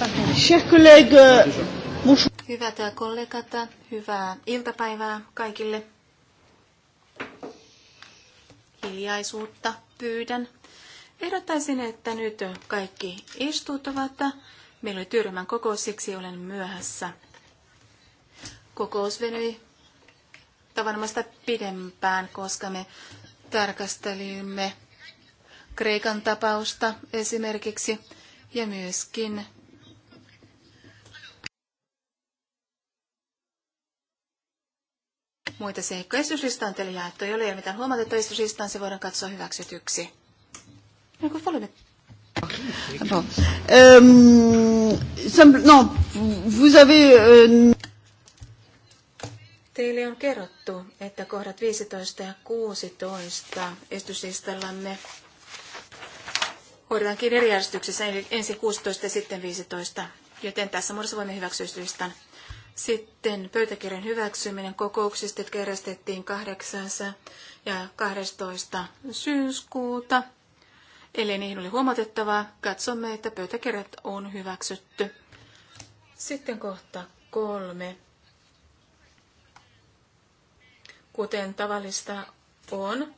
Euh, Hyvät kollegat, hyvää iltapäivää kaikille. Hiljaisuutta pyydän. Ehdottaisin, että nyt kaikki istuutuvat. Meillä oli työryhmän kokous, siksi olen myöhässä. Kokous venyi tavanomaista pidempään, koska me tarkastelimme Kreikan tapausta esimerkiksi ja myöskin muita seikkoja. Esityslista on teille jaettu, ei ole mitään huomautetta esityslistaan, se voidaan katsoa hyväksytyksi. No kun paljon Attends. Euh, simple, non, vous avez... Euh... Teille on kerrottu, että kohdat 15 ja 16 esityslistallamme hoidetaankin eri järjestyksessä, ensin 16 ja sitten 15, joten tässä muodossa voimme hyväksyä esityslistan. Sitten pöytäkirjan hyväksyminen kokouksista, jotka järjestettiin 8. ja 12. syyskuuta. Eli niihin oli huomautettavaa, katsomme, että pöytäkirjat on hyväksytty. Sitten kohta kolme. Kuten tavallista on,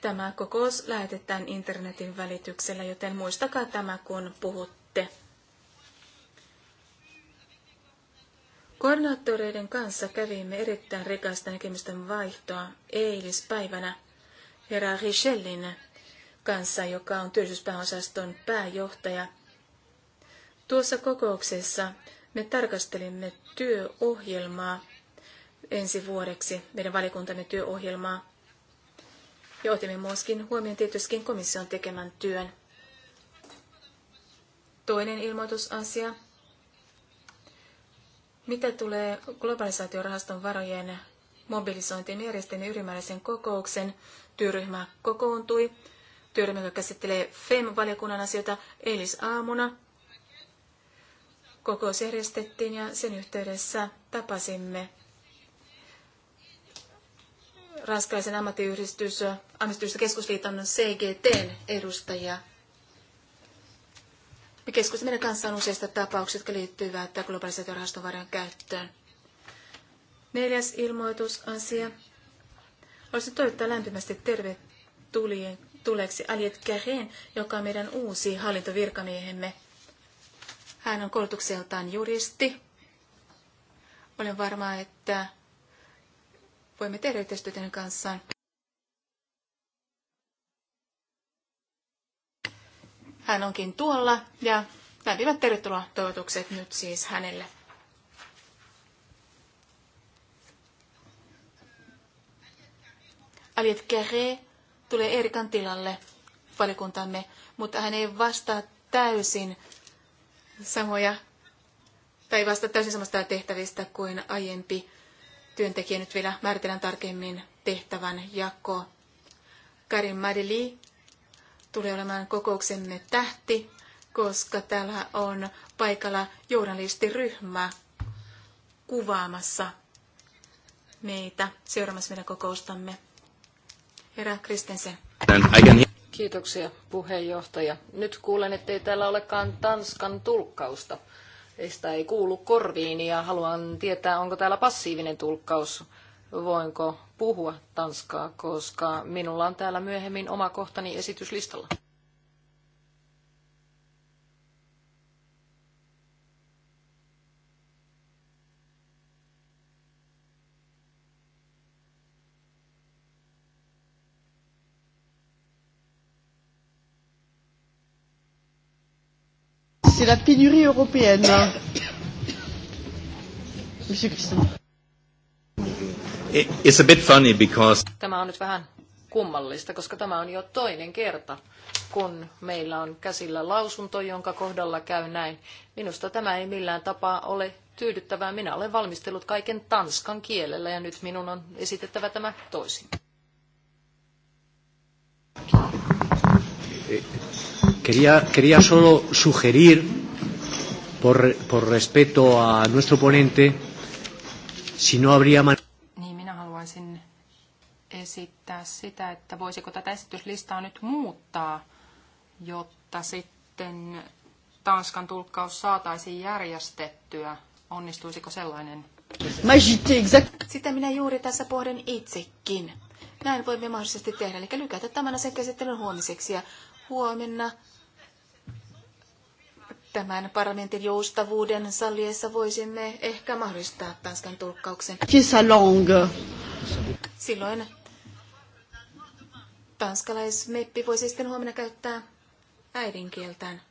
tämä kokous lähetetään internetin välityksellä, joten muistakaa tämä, kun puhutte. Koordinaattoreiden kanssa kävimme erittäin rikasta näkemysten vaihtoa eilispäivänä herra Richellin kanssa, joka on työllisyyspääosaston pääjohtaja. Tuossa kokouksessa me tarkastelimme työohjelmaa ensi vuodeksi, meidän valikuntamme työohjelmaa, ja otimme myöskin huomioon tietystikin komission tekemän työn. Toinen ilmoitusasia mitä tulee globalisaatiorahaston varojen mobilisointiin niin järjestäni ylimääräisen kokouksen, työryhmä kokoontui. Työryhmä, joka käsittelee FEM-valiokunnan asioita eilisaamuna. Kokous järjestettiin ja sen yhteydessä tapasimme Raskaisen ammattiyhdistys, ammattiyhdistys keskusliiton CGTn edustajia me keskustelemme kanssa on useista tapauksista, jotka liittyvät globalisaatiorahaston varojen käyttöön. Neljäs ilmoitusasia. Olisin toivottaa lämpimästi tervetulleeksi Aliet Käreen, joka on meidän uusi hallintovirkamiehemme. Hän on koulutukseltaan juristi. Olen varma, että voimme tehdä yhteistyötä kanssaan. Hän onkin tuolla ja lämpimät tervetuloa toivotukset nyt siis hänelle. Aliet Kere tulee Erikan tilalle valikuntamme, mutta hän ei vastaa täysin samoja, tai vastaa täysin samasta tehtävistä kuin aiempi työntekijä. Nyt vielä määritellään tarkemmin tehtävän jako. Karin Madeli tulee olemaan kokouksemme tähti, koska täällä on paikalla journalistiryhmä kuvaamassa meitä, seuraamassa meidän kokoustamme. Herra Kristensen. Kiitoksia puheenjohtaja. Nyt kuulen, ettei täällä olekaan Tanskan tulkkausta. Sitä ei kuulu korviin ja haluan tietää, onko täällä passiivinen tulkkaus. Voinko puhua tanskaa, koska minulla on täällä myöhemmin oma kohtani esityslistalla. c'est la pénurie européenne. Monsieur Christian. It's a bit funny because... Tämä on nyt vähän kummallista, koska tämä on jo toinen kerta, kun meillä on käsillä lausunto, jonka kohdalla käy näin. Minusta tämä ei millään tapaa ole tyydyttävää. Minä olen valmistellut kaiken tanskan kielellä ja nyt minun on esitettävä tämä toisin. Quería, quería solo sugerir, por, por respeto a nuestro ponente, si no habría manera esittää sitä, että voisiko tätä esityslistaa nyt muuttaa, jotta sitten Tanskan tulkkaus saataisiin järjestettyä. Onnistuisiko sellainen? Sitä minä juuri tässä pohdin itsekin. Näin voimme mahdollisesti tehdä, eli lykätä tämän asian käsittelyn huomiseksi ja huomenna Tämän parlamentin joustavuuden salliessa voisimme ehkä mahdollistaa Tanskan tulkkauksen. Silloin Tanskalaismeppi voisi sitten huomenna käyttää äidinkieltään.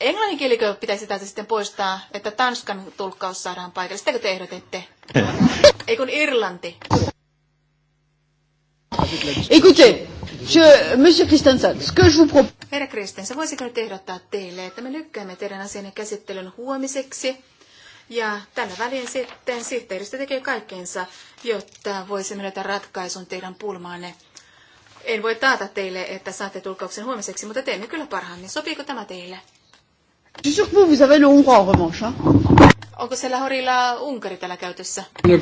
Englannin kielikö pitäisi täältä sitten poistaa, että Tanskan tulkkaus saadaan paikalle? Sitäkö te ehdotette? Ei kun Irlanti. Écoutez, je, monsieur Christensen, ce que je vous propose... Herra Christensen, voisiko nyt ehdottaa teille, että me lykkäämme teidän asianne käsittelyn huomiseksi? Ja tällä välin sitten sihteeristö tekee kaikkensa, jotta voisimme löytää ratkaisun teidän pulmaanne. En voi taata teille, että saatte tulkauksen huomiseksi, mutta teemme kyllä parhaamme. Sopiiko tämä teille? Onko siellä horilla Unkari tällä käytössä? Eh,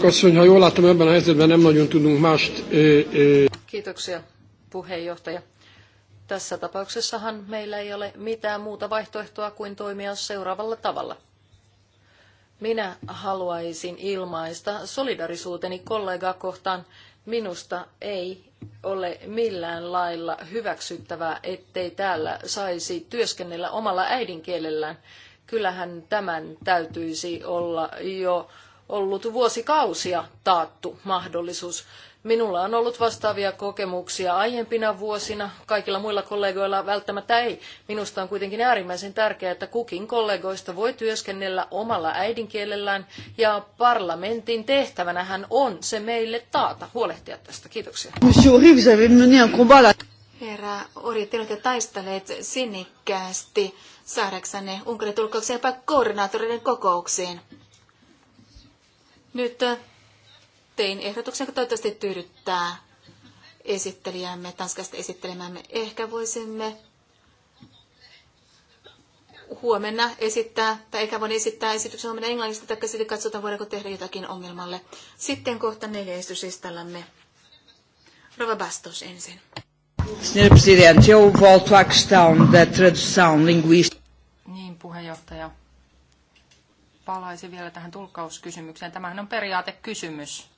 eh. Kiitoksia, puheenjohtaja. Tässä tapauksessahan meillä ei ole mitään muuta vaihtoehtoa kuin toimia seuraavalla tavalla. Minä haluaisin ilmaista solidarisuuteni kollegaa kohtaan. Minusta ei ole millään lailla hyväksyttävää, ettei täällä saisi työskennellä omalla äidinkielellään. Kyllähän tämän täytyisi olla jo ollut vuosikausia taattu mahdollisuus. Minulla on ollut vastaavia kokemuksia aiempina vuosina, kaikilla muilla kollegoilla välttämättä ei. Minusta on kuitenkin äärimmäisen tärkeää, että kukin kollegoista voi työskennellä omalla äidinkielellään ja parlamentin tehtävänähän on se meille taata huolehtia tästä. Kiitoksia. Herra Ori, te olette taistelleet sinnikkäästi saadaksenne Unkarin tulkauksen jopa koordinaattoreiden kokouksiin. Nyt tein ehdotuksen, joka toivottavasti tyydyttää esittelijämme, Tanskasta esittelemämme. Ehkä voisimme huomenna esittää, tai ehkä voin esittää esityksen huomenna englannista, tai sitten katsotaan, voidaanko tehdä jotakin ongelmalle. Sitten kohta neljä esitysistallamme. Rova Bastos ensin. Senhor Presidente, eu volto à questão da tradução linguística. Niin, puheenjohtaja. Palaisin vielä tähän tulkkauskysymykseen. Tämähän on periaatekysymys.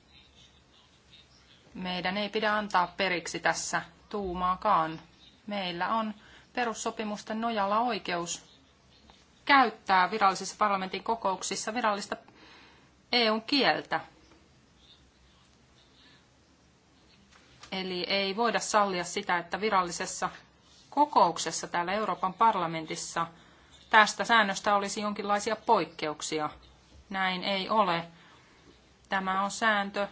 Meidän ei pidä antaa periksi tässä tuumaakaan. Meillä on perussopimusten nojalla oikeus käyttää virallisissa parlamentin kokouksissa virallista EUn kieltä. Eli ei voida sallia sitä, että virallisessa kokouksessa täällä Euroopan parlamentissa tästä säännöstä olisi jonkinlaisia poikkeuksia. Näin ei ole. Tämä on sääntö,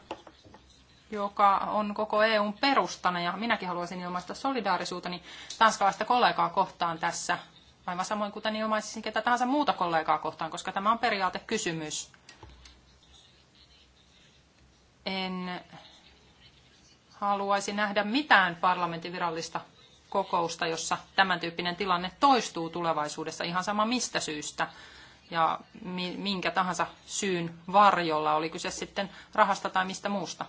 joka on koko EUn perustana, ja minäkin haluaisin ilmaista solidaarisuuteni tanskalaista kollegaa kohtaan tässä, aivan samoin kuten ilmaisisin ketä tahansa muuta kollegaa kohtaan, koska tämä on periaatekysymys. En haluaisi nähdä mitään parlamentin virallista kokousta, jossa tämän tyyppinen tilanne toistuu tulevaisuudessa ihan sama mistä syystä ja minkä tahansa syyn varjolla, oli kyse sitten rahasta tai mistä muusta.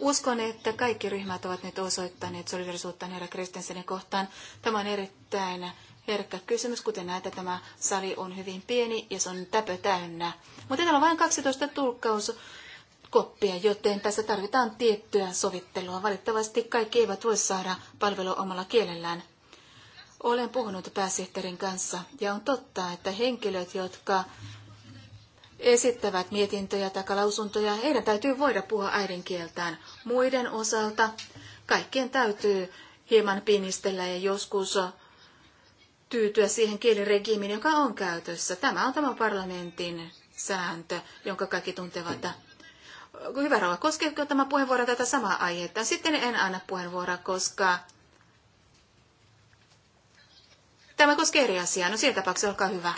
Uskon, että kaikki ryhmät ovat nyt osoittaneet solidarisuutta herra Kristensenin kohtaan. Tämä on erittäin herkkä kysymys. Kuten näette, tämä sali on hyvin pieni ja se on täpö täynnä. Mutta täällä on vain 12 tulkkaus koppia, joten tässä tarvitaan tiettyä sovittelua. Valitettavasti kaikki eivät voi saada palvelua omalla kielellään. Olen puhunut pääsihteerin kanssa ja on totta, että henkilöt, jotka esittävät mietintöjä tai lausuntoja, heidän täytyy voida puhua äidinkieltään. Muiden osalta kaikkien täytyy hieman pinnistellä ja joskus tyytyä siihen kieliregiimiin, joka on käytössä. Tämä on tämä parlamentin sääntö, jonka kaikki tuntevat. Hyvä rouva, koskeeko tämä puheenvuoro tätä samaa aihetta? Sitten en anna puheenvuoroa, koska Tämä koskee eri asiaa. No siinä tapauksessa olkaa hyvä.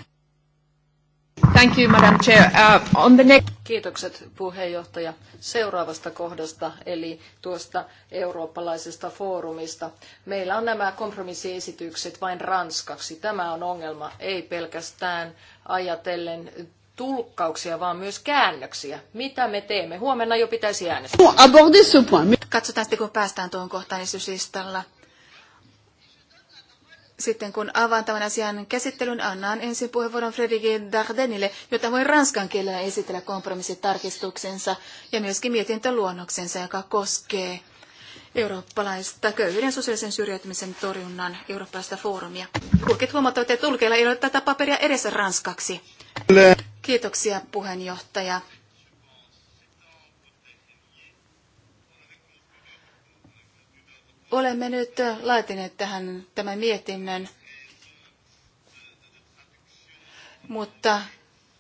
Thank you, Madam Chair. Uh, on the next... Kiitokset puheenjohtaja seuraavasta kohdasta, eli tuosta eurooppalaisesta foorumista. Meillä on nämä kompromissiesitykset vain ranskaksi. Tämä on ongelma, ei pelkästään ajatellen tulkkauksia, vaan myös käännöksiä. Mitä me teemme? Huomenna jo pitäisi äänestää. Katsotaan sitten, kun päästään tuon kohtaan esityslistalla sitten kun avaan tämän asian käsittelyn, annan ensin puheenvuoron Fredrik Dardenille, jota voi ranskan kielellä esitellä kompromissitarkistuksensa ja myöskin mietintöluonnoksensa, joka koskee eurooppalaista köyhyyden sosiaalisen syrjäytymisen torjunnan eurooppalaista foorumia. Tulkit huomattavat, että tulkeilla ei ole tätä paperia edes ranskaksi. Kiitoksia puheenjohtaja. Olemme nyt laatineet tähän tämän mietinnön, mutta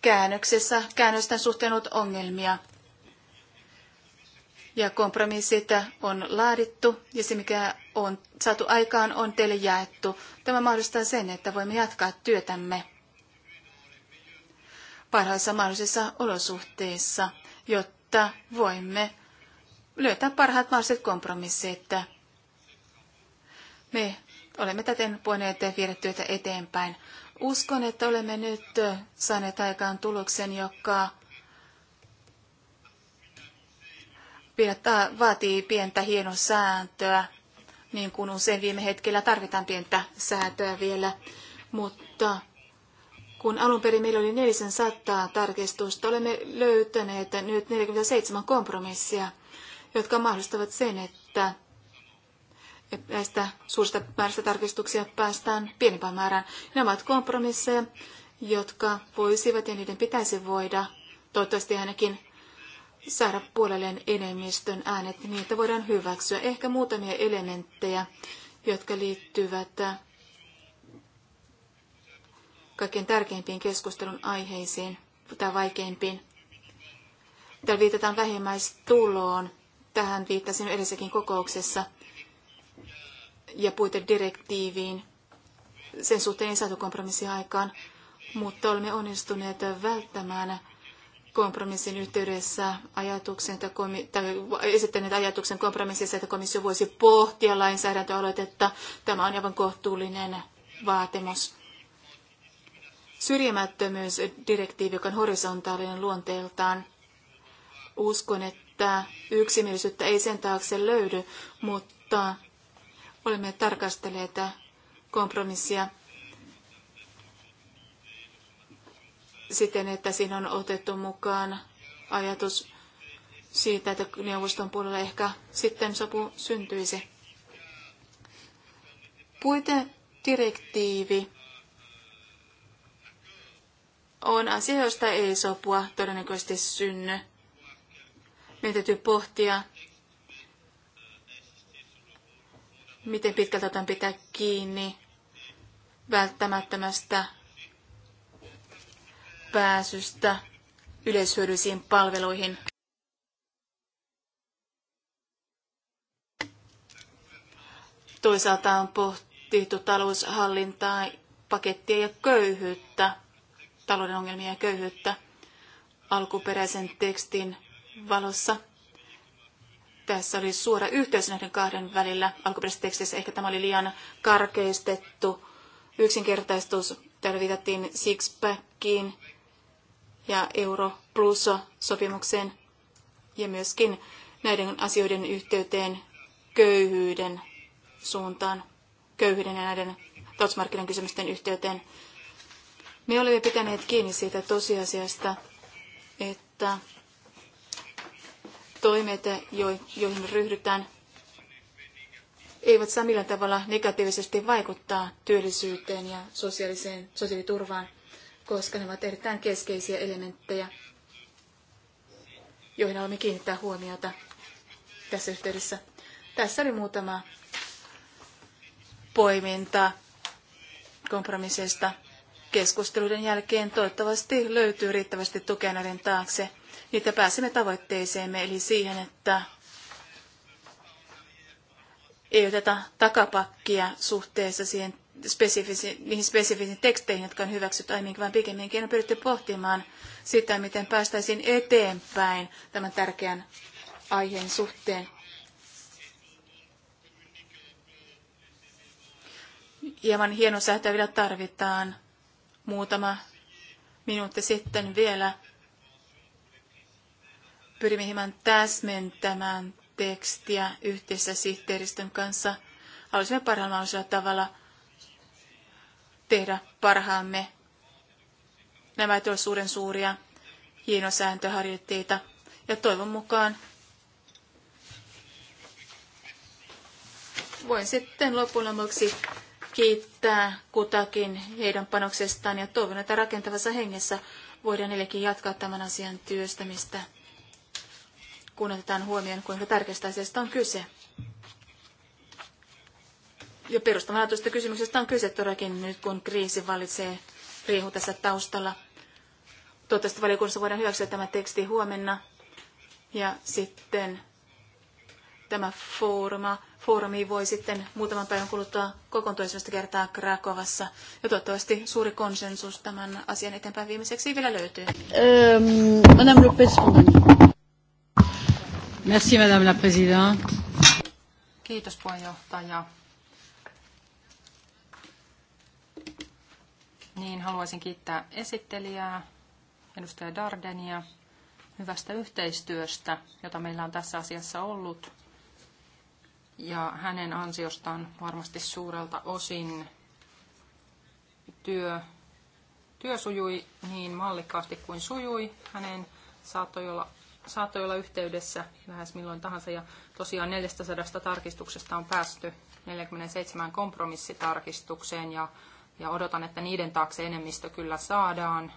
käännöksessä käännösten suhteen on ongelmia. Ja kompromissit on laadittu ja se, mikä on saatu aikaan, on teille jaettu. Tämä mahdollistaa sen, että voimme jatkaa työtämme parhaissa mahdollisissa olosuhteissa, jotta voimme löytää parhaat mahdolliset kompromissit me olemme täten voineet viedä työtä eteenpäin. Uskon, että olemme nyt saaneet aikaan tuloksen, joka vaatii pientä hienosääntöä, niin kuin usein viime hetkellä tarvitaan pientä säätöä vielä, mutta kun alun perin meillä oli 400 tarkistusta, olemme löytäneet nyt 47 kompromissia, jotka mahdollistavat sen, että näistä suurista määristä tarkistuksia päästään pienempään määrään. Nämä ovat kompromisseja, jotka voisivat ja niiden pitäisi voida, toivottavasti ainakin saada puolelleen enemmistön äänet, niin että voidaan hyväksyä ehkä muutamia elementtejä, jotka liittyvät kaikkein tärkeimpiin keskustelun aiheisiin tai vaikeimpiin. Täällä viitataan vähimmäistuloon. Tähän viittasin edessäkin kokouksessa – ja puitedirektiiviin. Sen suhteen ei saatu kompromissia aikaan, mutta olemme onnistuneet välttämään kompromissin yhteydessä ajatuksen, tai, komi- tai esittäneet ajatuksen kompromississa, että komissio voisi pohtia lainsäädäntöaloitetta. Tämä on aivan kohtuullinen vaatimus. Syrjimättömyysdirektiivi, joka on horisontaalinen luonteeltaan. Uskon, että yksimielisyyttä ei sen taakse löydy, mutta Olemme tarkastelleet kompromissia siten, että siinä on otettu mukaan ajatus siitä, että neuvoston puolella ehkä sitten sopu syntyisi. Puitedirektiivi on asia, josta ei sopua todennäköisesti synny. Meidän täytyy pohtia, miten pitkältä tämän pitää kiinni välttämättömästä pääsystä yleishyödyllisiin palveluihin. Toisaalta on pohtittu taloushallintaa, pakettia ja köyhyyttä, talouden ongelmia ja köyhyyttä alkuperäisen tekstin valossa – tässä oli suora yhteys näiden kahden välillä. Alkuperäisessä tekstissä ehkä tämä oli liian karkeistettu yksinkertaistus. Täällä viitattiin Sixpackiin ja Euro Plus sopimukseen ja myöskin näiden asioiden yhteyteen köyhyyden suuntaan, köyhyyden ja näiden talousmarkkinan kysymysten yhteyteen. Me olemme pitäneet kiinni siitä tosiasiasta, että toimet, joihin ryhdytään, eivät saa millään tavalla negatiivisesti vaikuttaa työllisyyteen ja sosiaaliseen sosiaaliturvaan, koska ne ovat erittäin keskeisiä elementtejä, joihin olemme kiinnittää huomiota tässä yhteydessä. Tässä oli muutama poiminta kompromisseista. Keskusteluiden jälkeen toivottavasti löytyy riittävästi tukea näiden taakse – niin että pääsemme tavoitteeseemme, eli siihen, että ei oteta takapakkia suhteessa siihen spesifisi, niihin spesifisiin teksteihin, jotka on hyväksytty aiemmin, vaan pikemminkin on pyritty pohtimaan sitä, miten päästäisiin eteenpäin tämän tärkeän aiheen suhteen. Hieman hieno vielä tarvitaan. Muutama minuutti sitten vielä pyrimme hieman täsmentämään tekstiä yhdessä sihteeristön kanssa. Haluaisimme parhaalla mahdollisella tavalla tehdä parhaamme. Nämä ovat suuren suuria hienosääntöharjoitteita ja toivon mukaan voin sitten lopun lopuksi kiittää kutakin heidän panoksestaan ja toivon, että rakentavassa hengessä voidaan neljäkin jatkaa tämän asian työstämistä kun otetaan huomioon, kuinka tärkeästä asiasta on kyse. Ja perustavanlaatuisesta kysymyksestä on kyse todellakin nyt, kun kriisi valitsee riihu tässä taustalla. Toivottavasti valiokunnassa voidaan hyväksyä tämä teksti huomenna. Ja sitten tämä foorma, foorumi voi sitten muutaman päivän kuluttua kokoontua kertaa Krakovassa. Ja toivottavasti suuri konsensus tämän asian eteenpäin viimeiseksi vielä löytyy. Ähm, Merci, Madame la Présidente. Kiitos puheenjohtaja. Niin, haluaisin kiittää esittelijää, edustaja Dardenia, hyvästä yhteistyöstä, jota meillä on tässä asiassa ollut. Ja hänen ansiostaan varmasti suurelta osin työ, työ sujui niin mallikkaasti kuin sujui. Hänen saattoi olla saattoi olla yhteydessä lähes milloin tahansa ja tosiaan 400 tarkistuksesta on päästy 47 kompromissitarkistukseen ja, ja odotan, että niiden taakse enemmistö kyllä saadaan.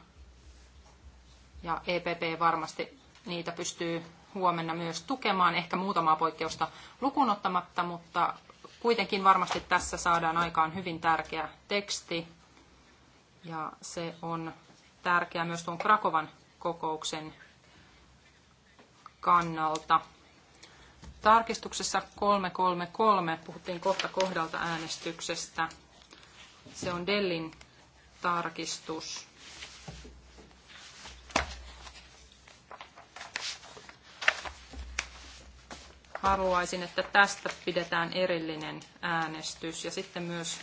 Ja EPP varmasti niitä pystyy huomenna myös tukemaan, ehkä muutamaa poikkeusta lukuun ottamatta, mutta kuitenkin varmasti tässä saadaan aikaan hyvin tärkeä teksti. Ja se on tärkeä myös tuon Krakovan kokouksen kannalta. Tarkistuksessa 333 puhuttiin kohta kohdalta äänestyksestä. Se on Dellin tarkistus. Haluaisin, että tästä pidetään erillinen äänestys ja sitten myös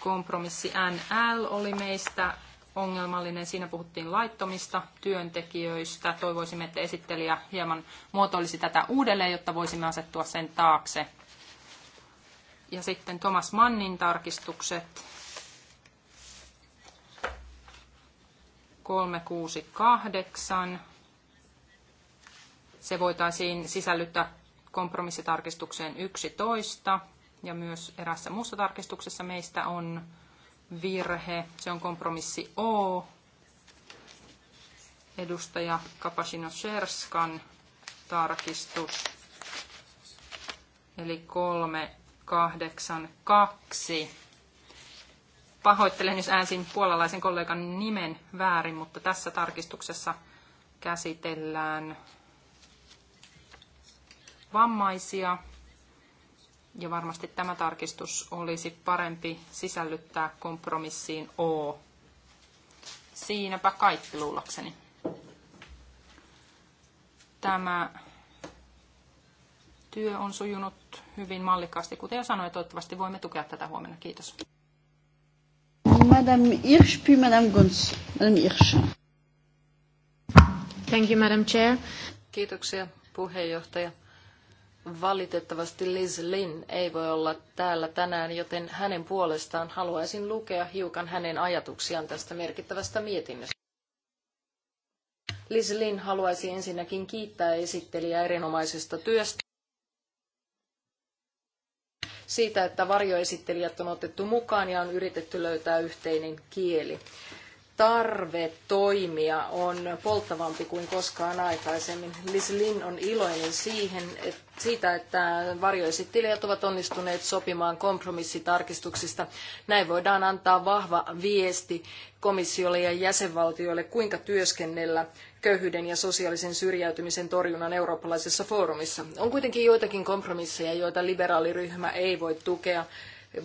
kompromissi NL oli meistä ongelmallinen. Siinä puhuttiin laittomista työntekijöistä. Toivoisimme, että esittelijä hieman muotoilisi tätä uudelleen, jotta voisimme asettua sen taakse. Ja sitten Thomas Mannin tarkistukset. 368. Se voitaisiin sisällyttää kompromissitarkistukseen 11 ja myös erässä muussa tarkistuksessa meistä on virhe. Se on kompromissi O. Edustaja Kapasino Sherskan tarkistus. Eli 382. Pahoittelen, jos äänsin puolalaisen kollegan nimen väärin, mutta tässä tarkistuksessa käsitellään vammaisia ja varmasti tämä tarkistus olisi parempi sisällyttää kompromissiin O. Siinäpä kaikki luullakseni. Tämä työ on sujunut hyvin mallikkaasti. Kuten jo sanoin, toivottavasti voimme tukea tätä huomenna. Kiitos. Madame Hirsch, puis Madame Gons. Madame Thank you, Madam Chair. Kiitoksia, puheenjohtaja. Valitettavasti Liz Lynn ei voi olla täällä tänään, joten hänen puolestaan haluaisin lukea hiukan hänen ajatuksiaan tästä merkittävästä mietinnöstä. Liz Lynn haluaisi ensinnäkin kiittää esittelijää erinomaisesta työstä siitä, että varjoesittelijät on otettu mukaan ja on yritetty löytää yhteinen kieli. Tarve toimia on polttavampi kuin koskaan aikaisemmin. Liz Lynn on iloinen siihen, että siitä, että varjoesittelijät ovat onnistuneet sopimaan kompromissitarkistuksista. Näin voidaan antaa vahva viesti komissiolle ja jäsenvaltioille, kuinka työskennellä köyhyyden ja sosiaalisen syrjäytymisen torjunnan eurooppalaisessa foorumissa. On kuitenkin joitakin kompromisseja, joita liberaaliryhmä ei voi tukea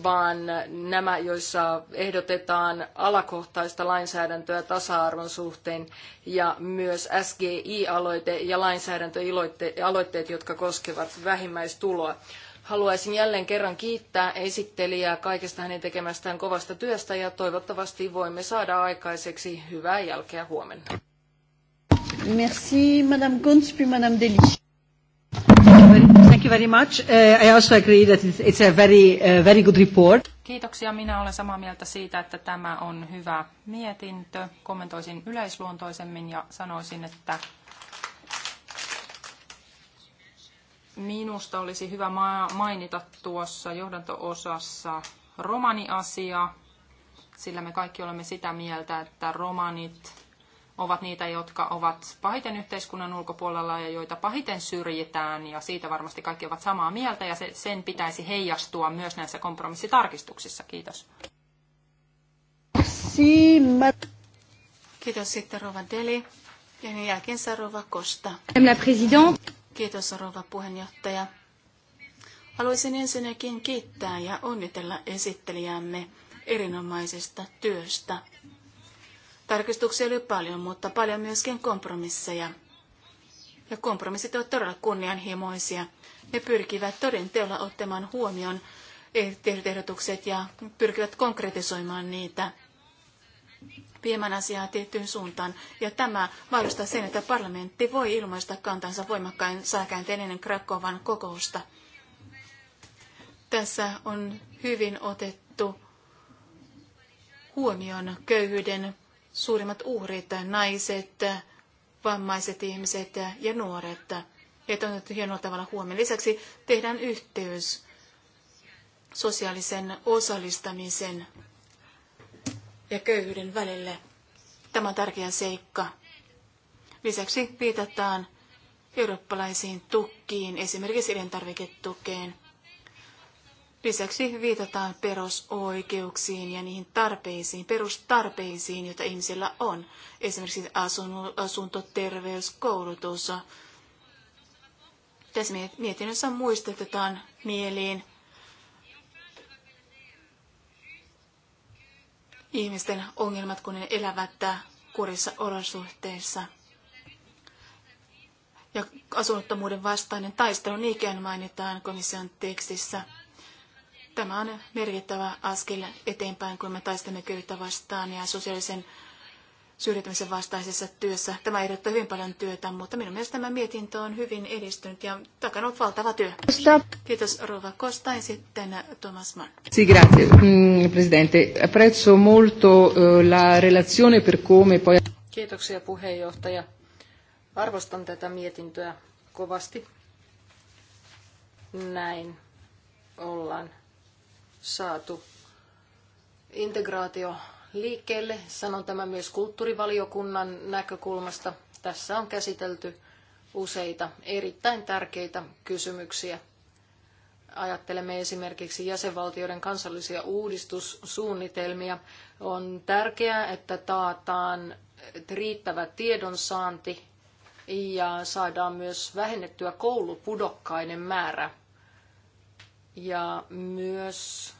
vaan nämä, joissa ehdotetaan alakohtaista lainsäädäntöä tasa-arvon suhteen ja myös SGI-aloite ja lainsäädäntöaloitteet, jotka koskevat vähimmäistuloa. Haluaisin jälleen kerran kiittää esittelijää kaikesta hänen tekemästään kovasta työstä ja toivottavasti voimme saada aikaiseksi hyvää jälkeä huomenna. Merci, Madame Madame Thank you very much. Uh, I also agree that it's a very, uh, very good report. Kiitoksia. Minä olen samaa mieltä siitä, että tämä on hyvä mietintö. Kommentoisin yleisluontoisemmin ja sanoisin, että minusta olisi hyvä mainita tuossa johdanto-osassa romaniasia, sillä me kaikki olemme sitä mieltä, että romanit ovat niitä, jotka ovat pahiten yhteiskunnan ulkopuolella ja joita pahiten syrjitään, ja siitä varmasti kaikki ovat samaa mieltä, ja se, sen pitäisi heijastua myös näissä kompromissitarkistuksissa. Kiitos. Kiitos sitten Rova Deli, ja niin jälkeen Rova Kosta. Kiitos Rova puheenjohtaja. Haluaisin ensinnäkin kiittää ja onnitella esittelijämme erinomaisesta työstä. Tarkistuksia oli paljon, mutta paljon myöskin kompromisseja. Ja kompromissit ovat todella kunnianhimoisia. Ne pyrkivät toden teolla ottamaan huomioon e- ehdotukset ja pyrkivät konkretisoimaan niitä viemään asiaa tiettyyn suuntaan. Ja tämä mahdollistaa sen, että parlamentti voi ilmaista kantansa voimakkain sääkäänteen ennen Krakovan kokousta. Tässä on hyvin otettu huomioon köyhyyden suurimmat uhrit, naiset, vammaiset ihmiset ja nuoret. Heitä on otettu hienolla tavalla huomioon. Lisäksi tehdään yhteys sosiaalisen osallistamisen ja köyhyyden välille. Tämä on tärkeä seikka. Lisäksi viitataan eurooppalaisiin tukkiin, esimerkiksi elintarviketukeen. Lisäksi viitataan perusoikeuksiin ja niihin tarpeisiin, perustarpeisiin, joita ihmisillä on. Esimerkiksi asunto, terveys, koulutus. Tässä mietinnössä muistetaan mieliin ihmisten ongelmat, kun ne elävät kurissa olosuhteissa. Ja asunnottomuuden vastainen taistelu, niin ikään mainitaan komission tekstissä. Tämä on merkittävä askel eteenpäin, kun me taistelemme köyhyyttä vastaan ja sosiaalisen syrjäytymisen vastaisessa työssä. Tämä edellyttää hyvin paljon työtä, mutta minun mielestä tämä mietintö on hyvin edistynyt ja takana on valtava työ. Stop. Kiitos Rova ja sitten äh, Thomas Mann. Sì, grazie. Mm, Presidente, apprezzo molto eh, la relazione per come poi... Kiitoksia puheenjohtaja. Arvostan tätä mietintöä kovasti. Näin ollaan saatu integraatio liikkeelle. Sanon tämän myös kulttuurivaliokunnan näkökulmasta. Tässä on käsitelty useita erittäin tärkeitä kysymyksiä. Ajattelemme esimerkiksi jäsenvaltioiden kansallisia uudistussuunnitelmia. On tärkeää, että taataan riittävä tiedonsaanti ja saadaan myös vähennettyä koulupudokkaiden määrä ja myös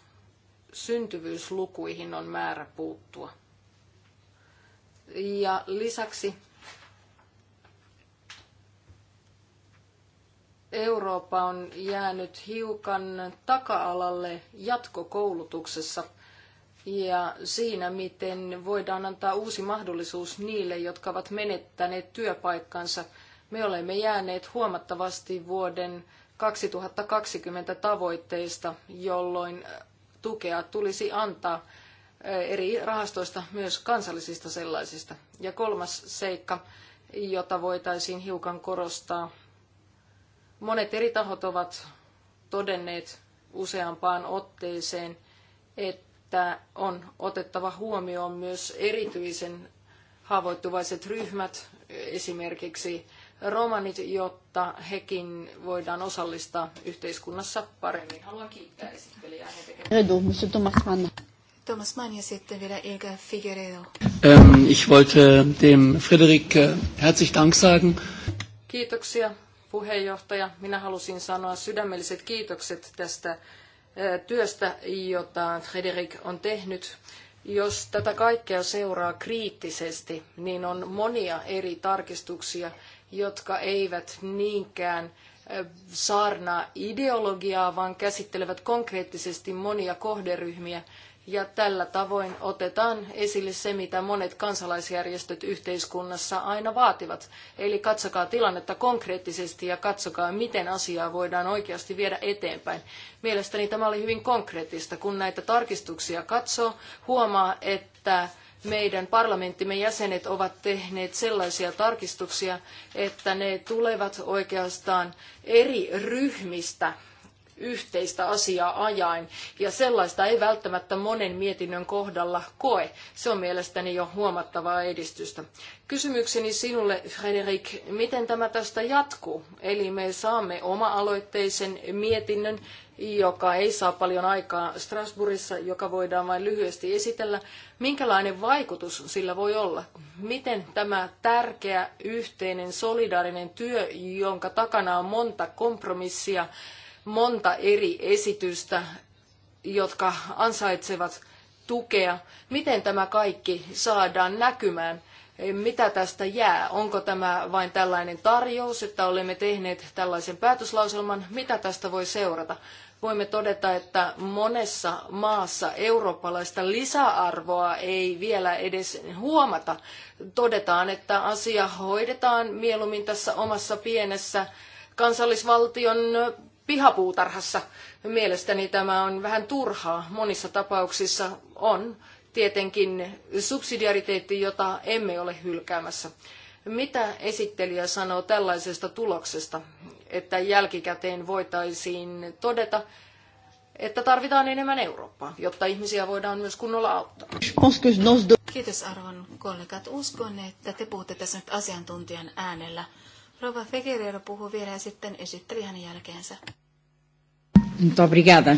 syntyvyyslukuihin on määrä puuttua. Ja lisäksi Eurooppa on jäänyt hiukan taka-alalle jatkokoulutuksessa ja siinä, miten voidaan antaa uusi mahdollisuus niille, jotka ovat menettäneet työpaikkansa. Me olemme jääneet huomattavasti vuoden 2020 tavoitteista, jolloin äh, tukea tulisi antaa äh, eri rahastoista, myös kansallisista sellaisista. Ja kolmas seikka, jota voitaisiin hiukan korostaa. Monet eri tahot ovat todenneet useampaan otteeseen, että on otettava huomioon myös erityisen haavoittuvaiset ryhmät, esimerkiksi romanit, jotta hekin voidaan osallistaa yhteiskunnassa paremmin. Haluan kiittää esittelijää. Thomas Mann. Thomas Mann ja sitten vielä Ilka Figueredo. Ähm, ich wollte dem Frederik äh, herzlich Dank sagen. Kiitoksia puheenjohtaja. Minä halusin sanoa sydämelliset kiitokset tästä äh, työstä, jota Frederik on tehnyt. Jos tätä kaikkea seuraa kriittisesti, niin on monia eri tarkistuksia, jotka eivät niinkään saarnaa ideologiaa, vaan käsittelevät konkreettisesti monia kohderyhmiä. Ja tällä tavoin otetaan esille se, mitä monet kansalaisjärjestöt yhteiskunnassa aina vaativat. Eli katsokaa tilannetta konkreettisesti ja katsokaa, miten asiaa voidaan oikeasti viedä eteenpäin. Mielestäni tämä oli hyvin konkreettista. Kun näitä tarkistuksia katsoo, huomaa, että meidän parlamenttimme jäsenet ovat tehneet sellaisia tarkistuksia, että ne tulevat oikeastaan eri ryhmistä yhteistä asiaa ajaen, ja sellaista ei välttämättä monen mietinnön kohdalla koe. Se on mielestäni jo huomattavaa edistystä. Kysymykseni sinulle, Frederik, miten tämä tästä jatkuu? Eli me saamme oma-aloitteisen mietinnön, joka ei saa paljon aikaa Strasbourgissa, joka voidaan vain lyhyesti esitellä. Minkälainen vaikutus sillä voi olla? Miten tämä tärkeä, yhteinen, solidaarinen työ, jonka takana on monta kompromissia, monta eri esitystä, jotka ansaitsevat tukea. Miten tämä kaikki saadaan näkymään? Mitä tästä jää? Onko tämä vain tällainen tarjous, että olemme tehneet tällaisen päätöslauselman? Mitä tästä voi seurata? Voimme todeta, että monessa maassa eurooppalaista lisäarvoa ei vielä edes huomata. Todetaan, että asia hoidetaan mieluummin tässä omassa pienessä kansallisvaltion pihapuutarhassa. Mielestäni tämä on vähän turhaa. Monissa tapauksissa on tietenkin subsidiariteetti, jota emme ole hylkäämässä. Mitä esittelijä sanoo tällaisesta tuloksesta, että jälkikäteen voitaisiin todeta, että tarvitaan enemmän Eurooppaa, jotta ihmisiä voidaan myös kunnolla auttaa. Kiitos arvon kollegat. Uskon, että te puhutte tässä nyt asiantuntijan äänellä. Rova Fegerero puhuu vielä ja sitten esitteli hänen jälkeensä. Muito obrigada.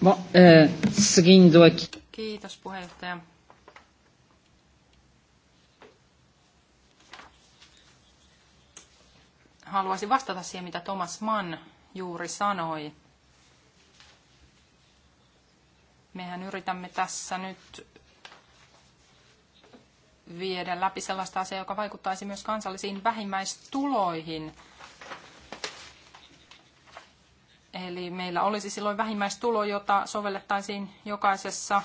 Bom, uh, seguindo aqui. Kiitos puheenjohtaja. Haluaisin vastata siihen, mitä Thomas Mann juuri sanoi. Mehän yritämme tässä nyt viedä läpi sellaista asiaa, joka vaikuttaisi myös kansallisiin vähimmäistuloihin – Eli meillä olisi silloin vähimmäistulo, jota sovellettaisiin jokaisessa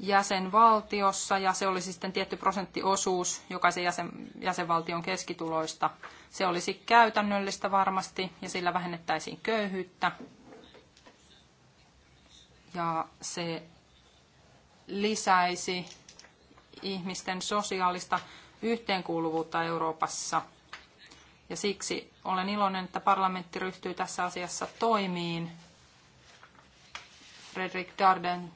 jäsenvaltiossa, ja se olisi sitten tietty prosenttiosuus jokaisen jäsen, jäsenvaltion keskituloista. Se olisi käytännöllistä varmasti, ja sillä vähennettäisiin köyhyyttä. Ja se lisäisi ihmisten sosiaalista yhteenkuuluvuutta Euroopassa – ja siksi olen iloinen, että parlamentti ryhtyy tässä asiassa toimiin. Fredrik Darden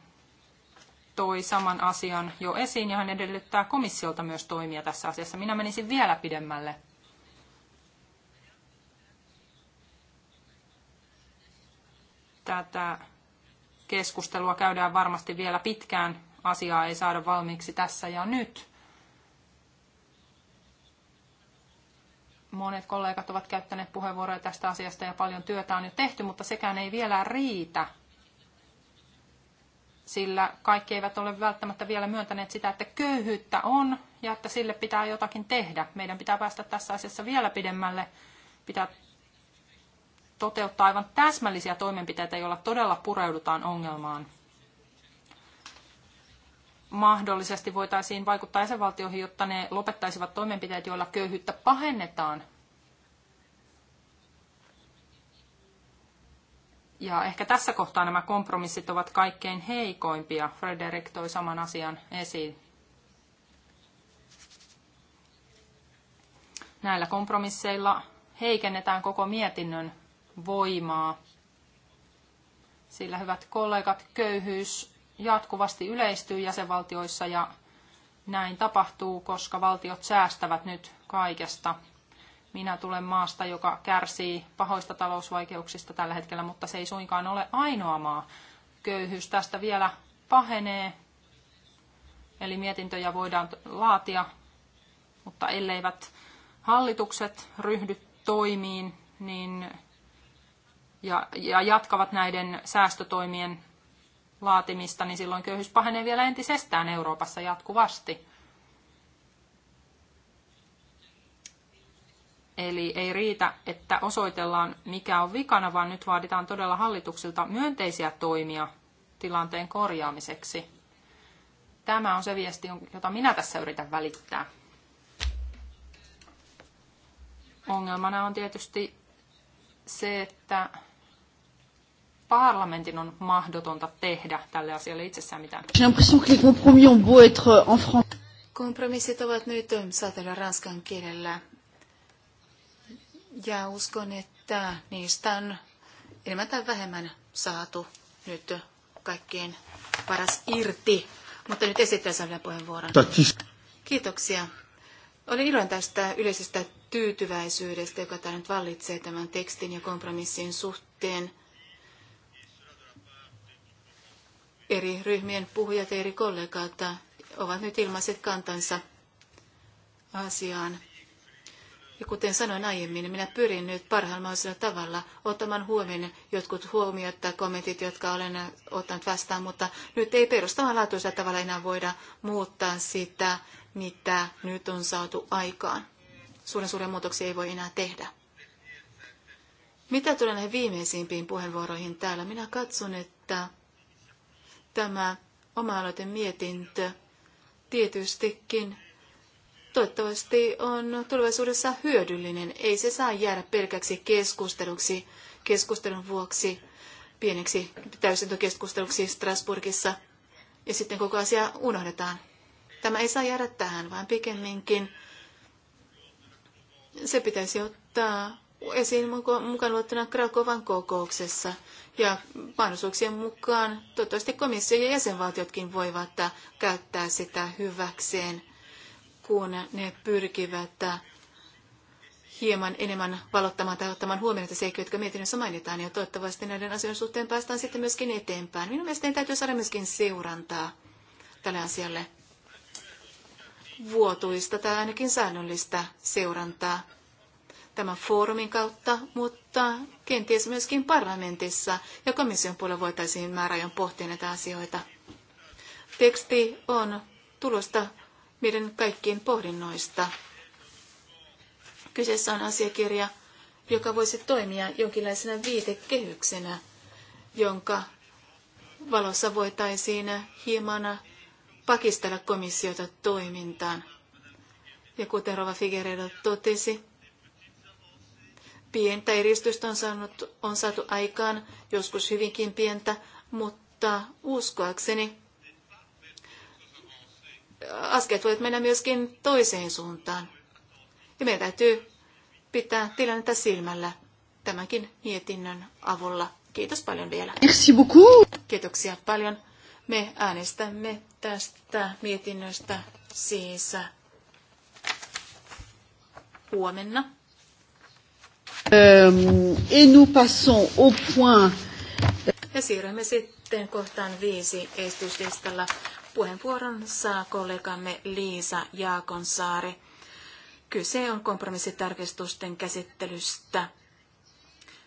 toi saman asian jo esiin ja hän edellyttää komissiolta myös toimia tässä asiassa. Minä menisin vielä pidemmälle. Tätä keskustelua käydään varmasti vielä pitkään. Asiaa ei saada valmiiksi tässä ja nyt. Monet kollegat ovat käyttäneet puheenvuoroja tästä asiasta ja paljon työtä on jo tehty, mutta sekään ei vielä riitä, sillä kaikki eivät ole välttämättä vielä myöntäneet sitä, että köyhyyttä on ja että sille pitää jotakin tehdä. Meidän pitää päästä tässä asiassa vielä pidemmälle, pitää toteuttaa aivan täsmällisiä toimenpiteitä, joilla todella pureudutaan ongelmaan mahdollisesti voitaisiin vaikuttaa jäsenvaltioihin, jotta ne lopettaisivat toimenpiteet, joilla köyhyyttä pahennetaan. Ja ehkä tässä kohtaa nämä kompromissit ovat kaikkein heikoimpia. Frederik toi saman asian esiin. Näillä kompromisseilla heikennetään koko mietinnön voimaa. Sillä hyvät kollegat, köyhyys jatkuvasti yleistyy jäsenvaltioissa ja näin tapahtuu, koska valtiot säästävät nyt kaikesta. Minä tulen maasta, joka kärsii pahoista talousvaikeuksista tällä hetkellä, mutta se ei suinkaan ole ainoa maa. Köyhyys tästä vielä pahenee, eli mietintöjä voidaan laatia, mutta elleivät hallitukset ryhdy toimiin niin, ja, ja jatkavat näiden säästötoimien laatimista, niin silloin köyhyys pahenee vielä entisestään Euroopassa jatkuvasti. Eli ei riitä, että osoitellaan, mikä on vikana, vaan nyt vaaditaan todella hallituksilta myönteisiä toimia tilanteen korjaamiseksi. Tämä on se viesti, jota minä tässä yritän välittää. Ongelmana on tietysti se, että parlamentin on mahdotonta tehdä tälle asialle itsessään mitään. Euh, Kompromissit ovat nyt mm, saatella ranskan kielellä. Ja uskon, että niistä on enemmän tai vähemmän saatu nyt kaikkein paras irti. Mutta nyt esittää vielä puheenvuoron. Kiitoksia. Olin iloinen tästä yleisestä tyytyväisyydestä, joka täällä nyt vallitsee tämän tekstin ja kompromissin suhteen. Eri ryhmien puhujat ja eri kollegat ovat nyt ilmaiset kantansa asiaan. Ja kuten sanoin aiemmin, minä pyrin nyt parhaalla mahdollisella tavalla ottamaan huomioon jotkut huomiot tai kommentit, jotka olen ottanut vastaan, mutta nyt ei perustavanlaatuisella tavalla enää voida muuttaa sitä, mitä nyt on saatu aikaan. Suuren suuren muutoksia ei voi enää tehdä. Mitä tulee näihin viimeisimpiin puheenvuoroihin täällä? Minä katson, että tämä oma mietintö tietystikin toivottavasti on tulevaisuudessa hyödyllinen. Ei se saa jäädä pelkäksi keskusteluksi, keskustelun vuoksi, pieneksi täysintökeskusteluksi Strasburgissa ja sitten koko asia unohdetaan. Tämä ei saa jäädä tähän, vaan pikemminkin se pitäisi ottaa esiin mukaan luettuna Krakovan kokouksessa. Ja mahdollisuuksien mukaan toivottavasti komissio ja jäsenvaltiotkin voivat käyttää sitä hyväkseen, kun ne pyrkivät hieman enemmän valottamaan tai ottamaan huomioon että seikkoja, jotka mietinnössä mainitaan, ja toivottavasti näiden asioiden suhteen päästään sitten myöskin eteenpäin. Minun mielestäni täytyy saada myöskin seurantaa tälle asialle vuotuista tai ainakin säännöllistä seurantaa tämän foorumin kautta, mutta kenties myöskin parlamentissa ja komission puolella voitaisiin määräajan pohtia näitä asioita. Teksti on tulosta meidän kaikkiin pohdinnoista. Kyseessä on asiakirja, joka voisi toimia jonkinlaisena viitekehyksenä, jonka valossa voitaisiin hieman pakistella komissiota toimintaan. Ja kuten Rova Figueredo totesi, Pientä edistystä on, saanut, on saatu aikaan, joskus hyvinkin pientä, mutta uskoakseni askeet voivat mennä myöskin toiseen suuntaan. Ja meidän täytyy pitää tilannetta silmällä tämänkin mietinnön avulla. Kiitos paljon vielä. Merci beaucoup. Kiitoksia paljon. Me äänestämme tästä mietinnöstä siis huomenna. Euh, et nous passons au point... Ja siirrymme sitten kohtaan viisi esityslistalla. Puheenvuoron saa kollegamme Liisa Jaakonsaari. Kyse on kompromissitarkistusten käsittelystä.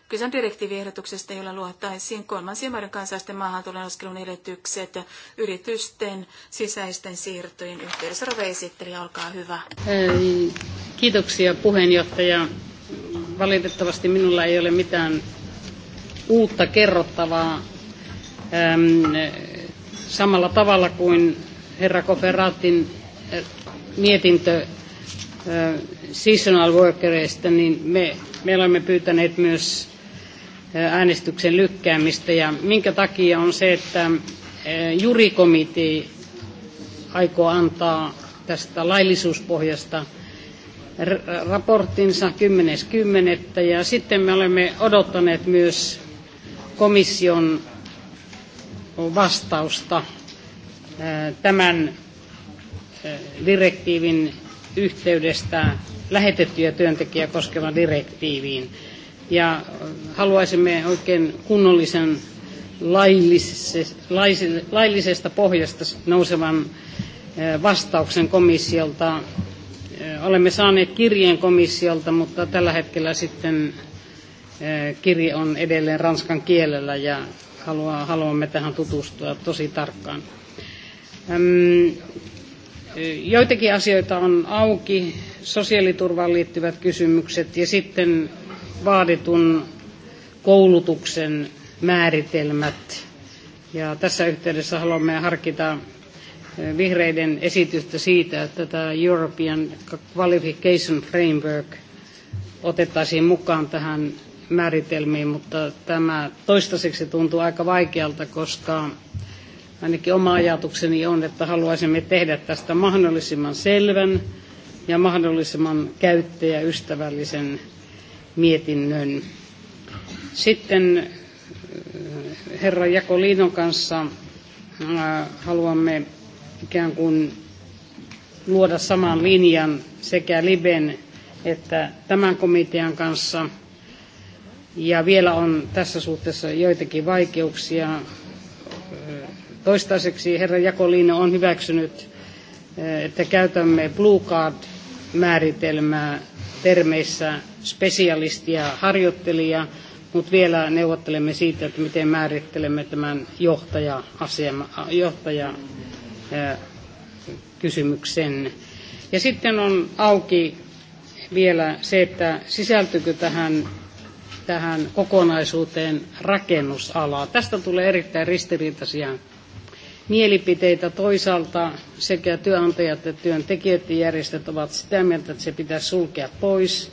Kyse on direktiiviehdotuksesta, jolla luottaisiin kolmansien maiden kansalaisten maahantulon oskelun edellytykset yritysten sisäisten siirtojen yhteydessä. Rove esittelijä, olkaa hyvä. Kiitoksia puheenjohtaja. Valitettavasti minulla ei ole mitään uutta kerrottavaa ähm, samalla tavalla kuin herra Koferaatin äh, mietintö äh, seasonal workereista, niin me, me olemme pyytäneet myös äh, äänestyksen lykkäämistä. Ja minkä takia on se, että äh, jurikomitee aikoo antaa tästä laillisuuspohjasta raporttinsa 10.10. ja sitten me olemme odottaneet myös komission vastausta tämän direktiivin yhteydestä lähetettyjä työntekijä koskevan direktiiviin. Ja haluaisimme oikein kunnollisen laillisesta pohjasta nousevan vastauksen komissiolta olemme saaneet kirjeen komissiolta, mutta tällä hetkellä sitten kirje on edelleen ranskan kielellä ja haluamme tähän tutustua tosi tarkkaan. Joitakin asioita on auki, sosiaaliturvaan liittyvät kysymykset ja sitten vaaditun koulutuksen määritelmät. Ja tässä yhteydessä haluamme harkita Eh, vihreiden esitystä siitä, että tämä European Qualification Framework otettaisiin mukaan tähän määritelmiin, mutta tämä toistaiseksi tuntuu aika vaikealta, koska ainakin oma ajatukseni on, että haluaisimme tehdä tästä mahdollisimman selvän ja mahdollisimman käyttäjäystävällisen mietinnön. Sitten eh, herra Jakoliinon kanssa haluamme ikään kuin luoda saman linjan sekä Liben että tämän komitean kanssa. Ja vielä on tässä suhteessa joitakin vaikeuksia. Toistaiseksi herra Jakolino on hyväksynyt, että käytämme Blue Card-määritelmää termeissä spesialisti ja harjoittelija, mutta vielä neuvottelemme siitä, että miten määrittelemme tämän johtaja-aseman, johtaja asema johtaja kysymyksen. Ja sitten on auki vielä se, että sisältyykö tähän, tähän kokonaisuuteen rakennusalaa. Tästä tulee erittäin ristiriitaisia mielipiteitä. Toisaalta sekä työnantajat että työntekijät ja järjestöt ovat sitä mieltä, että se pitäisi sulkea pois –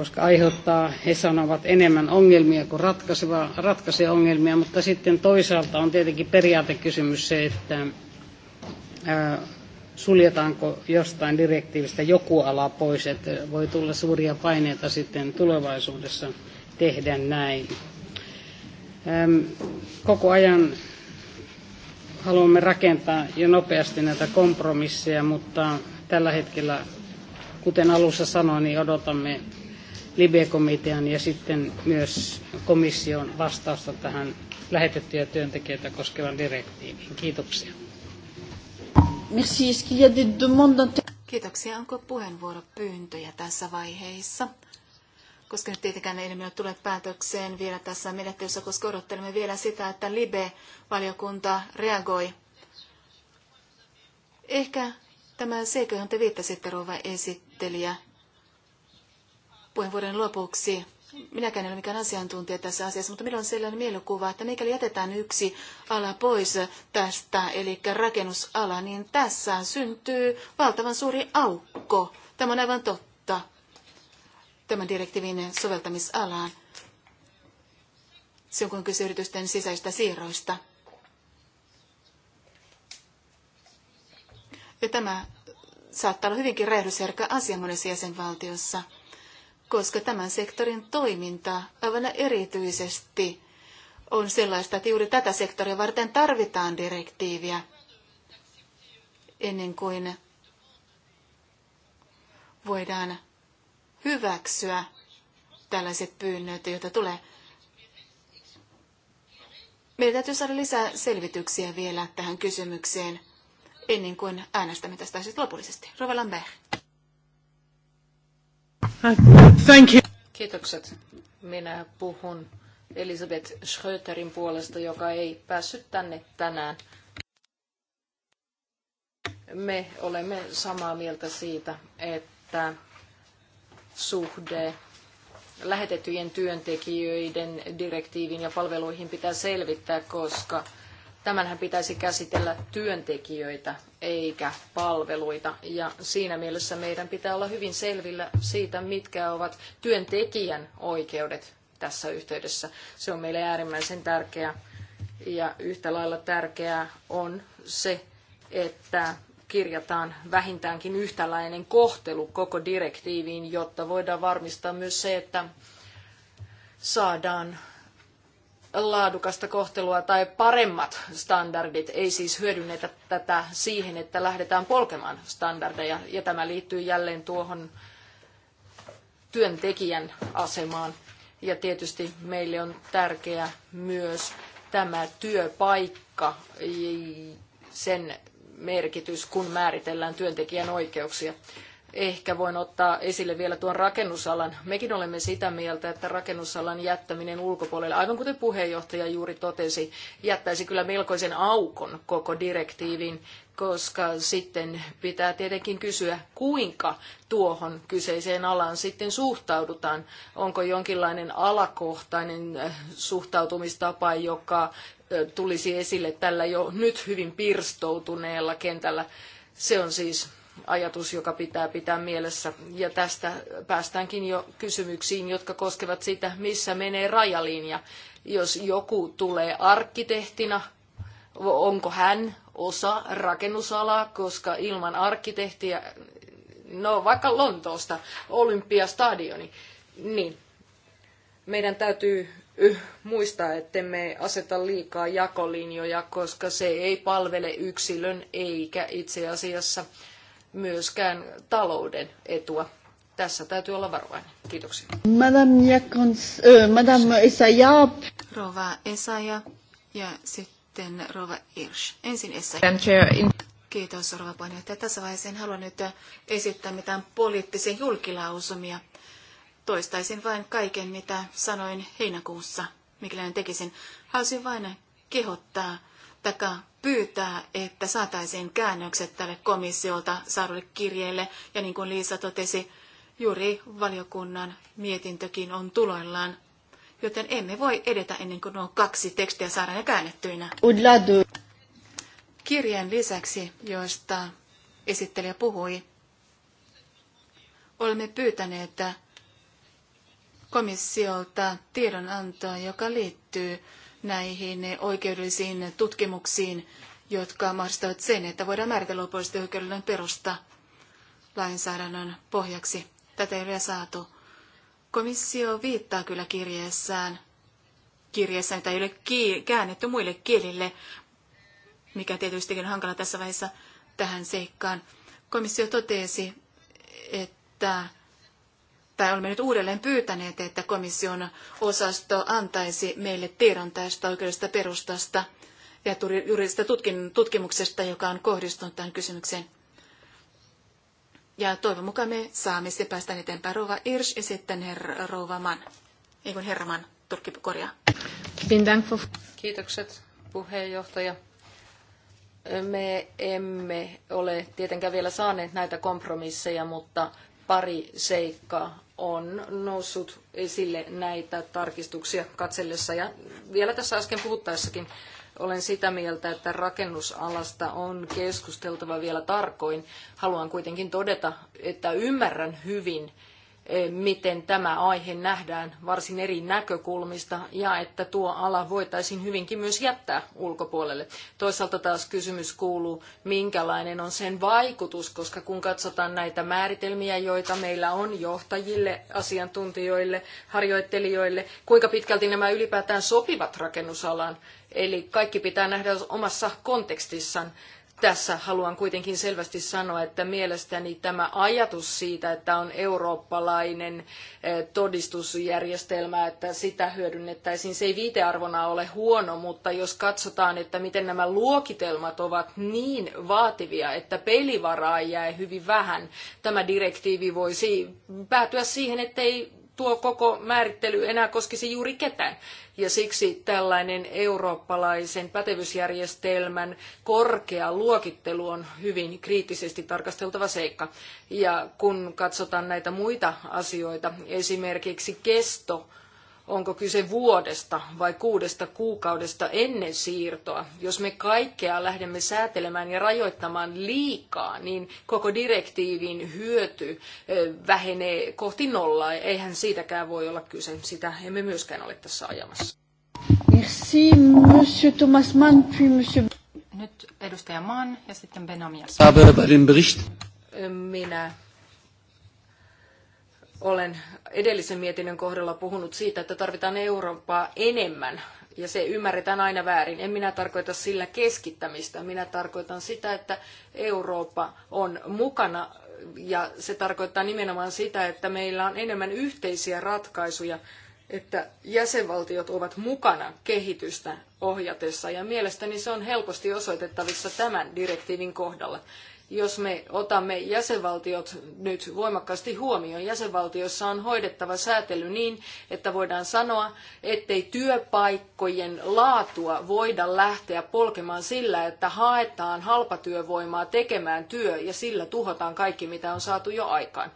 koska aiheuttaa, he sanovat, enemmän ongelmia kuin ratkaiseva, ratkaisee ongelmia, mutta sitten toisaalta on tietenkin periaatekysymys se, että ää, suljetaanko jostain direktiivistä joku ala pois, että voi tulla suuria paineita sitten tulevaisuudessa tehdä näin. Äm, koko ajan haluamme rakentaa jo nopeasti näitä kompromisseja, mutta tällä hetkellä, kuten alussa sanoin, niin odotamme Libe-komitean ja sitten myös komission vastausta tähän lähetettyjä työntekijöitä koskevan direktiiviin. Kiitoksia. Kiitoksia. Onko puheenvuoropyyntöjä tässä vaiheessa? Koska nyt tietenkään ei ole tulleet päätökseen vielä tässä menettelyssä, koska odottelemme vielä sitä, että Libe-valiokunta reagoi. Ehkä tämä seikka, johon te viittasitte, rouva esittelijä, puheenvuoron lopuksi. Minäkään en ole mikään asiantuntija tässä asiassa, mutta minulla on sellainen mielikuva, että mikäli jätetään yksi ala pois tästä, eli rakennusala, niin tässä syntyy valtavan suuri aukko. Tämä on aivan totta tämän direktiivin soveltamisalaan, silloin kun kyse yritysten sisäistä siirroista. Ja tämä saattaa olla hyvinkin räjähdysherkkä asia monessa jäsenvaltiossa – koska tämän sektorin toiminta aivan erityisesti on sellaista, että juuri tätä sektoria varten tarvitaan direktiiviä ennen kuin voidaan hyväksyä tällaiset pyynnöt, joita tulee. Meidän täytyy saada lisää selvityksiä vielä tähän kysymykseen ennen kuin äänestämme tästä asiasta lopullisesti. Rova Thank you. Kiitokset. Minä puhun Elisabeth Schröterin puolesta, joka ei päässyt tänne tänään. Me olemme samaa mieltä siitä, että suhde lähetettyjen työntekijöiden direktiivin ja palveluihin pitää selvittää, koska tämänhän pitäisi käsitellä työntekijöitä eikä palveluita. Ja siinä mielessä meidän pitää olla hyvin selvillä siitä, mitkä ovat työntekijän oikeudet tässä yhteydessä. Se on meille äärimmäisen tärkeää. Ja yhtä lailla tärkeää on se, että kirjataan vähintäänkin yhtäläinen kohtelu koko direktiiviin, jotta voidaan varmistaa myös se, että saadaan laadukasta kohtelua tai paremmat standardit, ei siis hyödynnetä tätä siihen, että lähdetään polkemaan standardeja. Ja tämä liittyy jälleen tuohon työntekijän asemaan. Ja tietysti meille on tärkeää myös tämä työpaikka, sen merkitys, kun määritellään työntekijän oikeuksia. Ehkä voin ottaa esille vielä tuon rakennusalan. Mekin olemme sitä mieltä, että rakennusalan jättäminen ulkopuolelle, aivan kuten puheenjohtaja juuri totesi, jättäisi kyllä melkoisen aukon koko direktiivin, koska sitten pitää tietenkin kysyä, kuinka tuohon kyseiseen alaan sitten suhtaudutaan. Onko jonkinlainen alakohtainen äh, suhtautumistapa, joka äh, tulisi esille tällä jo nyt hyvin pirstoutuneella kentällä. Se on siis ajatus, joka pitää pitää mielessä. Ja tästä päästäänkin jo kysymyksiin, jotka koskevat sitä, missä menee rajalinja. Jos joku tulee arkkitehtina, onko hän osa rakennusalaa, koska ilman arkkitehtiä, no vaikka Lontoosta, olympiastadioni, niin meidän täytyy äh, muistaa, ettemme aseta liikaa jakolinjoja, koska se ei palvele yksilön eikä itse asiassa myöskään talouden etua. Tässä täytyy olla varovainen. Kiitoksia. Madame, Jakons, äh, Madame Esaja. Rova Esaja ja sitten Rova Irsch. Ensin Esaja. Kiitos, Rova puheenjohtaja. Tässä vaiheessa en halua nyt esittää mitään poliittisia julkilausumia. Toistaisin vain kaiken, mitä sanoin heinäkuussa, mikä tekisin. Haluaisin vain kehottaa takaa pyytää, että saataisiin käännökset tälle komissiolta saadulle kirjeelle. Ja niin kuin Liisa totesi, juuri valiokunnan mietintökin on tuloillaan. Joten emme voi edetä ennen kuin nuo kaksi tekstiä saadaan ja käännettyinä. Kirjeen lisäksi, joista esittelijä puhui, olemme pyytäneet komissiolta tiedonantoa, joka liittyy näihin oikeudellisiin tutkimuksiin, jotka mahdollistavat sen, että voidaan määritellä lopullisesti oikeudellinen perusta lainsäädännön pohjaksi. Tätä ei ole saatu. Komissio viittaa kyllä kirjeessään, kirjeessään, jota ei ole käännetty muille kielille, mikä tietysti on hankala tässä vaiheessa tähän seikkaan. Komissio totesi, että tai olemme nyt uudelleen pyytäneet, että komission osasto antaisi meille tiedon tästä oikeudesta perustasta ja juridisesta tutkimuksesta, joka on kohdistunut tähän kysymykseen. Ja toivon mukaan me saamme se päästä eteenpäin rouva Irsch ja sitten herra rouva Mann, Ei kun herra Mann Turkki korjaa. Kiitokset puheenjohtaja. Me emme ole tietenkään vielä saaneet näitä kompromisseja, mutta pari seikkaa on noussut esille näitä tarkistuksia katsellessa. Ja vielä tässä äsken puhuttaessakin olen sitä mieltä, että rakennusalasta on keskusteltava vielä tarkoin. Haluan kuitenkin todeta, että ymmärrän hyvin miten tämä aihe nähdään varsin eri näkökulmista ja että tuo ala voitaisiin hyvinkin myös jättää ulkopuolelle. Toisaalta taas kysymys kuuluu, minkälainen on sen vaikutus, koska kun katsotaan näitä määritelmiä, joita meillä on johtajille, asiantuntijoille, harjoittelijoille, kuinka pitkälti nämä ylipäätään sopivat rakennusalaan, eli kaikki pitää nähdä omassa kontekstissaan tässä haluan kuitenkin selvästi sanoa, että mielestäni tämä ajatus siitä, että on eurooppalainen eh, todistusjärjestelmä, että sitä hyödynnettäisiin, se ei viitearvona ole huono, mutta jos katsotaan, että miten nämä luokitelmat ovat niin vaativia, että pelivaraa jää hyvin vähän, tämä direktiivi voisi päätyä siihen, ettei tuo koko määrittely enää koskisi juuri ketään. Ja siksi tällainen eurooppalaisen pätevyysjärjestelmän korkea luokittelu on hyvin kriittisesti tarkasteltava seikka. Ja kun katsotaan näitä muita asioita, esimerkiksi kesto, onko kyse vuodesta vai kuudesta kuukaudesta ennen siirtoa. Jos me kaikkea lähdemme säätelemään ja rajoittamaan liikaa, niin koko direktiivin hyöty vähenee kohti nollaa. Eihän siitäkään voi olla kyse. Sitä emme myöskään ole tässä ajamassa. Merci, monsieur Thomas Mann, puis monsieur... Nyt edustaja Mann ja sitten Benamias. Minä olen edellisen mietinnön kohdalla puhunut siitä, että tarvitaan Eurooppaa enemmän ja se ymmärretään aina väärin. En minä tarkoita sillä keskittämistä, minä tarkoitan sitä, että Eurooppa on mukana ja se tarkoittaa nimenomaan sitä, että meillä on enemmän yhteisiä ratkaisuja, että jäsenvaltiot ovat mukana kehitystä ohjatessa ja mielestäni se on helposti osoitettavissa tämän direktiivin kohdalla jos me otamme jäsenvaltiot nyt voimakkaasti huomioon. Jäsenvaltiossa on hoidettava säätely niin, että voidaan sanoa, ettei työpaikkojen laatua voida lähteä polkemaan sillä, että haetaan halpatyövoimaa tekemään työ ja sillä tuhotaan kaikki, mitä on saatu jo aikaan.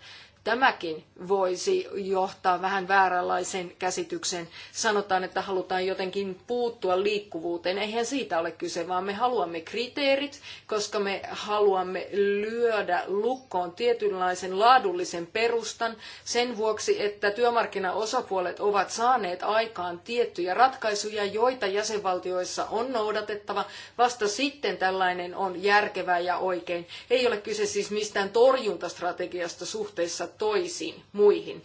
Tämäkin voisi johtaa vähän vääränlaisen käsityksen. Sanotaan, että halutaan jotenkin puuttua liikkuvuuteen. Eihän siitä ole kyse, vaan me haluamme kriteerit, koska me haluamme lyödä lukkoon tietynlaisen laadullisen perustan sen vuoksi, että työmarkkinaosapuolet ovat saaneet aikaan tiettyjä ratkaisuja, joita jäsenvaltioissa on noudatettava. Vasta sitten tällainen on järkevää ja oikein. Ei ole kyse siis mistään torjuntastrategiasta suhteessa toisiin muihin.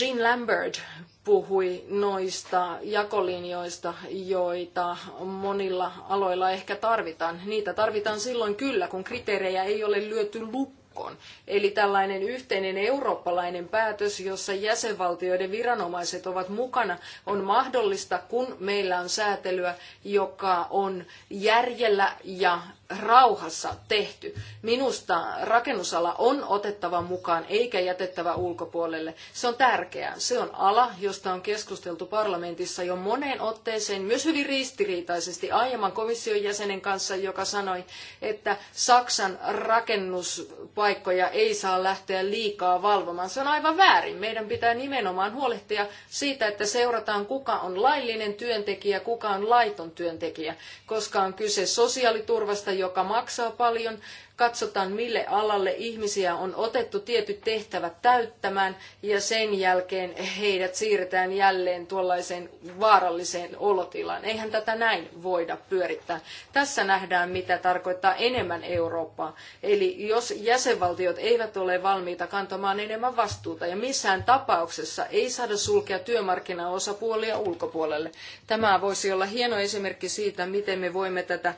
Jean Lambert puhui noista jakolinjoista, joita monilla aloilla ehkä tarvitaan. Niitä tarvitaan silloin kyllä, kun kriteerejä ei ole lyöty lukkoon. Eli tällainen yhteinen eurooppalainen päätös, jossa jäsenvaltioiden viranomaiset ovat mukana, on mahdollista, kun meillä on säätelyä, joka on järjellä ja rauhassa tehty. Minusta rakennusala on otettava mukaan eikä jätettävä ulkopuolelle. Se on tärkeää. Se on ala, josta on keskusteltu parlamentissa jo moneen otteeseen, myös hyvin ristiriitaisesti aiemman komission jäsenen kanssa, joka sanoi, että Saksan rakennuspaikkoja ei saa lähteä liikaa valvomaan. Se on aivan väärin. Meidän pitää nimenomaan huolehtia siitä, että seurataan kuka on laillinen työntekijä, kuka on laiton työntekijä, koska on kyse sosiaaliturvasta, joka maksaa paljon, katsotaan mille alalle ihmisiä on otettu tietyt tehtävät täyttämään ja sen jälkeen heidät siirretään jälleen tuollaiseen vaaralliseen olotilaan. Eihän tätä näin voida pyörittää. Tässä nähdään, mitä tarkoittaa enemmän Eurooppaa. Eli jos jäsenvaltiot eivät ole valmiita kantamaan enemmän vastuuta ja missään tapauksessa ei saada sulkea työmarkkinaosapuolia ulkopuolelle. Tämä voisi olla hieno esimerkki siitä, miten me voimme tätä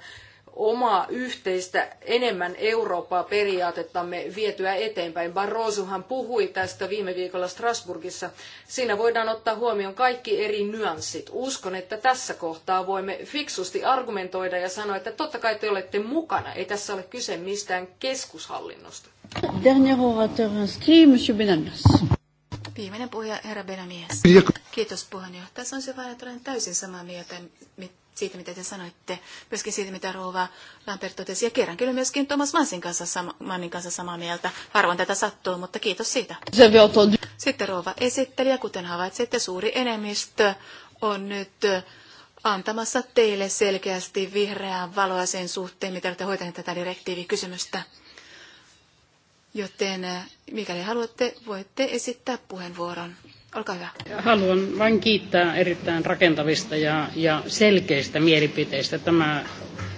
omaa yhteistä enemmän Eurooppaa periaatettamme vietyä eteenpäin. Barrosohan puhui tästä viime viikolla Strasbourgissa. Siinä voidaan ottaa huomioon kaikki eri nyanssit. Uskon, että tässä kohtaa voimme fiksusti argumentoida ja sanoa, että totta kai te olette mukana. Ei tässä ole kyse mistään keskushallinnosta. Viimeinen puhuja, herra Benamies. Kiitos puheenjohtaja. Se on se vain, että olen täysin samaa mieltä siitä, mitä te sanoitte, myöskin siitä, mitä Rouva Lampert totesi. Ja kerran kyllä myöskin Thomas Mansin kanssa, sama, Mannin kanssa samaa mieltä. Harvoin tätä sattuu, mutta kiitos siitä. Sitten Rouva ja kuten havaitsette, suuri enemmistö on nyt antamassa teille selkeästi vihreää valoa sen suhteen, mitä olette hoitaneet tätä direktiivikysymystä. Joten mikäli haluatte, voitte esittää puheenvuoron. Olkaa hyvä. Haluan vain kiittää erittäin rakentavista ja, ja selkeistä mielipiteistä. Tämä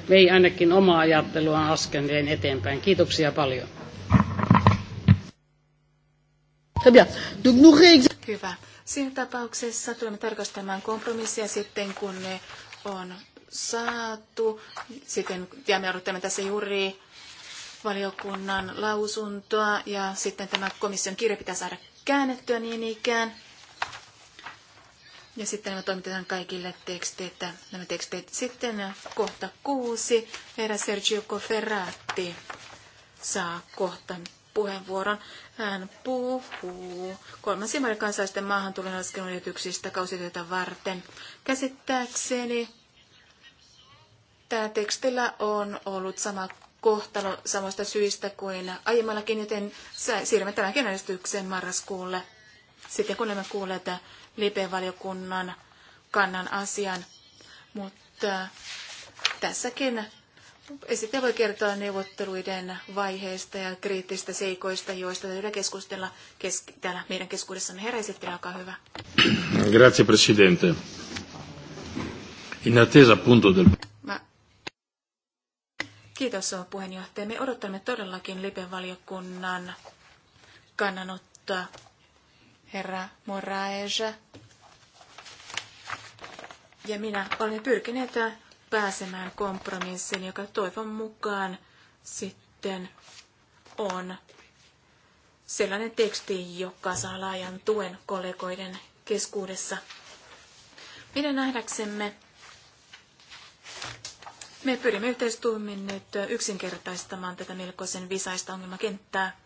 vei ainakin omaa ajattelua askeleen eteenpäin. Kiitoksia paljon. Hyvä. Siinä tapauksessa tulemme tarkastamaan kompromissia sitten, kun ne on saatu. Sitten jäämme odottamaan tässä juuri valiokunnan lausuntoa ja sitten tämä komission kirja pitää saada käännettyä niin ikään. Ja sitten me toimitetaan kaikille tekstit, nämä tekstit. Sitten kohta kuusi, herra Sergio Coferratti saa kohta puheenvuoron. Hän puhuu Kolmas, maiden kansalaisten maahantulon laskelman yrityksistä kausityötä varten. Käsittääkseni tämä tekstillä on ollut sama kohtalo samasta syistä kuin aiemmallakin, joten siirrymme tämänkin äänestykseen marraskuulle. Sitten kun olemme kuulleet lipevaliokunnan kannan asian, mutta tässäkin esittäjä voi kertoa neuvotteluiden vaiheista ja kriittistä seikoista, joista täytyy keskustella täällä meidän keskuudessamme. Herra esittelijä, olkaa hyvä. Grazie, Presidente. In attesa appunto del... Kiitos puheenjohtaja. Me odottamme todellakin Lipen valiokunnan kannanottoa herra Moraes ja minä olen pyrkinyt pääsemään kompromissiin, joka toivon mukaan sitten on sellainen teksti, joka saa laajan tuen kollegoiden keskuudessa. Meidän nähdäksemme me pyrimme yhteistuumin nyt yksinkertaistamaan tätä melkoisen visaista ongelmakenttää.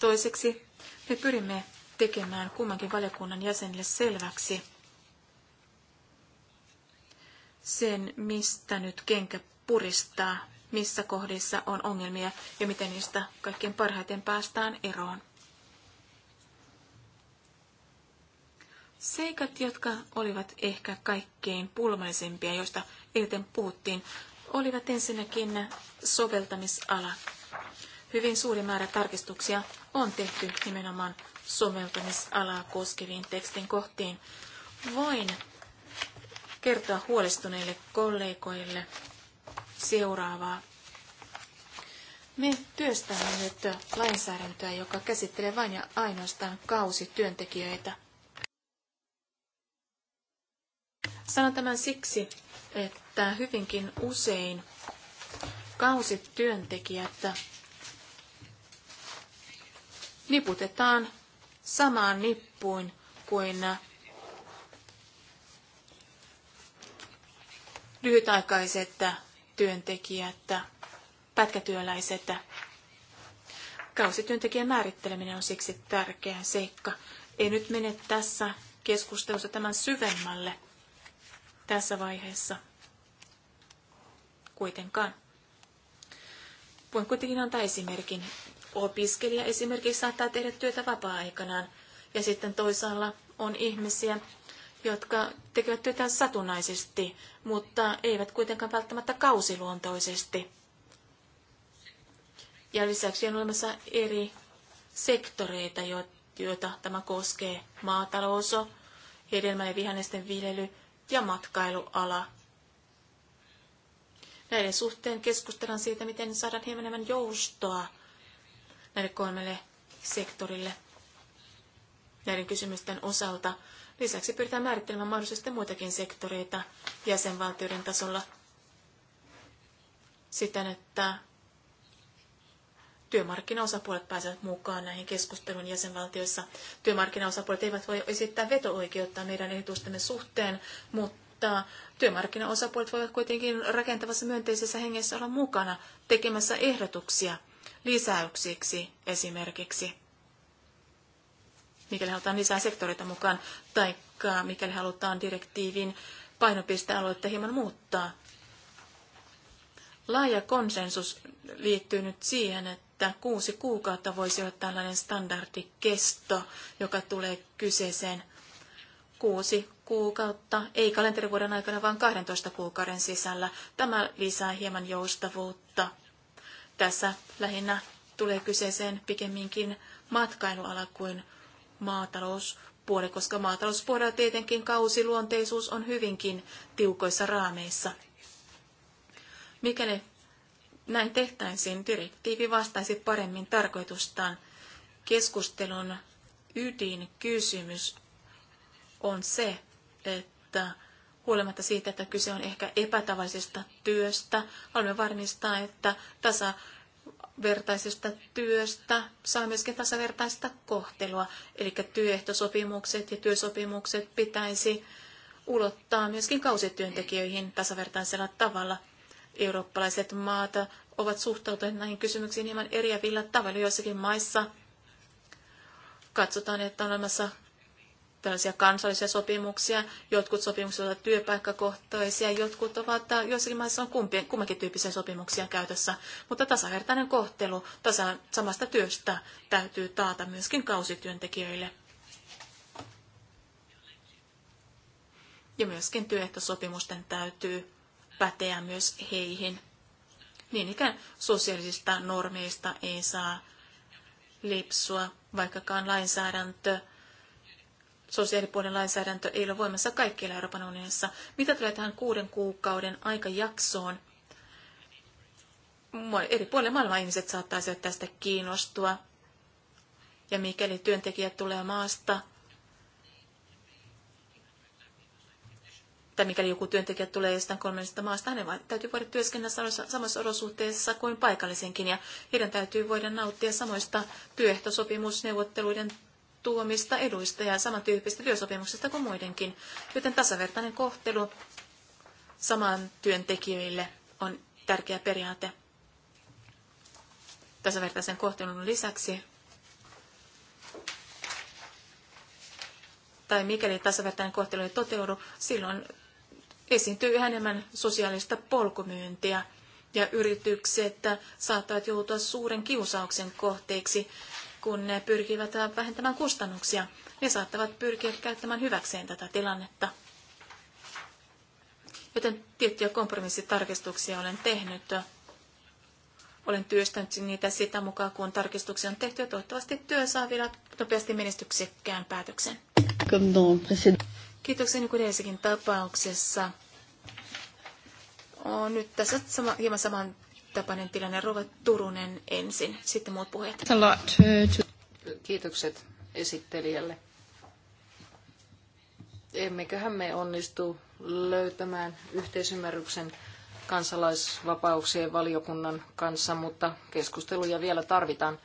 Toiseksi me pyrimme tekemään kummankin valiokunnan jäsenille selväksi sen, mistä nyt kenkä puristaa, missä kohdissa on ongelmia ja miten niistä kaikkein parhaiten päästään eroon. Seikat, jotka olivat ehkä kaikkein pulmallisimpia, joista eniten puhuttiin, olivat ensinnäkin soveltamisala. Hyvin suuri määrä tarkistuksia on tehty nimenomaan soveltamisalaa koskeviin tekstin kohtiin. Voin kertoa huolestuneille kollegoille seuraavaa. Me työstämme nyt lainsäädäntöä, joka käsittelee vain ja ainoastaan kausityöntekijöitä. Sanon tämän siksi, että hyvinkin usein kausityöntekijät niputetaan samaan nippuun kuin äh, lyhytaikaiset äh, työntekijät, äh, pätkätyöläiset. Kausityöntekijän määritteleminen on siksi tärkeä seikka. Ei nyt mene tässä keskustelussa tämän syvemmälle tässä vaiheessa kuitenkaan. Voin kuitenkin antaa esimerkin Opiskelija esimerkiksi saattaa tehdä työtä vapaa-aikanaan. Ja sitten toisaalla on ihmisiä, jotka tekevät työtä satunnaisesti, mutta eivät kuitenkaan välttämättä kausiluontoisesti. Ja lisäksi on olemassa eri sektoreita, joita tämä koskee. Maatalous, hedelmä- ja vihannesten viljely ja matkailuala. Näiden suhteen keskustellaan siitä, miten saadaan hieman enemmän joustoa näille kolmelle sektorille näiden kysymysten osalta. Lisäksi pyritään määrittelemään mahdollisesti muitakin sektoreita jäsenvaltioiden tasolla siten, että työmarkkinaosapuolet pääsevät mukaan näihin keskusteluun jäsenvaltioissa. Työmarkkinaosapuolet eivät voi esittää veto-oikeutta meidän ehdotustemme suhteen, mutta työmarkkinaosapuolet voivat kuitenkin rakentavassa myönteisessä hengessä olla mukana tekemässä ehdotuksia – lisäyksiksi esimerkiksi, mikäli halutaan lisää sektoreita mukaan, tai mikäli halutaan direktiivin painopistealuetta hieman muuttaa. Laaja konsensus liittyy nyt siihen, että kuusi kuukautta voisi olla tällainen standardikesto, joka tulee kyseeseen kuusi kuukautta, ei kalenterivuoden aikana, vaan 12 kuukauden sisällä. Tämä lisää hieman joustavuutta tässä lähinnä tulee kyseeseen pikemminkin matkailuala kuin maatalouspuoli, koska maatalouspuolella tietenkin kausiluonteisuus on hyvinkin tiukoissa raameissa. Mikäli näin tehtäisiin, direktiivi vastaisi paremmin tarkoitustaan. Keskustelun ydinkysymys on se, että Huolimatta siitä, että kyse on ehkä epätavallisesta työstä, haluamme varmistaa, että tasa vertaisesta työstä saa myöskin tasavertaista kohtelua. Eli työehtosopimukset ja työsopimukset pitäisi ulottaa myöskin kausityöntekijöihin tasavertaisella tavalla. Eurooppalaiset maat ovat suhtautuneet näihin kysymyksiin hieman eriävillä tavalla. Joissakin maissa katsotaan, että on olemassa tällaisia kansallisia sopimuksia, jotkut sopimukset ovat työpaikkakohtaisia, jotkut ovat, äh, joissakin maissa on kumpien, kummankin tyyppisiä sopimuksia käytössä, mutta tasavertainen kohtelu tasa, samasta työstä täytyy taata myöskin kausityöntekijöille. Ja myöskin työehtosopimusten täytyy päteä myös heihin. Niin ikään sosiaalisista normeista ei saa lipsua, vaikkakaan lainsäädäntö – sosiaalipuolen lainsäädäntö ei ole voimassa kaikkialla Euroopan unionissa. Mitä tulee tähän kuuden kuukauden aikajaksoon? Eri puolilla maailmaa ihmiset saattaisivat tästä kiinnostua. Ja mikäli työntekijä tulee maasta, tai mikäli joku työntekijä tulee jostain kolmannesta maasta, hänen täytyy voida työskennellä samassa olosuhteessa kuin paikallisenkin, ja heidän täytyy voida nauttia samoista työehtosopimusneuvotteluiden tuomista eduista ja samantyyppisistä työsopimuksesta kuin muidenkin, joten tasavertainen kohtelu saman työntekijöille on tärkeä periaate. Tasavertaisen kohtelun lisäksi tai mikäli tasavertainen kohtelu ei toteudu, silloin esiintyy yhä enemmän sosiaalista polkumyyntiä ja yritykset saattavat joutua suuren kiusauksen kohteeksi kun ne pyrkivät vähentämään kustannuksia. Ne saattavat pyrkiä käyttämään hyväkseen tätä tilannetta. Joten tiettyjä kompromissitarkistuksia olen tehnyt. Olen työstänyt niitä sitä mukaan, kun tarkistuksia on tehty ja toivottavasti työ saa vielä nopeasti menestyksekkään päätöksen. Kiitoksia niin kuin tapauksessa. On nyt tässä sama, hieman saman Tapanen tilanne Rova Turunen ensin, sitten muut puheet. Uh, Kiitokset esittelijälle. Emmeköhän me onnistu löytämään yhteisymmärryksen kansalaisvapauksien valiokunnan kanssa, mutta keskusteluja vielä tarvitaan.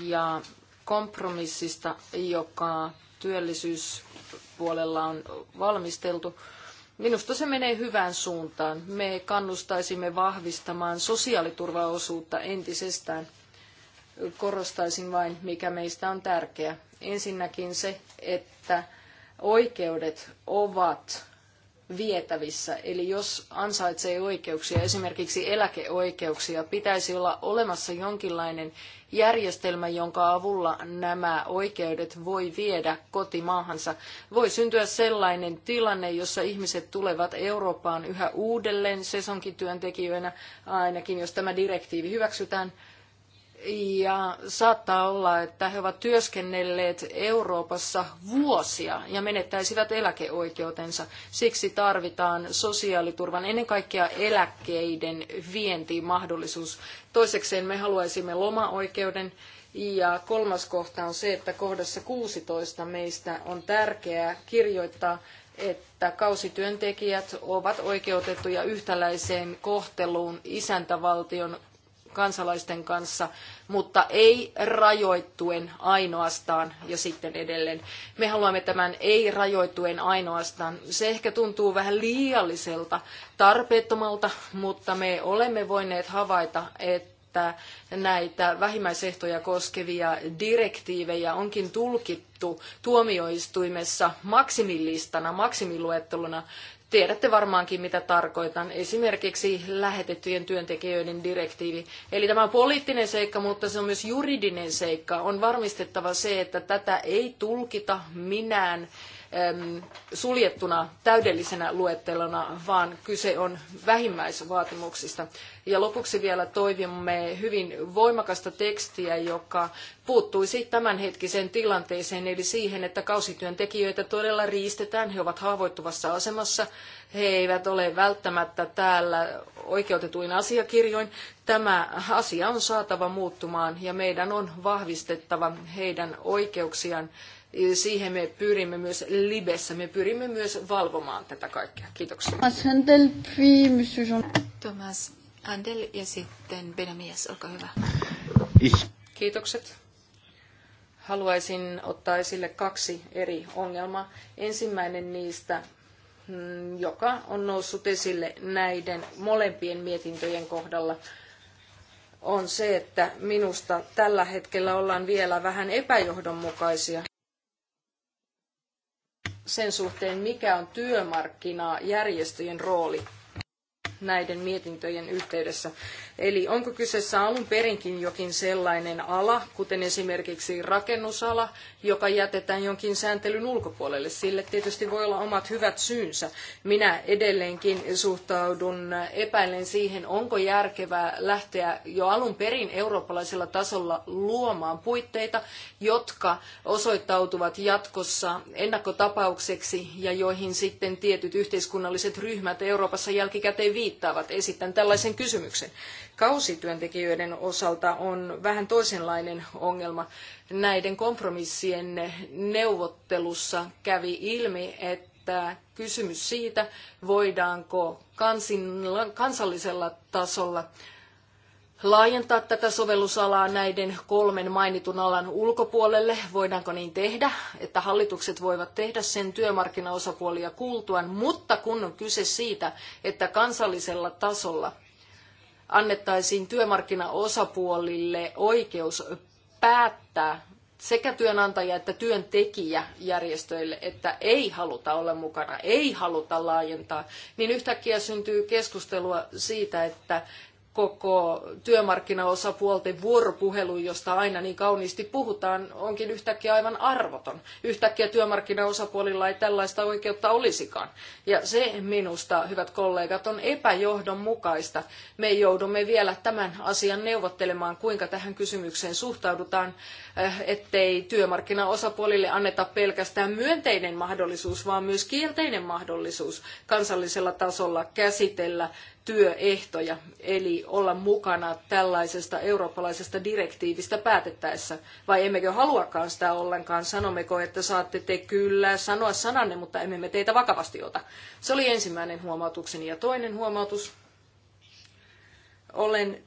Ja kompromissista, joka työllisyyspuolella on valmisteltu, Minusta se menee hyvään suuntaan. Me kannustaisimme vahvistamaan sosiaaliturvaosuutta entisestään. Korostaisin vain, mikä meistä on tärkeää. Ensinnäkin se, että oikeudet ovat vietävissä. Eli jos ansaitsee oikeuksia, esimerkiksi eläkeoikeuksia, pitäisi olla olemassa jonkinlainen järjestelmä, jonka avulla nämä oikeudet voi viedä kotimaahansa. Voi syntyä sellainen tilanne, jossa ihmiset tulevat Eurooppaan yhä uudelleen sesonkityöntekijöinä, ainakin jos tämä direktiivi hyväksytään – ja saattaa olla, että he ovat työskennelleet Euroopassa vuosia ja menettäisivät eläkeoikeutensa. Siksi tarvitaan sosiaaliturvan, ennen kaikkea eläkkeiden vientimahdollisuus. Toisekseen me haluaisimme lomaoikeuden. Ja kolmas kohta on se, että kohdassa 16 meistä on tärkeää kirjoittaa, että kausityöntekijät ovat oikeutettuja yhtäläiseen kohteluun isäntävaltion kansalaisten kanssa, mutta ei rajoittuen ainoastaan ja sitten edelleen. Me haluamme tämän ei rajoittuen ainoastaan. Se ehkä tuntuu vähän liialliselta, tarpeettomalta, mutta me olemme voineet havaita, että näitä vähimmäisehtoja koskevia direktiivejä onkin tulkittu tuomioistuimessa maksimilistana, maksimiluetteluna, Tiedätte varmaankin, mitä tarkoitan. Esimerkiksi lähetettyjen työntekijöiden direktiivi. Eli tämä on poliittinen seikka, mutta se on myös juridinen seikka. On varmistettava se, että tätä ei tulkita minään suljettuna täydellisenä luettelona, vaan kyse on vähimmäisvaatimuksista. Ja lopuksi vielä toivomme hyvin voimakasta tekstiä, joka puuttuisi tämänhetkiseen tilanteeseen, eli siihen, että kausityöntekijöitä todella riistetään, he ovat haavoittuvassa asemassa, he eivät ole välttämättä täällä oikeutetuin asiakirjoin. Tämä asia on saatava muuttumaan ja meidän on vahvistettava heidän oikeuksiaan siihen me pyrimme myös Libessä, me pyrimme myös valvomaan tätä kaikkea. Kiitoksia. Thomas Andel ja sitten Benamias, olkaa hyvä. Kiitokset. Haluaisin ottaa esille kaksi eri ongelmaa. Ensimmäinen niistä, mm, joka on noussut esille näiden molempien mietintöjen kohdalla, on se, että minusta tällä hetkellä ollaan vielä vähän epäjohdonmukaisia sen suhteen, mikä on työmarkkinajärjestöjen rooli näiden mietintöjen yhteydessä. Eli onko kyseessä alun perinkin jokin sellainen ala, kuten esimerkiksi rakennusala, joka jätetään jonkin sääntelyn ulkopuolelle. Sille tietysti voi olla omat hyvät syynsä. Minä edelleenkin suhtaudun epäilen siihen, onko järkevää lähteä jo alun perin eurooppalaisella tasolla luomaan puitteita, jotka osoittautuvat jatkossa ennakkotapaukseksi ja joihin sitten tietyt yhteiskunnalliset ryhmät Euroopassa jälkikäteen viittaavat viittaavat. Esitän tällaisen kysymyksen. Kausityöntekijöiden osalta on vähän toisenlainen ongelma. Näiden kompromissien neuvottelussa kävi ilmi, että kysymys siitä, voidaanko kansallisella tasolla laajentaa tätä sovellusalaa näiden kolmen mainitun alan ulkopuolelle? Voidaanko niin tehdä, että hallitukset voivat tehdä sen työmarkkinaosapuolia kuultuaan, mutta kun on kyse siitä, että kansallisella tasolla annettaisiin työmarkkinaosapuolille oikeus päättää sekä työnantaja että työntekijä järjestöille, että ei haluta olla mukana, ei haluta laajentaa, niin yhtäkkiä syntyy keskustelua siitä, että koko työmarkkinaosapuolten vuoropuhelu, josta aina niin kauniisti puhutaan, onkin yhtäkkiä aivan arvoton. Yhtäkkiä työmarkkinaosapuolilla ei tällaista oikeutta olisikaan. Ja se minusta, hyvät kollegat, on epäjohdonmukaista. Me joudumme vielä tämän asian neuvottelemaan, kuinka tähän kysymykseen suhtaudutaan, eh, ettei työmarkkinaosapuolille anneta pelkästään myönteinen mahdollisuus, vaan myös kielteinen mahdollisuus kansallisella tasolla käsitellä työehtoja, eli olla mukana tällaisesta eurooppalaisesta direktiivistä päätettäessä? Vai emmekö haluakaan sitä ollenkaan? Sanommeko, että saatte te kyllä sanoa sananne, mutta emme me teitä vakavasti ota? Se oli ensimmäinen huomautukseni. Ja toinen huomautus. Olen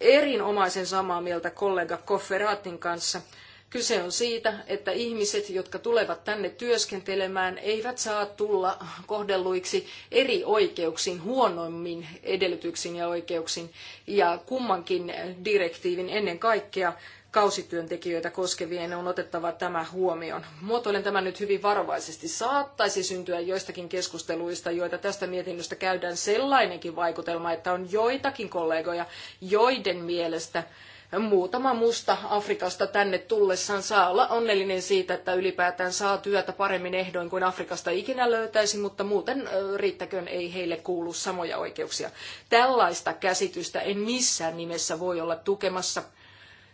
erinomaisen samaa mieltä kollega Kofferatin kanssa – Kyse on siitä, että ihmiset, jotka tulevat tänne työskentelemään, eivät saa tulla kohdelluiksi eri oikeuksin, huonoimmin edellytyksin ja oikeuksin, ja kummankin direktiivin ennen kaikkea kausityöntekijöitä koskevien on otettava tämä huomioon. Muotoilen tämän nyt hyvin varovaisesti. Saattaisi syntyä joistakin keskusteluista, joita tästä mietinnöstä käydään sellainenkin vaikutelma, että on joitakin kollegoja, joiden mielestä muutama musta Afrikasta tänne tullessaan saa olla onnellinen siitä, että ylipäätään saa työtä paremmin ehdoin kuin Afrikasta ikinä löytäisi, mutta muuten riittäköön ei heille kuulu samoja oikeuksia. Tällaista käsitystä en missään nimessä voi olla tukemassa.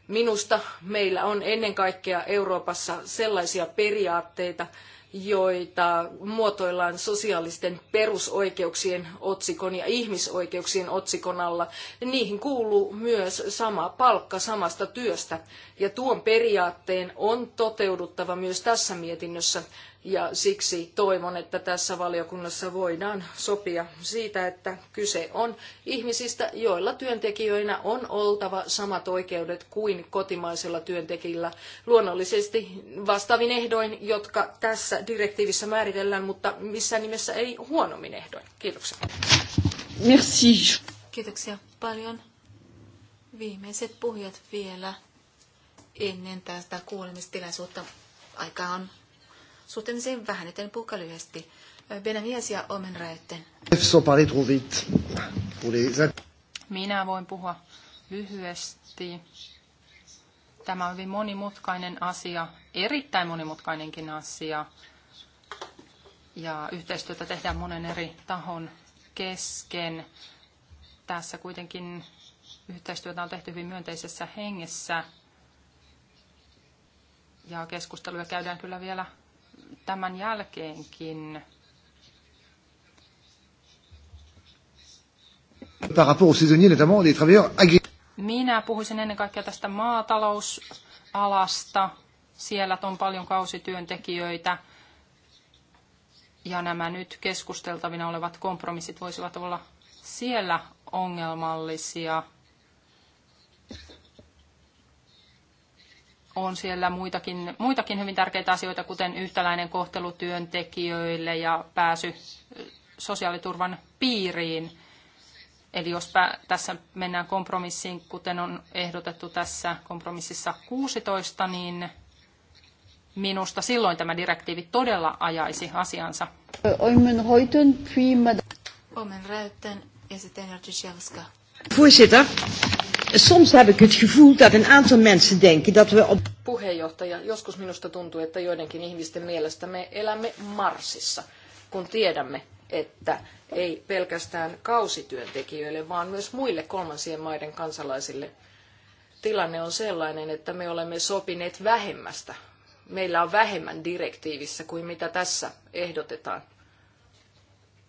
Minusta meillä on ennen kaikkea Euroopassa sellaisia periaatteita, joita muotoillaan sosiaalisten perusoikeuksien otsikon ja ihmisoikeuksien otsikon alla, niihin kuuluu myös sama palkka samasta työstä. Ja tuon periaatteen on toteuduttava myös tässä mietinnössä, ja siksi toivon, että tässä valiokunnassa voidaan sopia siitä, että kyse on ihmisistä, joilla työntekijöinä on oltava samat oikeudet kuin kotimaisilla työntekijällä. Luonnollisesti vastaavin ehdoin, jotka tässä direktiivissä määritellään, mutta missään nimessä ei huonommin ehdoin. Kiitoksia. Merci. Kiitoksia paljon. Viimeiset puhujat vielä ennen tästä kuulemistilaisuutta. Aika on sen vähän, joten puhukaa lyhyesti. Benamias ja Raetten. Minä voin puhua lyhyesti. Tämä on hyvin monimutkainen asia, erittäin monimutkainenkin asia. Ja yhteistyötä tehdään monen eri tahon kesken. Tässä kuitenkin yhteistyötä on tehty hyvin myönteisessä hengessä. Ja keskusteluja käydään kyllä vielä tämän jälkeenkin par rapport aux saisonniers, notamment des travailleurs Minä puhuisin ennen kaikkea tästä maatalousalasta. Siellä on paljon kausityöntekijöitä. Ja nämä nyt keskusteltavina olevat kompromissit voisivat olla siellä ongelmallisia. on siellä muitakin, muitakin hyvin tärkeitä asioita, kuten yhtäläinen kohtelu työntekijöille ja pääsy sosiaaliturvan piiriin. Eli jos tässä mennään kompromissiin, kuten on ehdotettu tässä kompromississa 16, niin minusta silloin tämä direktiivi todella ajaisi asiansa. Oimen hoitun, Oimen räytten ja sitten Jarczysiewska. Voorzitter, soms heb ik het gevoel dat een aantal mensen denken dat we op... Puheenjohtaja, joskus minusta tuntuu, että joidenkin ihmisten mielestä me elämme Marsissa, kun tiedämme, että ei pelkästään kausityöntekijöille, vaan myös muille kolmansien maiden kansalaisille tilanne on sellainen, että me olemme sopineet vähemmästä. Meillä on vähemmän direktiivissä kuin mitä tässä ehdotetaan.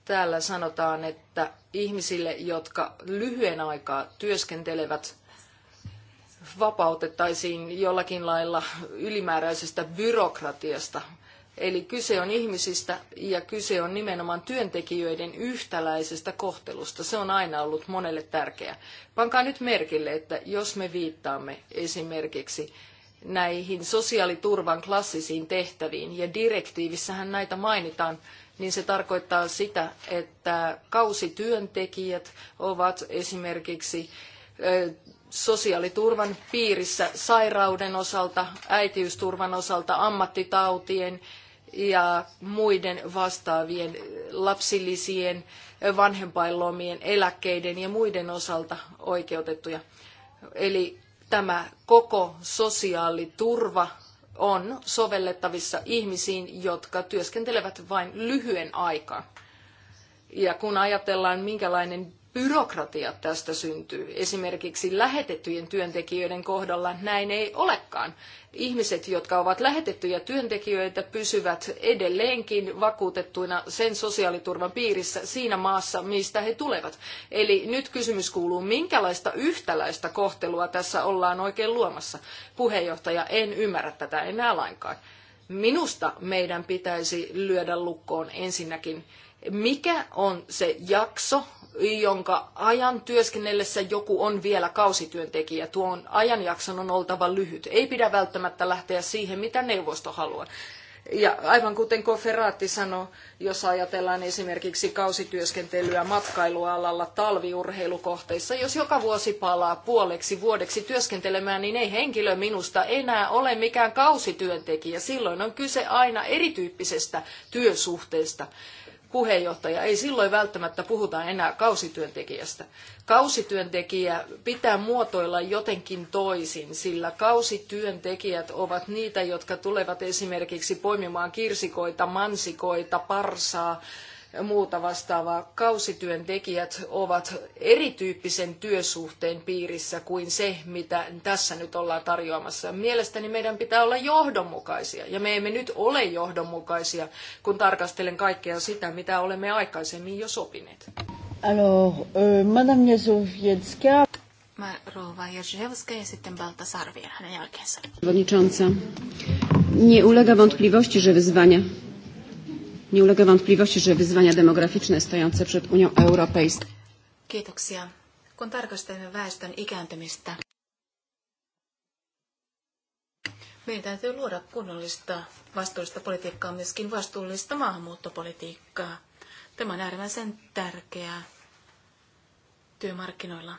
Täällä sanotaan, että ihmisille, jotka lyhyen aikaa työskentelevät, vapautettaisiin jollakin lailla ylimääräisestä byrokratiasta. Eli kyse on ihmisistä ja kyse on nimenomaan työntekijöiden yhtäläisestä kohtelusta. Se on aina ollut monelle tärkeää. Pankaa nyt merkille, että jos me viittaamme esimerkiksi näihin sosiaaliturvan klassisiin tehtäviin, ja direktiivissähän näitä mainitaan niin se tarkoittaa sitä, että kausityöntekijät ovat esimerkiksi sosiaaliturvan piirissä sairauden osalta, äitiysturvan osalta, ammattitautien ja muiden vastaavien lapsilisien, vanhempainlomien, eläkkeiden ja muiden osalta oikeutettuja. Eli tämä koko sosiaaliturva on sovellettavissa ihmisiin, jotka työskentelevät vain lyhyen aikaa. Ja kun ajatellaan, minkälainen byrokratia tästä syntyy. Esimerkiksi lähetettyjen työntekijöiden kohdalla näin ei olekaan. Ihmiset, jotka ovat lähetettyjä työntekijöitä, pysyvät edelleenkin vakuutettuina sen sosiaaliturvan piirissä siinä maassa, mistä he tulevat. Eli nyt kysymys kuuluu, minkälaista yhtäläistä kohtelua tässä ollaan oikein luomassa. Puheenjohtaja, en ymmärrä tätä enää lainkaan. Minusta meidän pitäisi lyödä lukkoon ensinnäkin mikä on se jakso, jonka ajan työskennellessä joku on vielä kausityöntekijä. Tuon ajanjakson on oltava lyhyt. Ei pidä välttämättä lähteä siihen, mitä neuvosto haluaa. Ja aivan kuten Koferaatti sanoi, jos ajatellaan esimerkiksi kausityöskentelyä matkailualalla talviurheilukohteissa, jos joka vuosi palaa puoleksi vuodeksi työskentelemään, niin ei henkilö minusta enää ole mikään kausityöntekijä. Silloin on kyse aina erityyppisestä työsuhteesta puheenjohtaja, ei silloin välttämättä puhuta enää kausityöntekijästä. Kausityöntekijä pitää muotoilla jotenkin toisin, sillä kausityöntekijät ovat niitä, jotka tulevat esimerkiksi poimimaan kirsikoita, mansikoita, parsaa, muuta vastaavaa. Kausityöntekijät ovat erityyppisen työsuhteen piirissä kuin se, mitä tässä nyt ollaan tarjoamassa. Mielestäni meidän pitää olla johdonmukaisia, ja me emme nyt ole johdonmukaisia, kun tarkastelen kaikkea sitä, mitä olemme aikaisemmin jo sopineet. Alors, euh, Madame Jazowiecka. Rouva Jerzewska ja sitten Baltasar vielä hänen jälkeensä. Przewodnicząca, nie ulega wątpliwości, że wyzwania Nie ulega wątpliwości, że wyzwania demograficzne stojące przed Unią Europejską. Kiitoksia. Kun tarkastelemme väestön ikääntymistä, meidän täytyy luoda kunnollista vastuullista politiikkaa, myöskin vastuullista maahanmuuttopolitiikkaa. Tämä on äärimmäisen tärkeää työmarkkinoilla.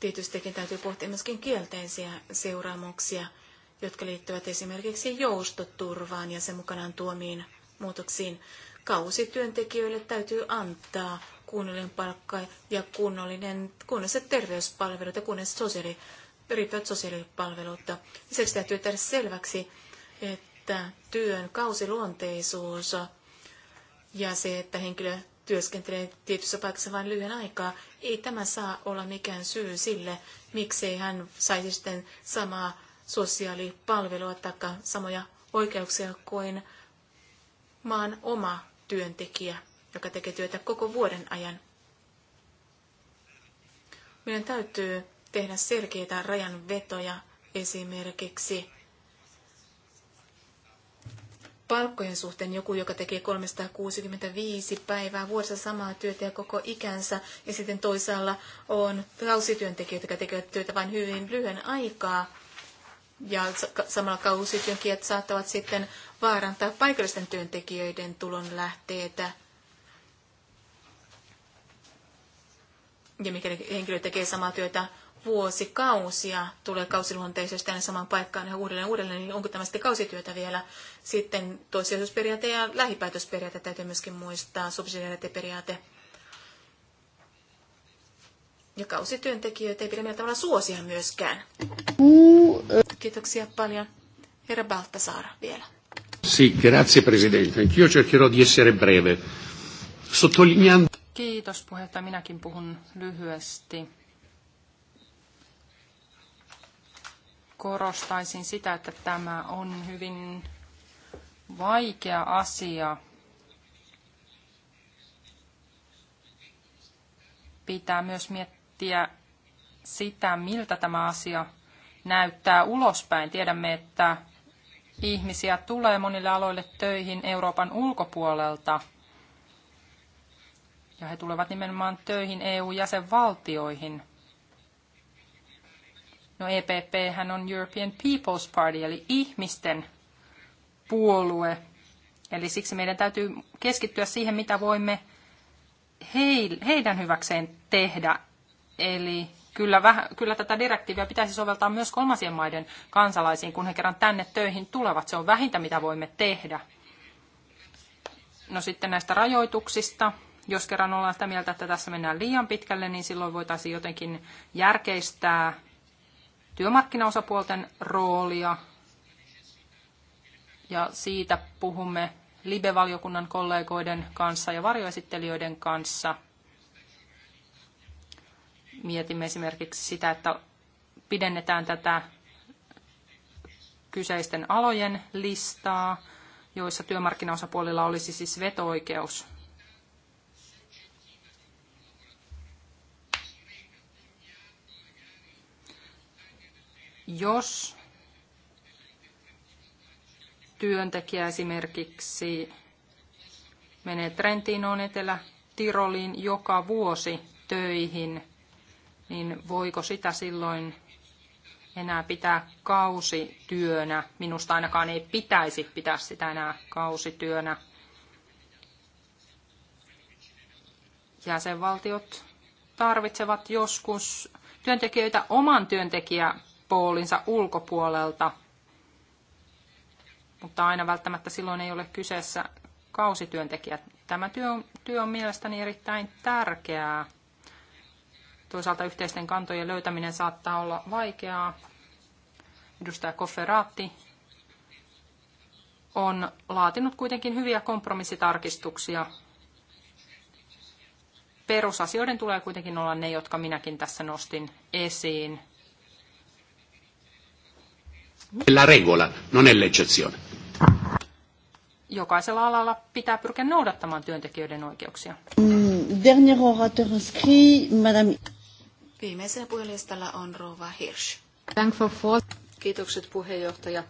Tietystikin täytyy pohtia myöskin kielteisiä seuraamuksia, jotka liittyvät esimerkiksi joustoturvaan ja sen mukanaan tuomiin muutoksiin. Kausityöntekijöille täytyy antaa kunnollinen palkka ja kunnollinen, kunnolliset terveyspalvelut ja kunnolliset sosiaali, riittävät sosiaalipalvelut. Lisäksi täytyy tehdä selväksi, että työn kausiluonteisuus ja se, että henkilö työskentelee tietyssä paikassa vain lyhyen aikaa, ei tämä saa olla mikään syy sille, miksei hän saisi sitten samaa sosiaalipalvelua tai samoja oikeuksia kuin maan oma työntekijä, joka tekee työtä koko vuoden ajan. Meidän täytyy tehdä selkeitä rajanvetoja esimerkiksi palkkojen suhteen joku, joka tekee 365 päivää vuodessa samaa työtä ja koko ikänsä, ja sitten toisaalla on kausityöntekijöitä, jotka tekevät työtä vain hyvin lyhyen aikaa ja samalla kausityöntekijät saattavat sitten vaarantaa paikallisten työntekijöiden tulon lähteitä. Ja mikäli henkilö tekee samaa työtä vuosikausia, tulee kausiluonteisesti aina samaan paikkaan ja uudelleen uudelleen, niin onko tämä sitten kausityötä vielä? Sitten toissijaisuusperiaate ja lähipäätösperiaate täytyy myöskin muistaa, subsidiariteettiperiaate. Ja kausityöntekijöitä ei pidä millään tavalla suosia myöskään. Kiitoksia paljon. Herra Baltasaara vielä. Sì, grazie Presidente. Anch'io cercherò di essere breve. Sottolineando... Kiitos puheenjohtaja. Minäkin puhun lyhyesti. Korostaisin sitä, että tämä on hyvin vaikea asia. Pitää myös miettiä miettiä sitä, miltä tämä asia näyttää ulospäin. Tiedämme, että ihmisiä tulee monille aloille töihin Euroopan ulkopuolelta. Ja he tulevat nimenomaan töihin EU-jäsenvaltioihin. No EPP hän on European People's Party, eli ihmisten puolue. Eli siksi meidän täytyy keskittyä siihen, mitä voimme heidän hyväkseen tehdä Eli kyllä, vähän, kyllä tätä direktiiviä pitäisi soveltaa myös kolmansien maiden kansalaisiin, kun he kerran tänne töihin tulevat. Se on vähintä, mitä voimme tehdä. No sitten näistä rajoituksista. Jos kerran ollaan sitä mieltä, että tässä mennään liian pitkälle, niin silloin voitaisiin jotenkin järkeistää työmarkkinaosapuolten roolia. Ja siitä puhumme live-valiokunnan kollegoiden kanssa ja varjoesittelijöiden kanssa. Mietimme esimerkiksi sitä, että pidennetään tätä kyseisten alojen listaa, joissa työmarkkinaosapuolilla olisi siis veto-oikeus. Jos työntekijä esimerkiksi menee Trentinoon Etelä-Tiroliin joka vuosi töihin, niin voiko sitä silloin enää pitää kausityönä? Minusta ainakaan ei pitäisi pitää sitä enää kausityönä. Jäsenvaltiot tarvitsevat joskus työntekijöitä oman työntekijäpoolinsa ulkopuolelta, mutta aina välttämättä silloin ei ole kyseessä kausityöntekijät. Tämä työ, työ on mielestäni erittäin tärkeää. Toisaalta yhteisten kantojen löytäminen saattaa olla vaikeaa. Edustaja Kofferaatti on laatinut kuitenkin hyviä kompromissitarkistuksia. Perusasioiden tulee kuitenkin olla ne, jotka minäkin tässä nostin esiin. La regola, non è l'eccezione. Jokaisella alalla pitää pyrkiä noudattamaan työntekijöiden oikeuksia. Mm, dernier orateur inscrit, madame... Viimeisenä puhelistalla on Rova Hirsch. Kiitokset puheenjohtaja.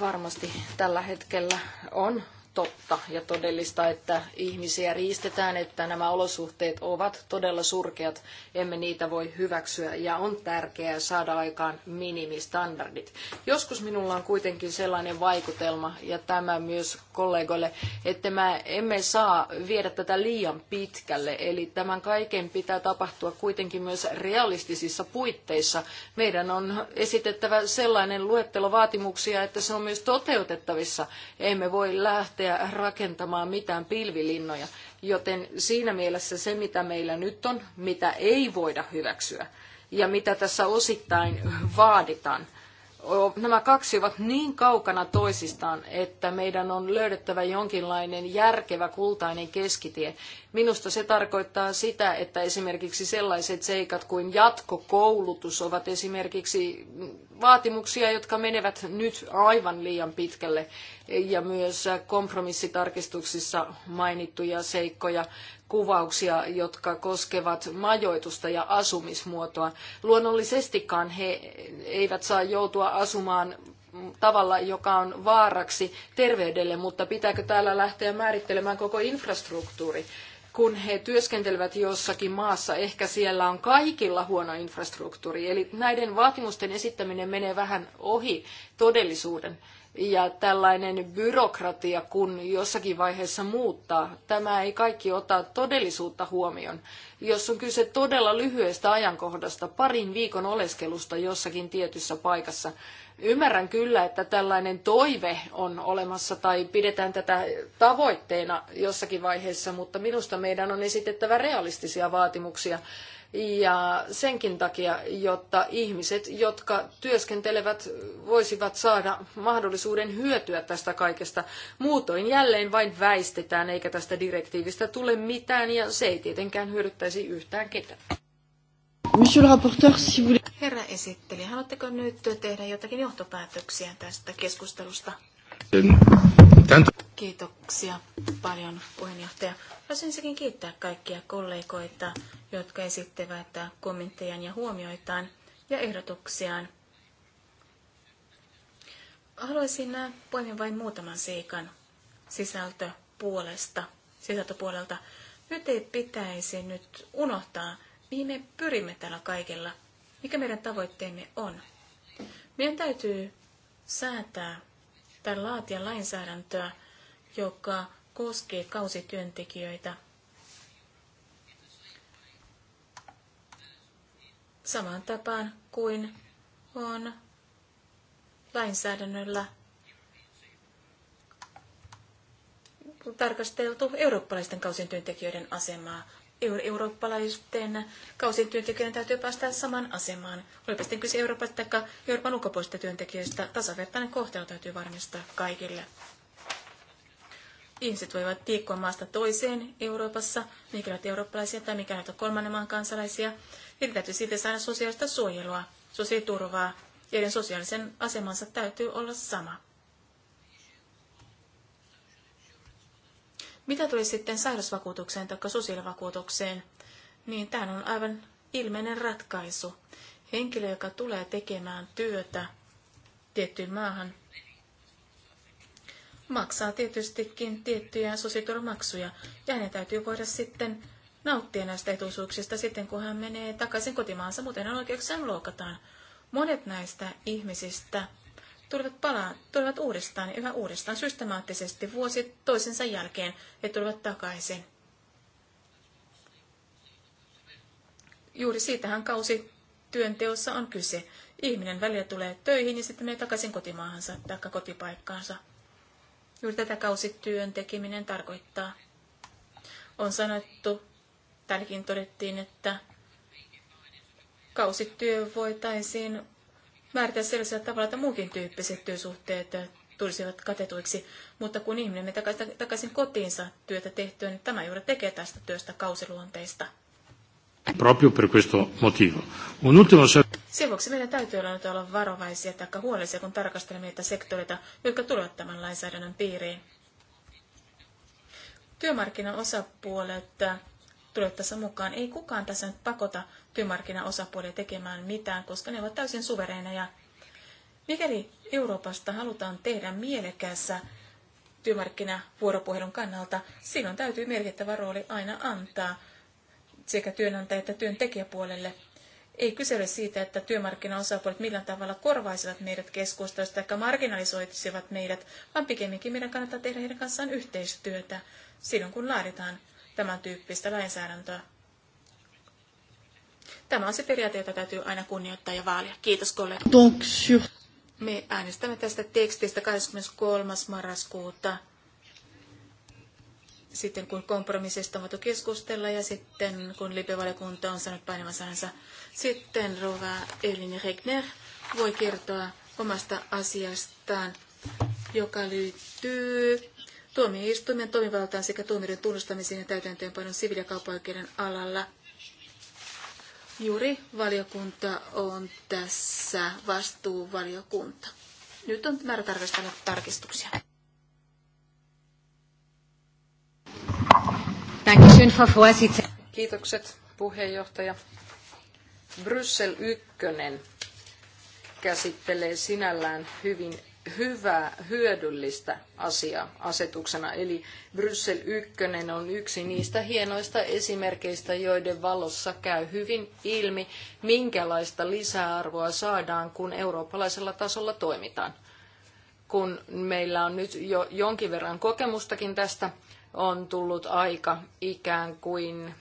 Varmasti tällä hetkellä on totta ja todellista, että ihmisiä riistetään, että nämä olosuhteet ovat todella surkeat, emme niitä voi hyväksyä ja on tärkeää saada aikaan minimistandardit. Joskus minulla on kuitenkin sellainen vaikutelma, ja tämä myös kollegoille, että mä emme saa viedä tätä liian pitkälle, eli tämän kaiken pitää tapahtua kuitenkin myös realistisissa puitteissa. Meidän on esitettävä sellainen luettelo vaatimuksia, että se on myös toteutettavissa. Emme voi lähteä lähteä rakentamaan mitään pilvilinnoja, joten siinä mielessä se, mitä meillä nyt on, mitä ei voida hyväksyä ja mitä tässä osittain vaaditaan, nämä kaksi ovat niin kaukana toisistaan, että meidän on löydettävä jonkinlainen järkevä kultainen keskitie, Minusta se tarkoittaa sitä, että esimerkiksi sellaiset seikat kuin jatkokoulutus ovat esimerkiksi vaatimuksia, jotka menevät nyt aivan liian pitkälle. Ja myös kompromissitarkistuksissa mainittuja seikkoja, kuvauksia, jotka koskevat majoitusta ja asumismuotoa. Luonnollisestikaan he eivät saa joutua asumaan tavalla, joka on vaaraksi terveydelle, mutta pitääkö täällä lähteä määrittelemään koko infrastruktuuri? kun he työskentelevät jossakin maassa, ehkä siellä on kaikilla huono infrastruktuuri. Eli näiden vaatimusten esittäminen menee vähän ohi todellisuuden. Ja tällainen byrokratia, kun jossakin vaiheessa muuttaa, tämä ei kaikki ota todellisuutta huomioon. Jos on kyse todella lyhyestä ajankohdasta, parin viikon oleskelusta jossakin tietyssä paikassa, Ymmärrän kyllä, että tällainen toive on olemassa tai pidetään tätä tavoitteena jossakin vaiheessa, mutta minusta meidän on esitettävä realistisia vaatimuksia. Ja senkin takia, jotta ihmiset, jotka työskentelevät, voisivat saada mahdollisuuden hyötyä tästä kaikesta. Muutoin jälleen vain väistetään, eikä tästä direktiivistä tule mitään, ja se ei tietenkään hyödyttäisi yhtään ketään. Monsieur le rapporteur, si vous voulez... Herra esitteli, haluatteko nyt tehdä jotakin johtopäätöksiä tästä keskustelusta? Kiitoksia paljon puheenjohtaja. Haluaisin ensinnäkin kiittää kaikkia kollegoita, jotka esittävät kommenttejaan ja huomioitaan ja ehdotuksiaan. Haluaisin poimia vain muutaman seikan sisältöpuolesta, sisältöpuolelta. Nyt ei pitäisi nyt unohtaa mihin me pyrimme tällä kaikella, mikä meidän tavoitteemme on. Meidän täytyy säätää tai laatia lainsäädäntöä, joka koskee kausityöntekijöitä. Samaan tapaan kuin on lainsäädännöllä tarkasteltu eurooppalaisten kausityöntekijöiden asemaa eurooppalaisten kausityöntekijöiden täytyy päästä samaan asemaan. Olipa sitten kyse Euroopasta tai Euroopan ulkopuolisista työntekijöistä, tasavertainen kohtelu täytyy varmistaa kaikille. Ihmiset voivat liikkua maasta toiseen Euroopassa, mikä ovat eurooppalaisia tai mikä ovat kolmannen maan kansalaisia. Niitä täytyy silti saada sosiaalista suojelua, sosiaaliturvaa, joiden sosiaalisen asemansa täytyy olla sama. Mitä tuli sitten sairausvakuutukseen tai sosiaalivakuutukseen, niin tämä on aivan ilmeinen ratkaisu. Henkilö, joka tulee tekemään työtä tiettyyn maahan, maksaa tietystikin tiettyjä sosiaaliturvamaksuja, ja hänen täytyy voida sitten nauttia näistä etuisuuksista sitten, kun hän menee takaisin kotimaansa, muuten hän oikeuksiaan loukataan. Monet näistä ihmisistä tulevat palaa, tulevat uudestaan ja yhä uudestaan systemaattisesti vuosi toisensa jälkeen ja tulevat takaisin. Juuri siitähän kausi työnteossa on kyse. Ihminen välillä tulee töihin ja sitten menee takaisin kotimaahansa tai kotipaikkaansa. Juuri tätä kausityön tekeminen tarkoittaa. On sanottu, täälläkin todettiin, että kausityö voitaisiin määritellä sellaisella tavalla, että muukin tyyppiset työsuhteet tulisivat katetuiksi. Mutta kun ihminen menee takaisin kotiinsa työtä tehtyä, niin tämä juuri tekee tästä työstä kausiluonteista. Proprio per questo motivo. Un ultimo... Sen vuoksi meidän täytyy olla nyt olla varovaisia tai huolellisia, kun tarkastelemme niitä sektoreita, jotka tulevat tämän lainsäädännön piiriin. Työmarkkinan osapuolet tulevat tässä mukaan. Ei kukaan tässä nyt pakota työmarkkinaosapuolia tekemään mitään, koska ne ovat täysin suvereineja. Mikäli Euroopasta halutaan tehdä mielekässä työmarkkinavuoropuhelun kannalta, silloin täytyy merkittävä rooli aina antaa sekä työnantaja- että työntekijäpuolelle. Ei kyse ole siitä, että työmarkkinaosapuolet millään tavalla korvaisivat meidät keskustelusta tai marginalisoisivat meidät, vaan pikemminkin meidän kannattaa tehdä heidän kanssaan yhteistyötä silloin, kun laaditaan tämän tyyppistä lainsäädäntöä. Tämä on se periaate, jota täytyy aina kunnioittaa ja vaalia. Kiitos kollega. Me äänestämme tästä tekstistä 23. marraskuuta sitten kun kompromissista on voitu keskustella ja sitten kun lipevaliokunta on saanut painamansa sitten rouva Elin Regner voi kertoa omasta asiastaan, joka liittyy tuomioistuimen toimivaltaan sekä tuomioiden tunnustamiseen ja täytäntöönpanon siviili- ja kauppaoikeuden alalla. Juuri valiokunta on tässä vastuuvaliokunta. Nyt on määrä tarkastella tarkistuksia. Kiitokset puheenjohtaja. Bryssel 1 käsittelee sinällään hyvin hyvää, hyödyllistä asiaa asetuksena. Eli Bryssel 1 on yksi niistä hienoista esimerkeistä, joiden valossa käy hyvin ilmi, minkälaista lisäarvoa saadaan, kun eurooppalaisella tasolla toimitaan. Kun meillä on nyt jo jonkin verran kokemustakin tästä, on tullut aika ikään kuin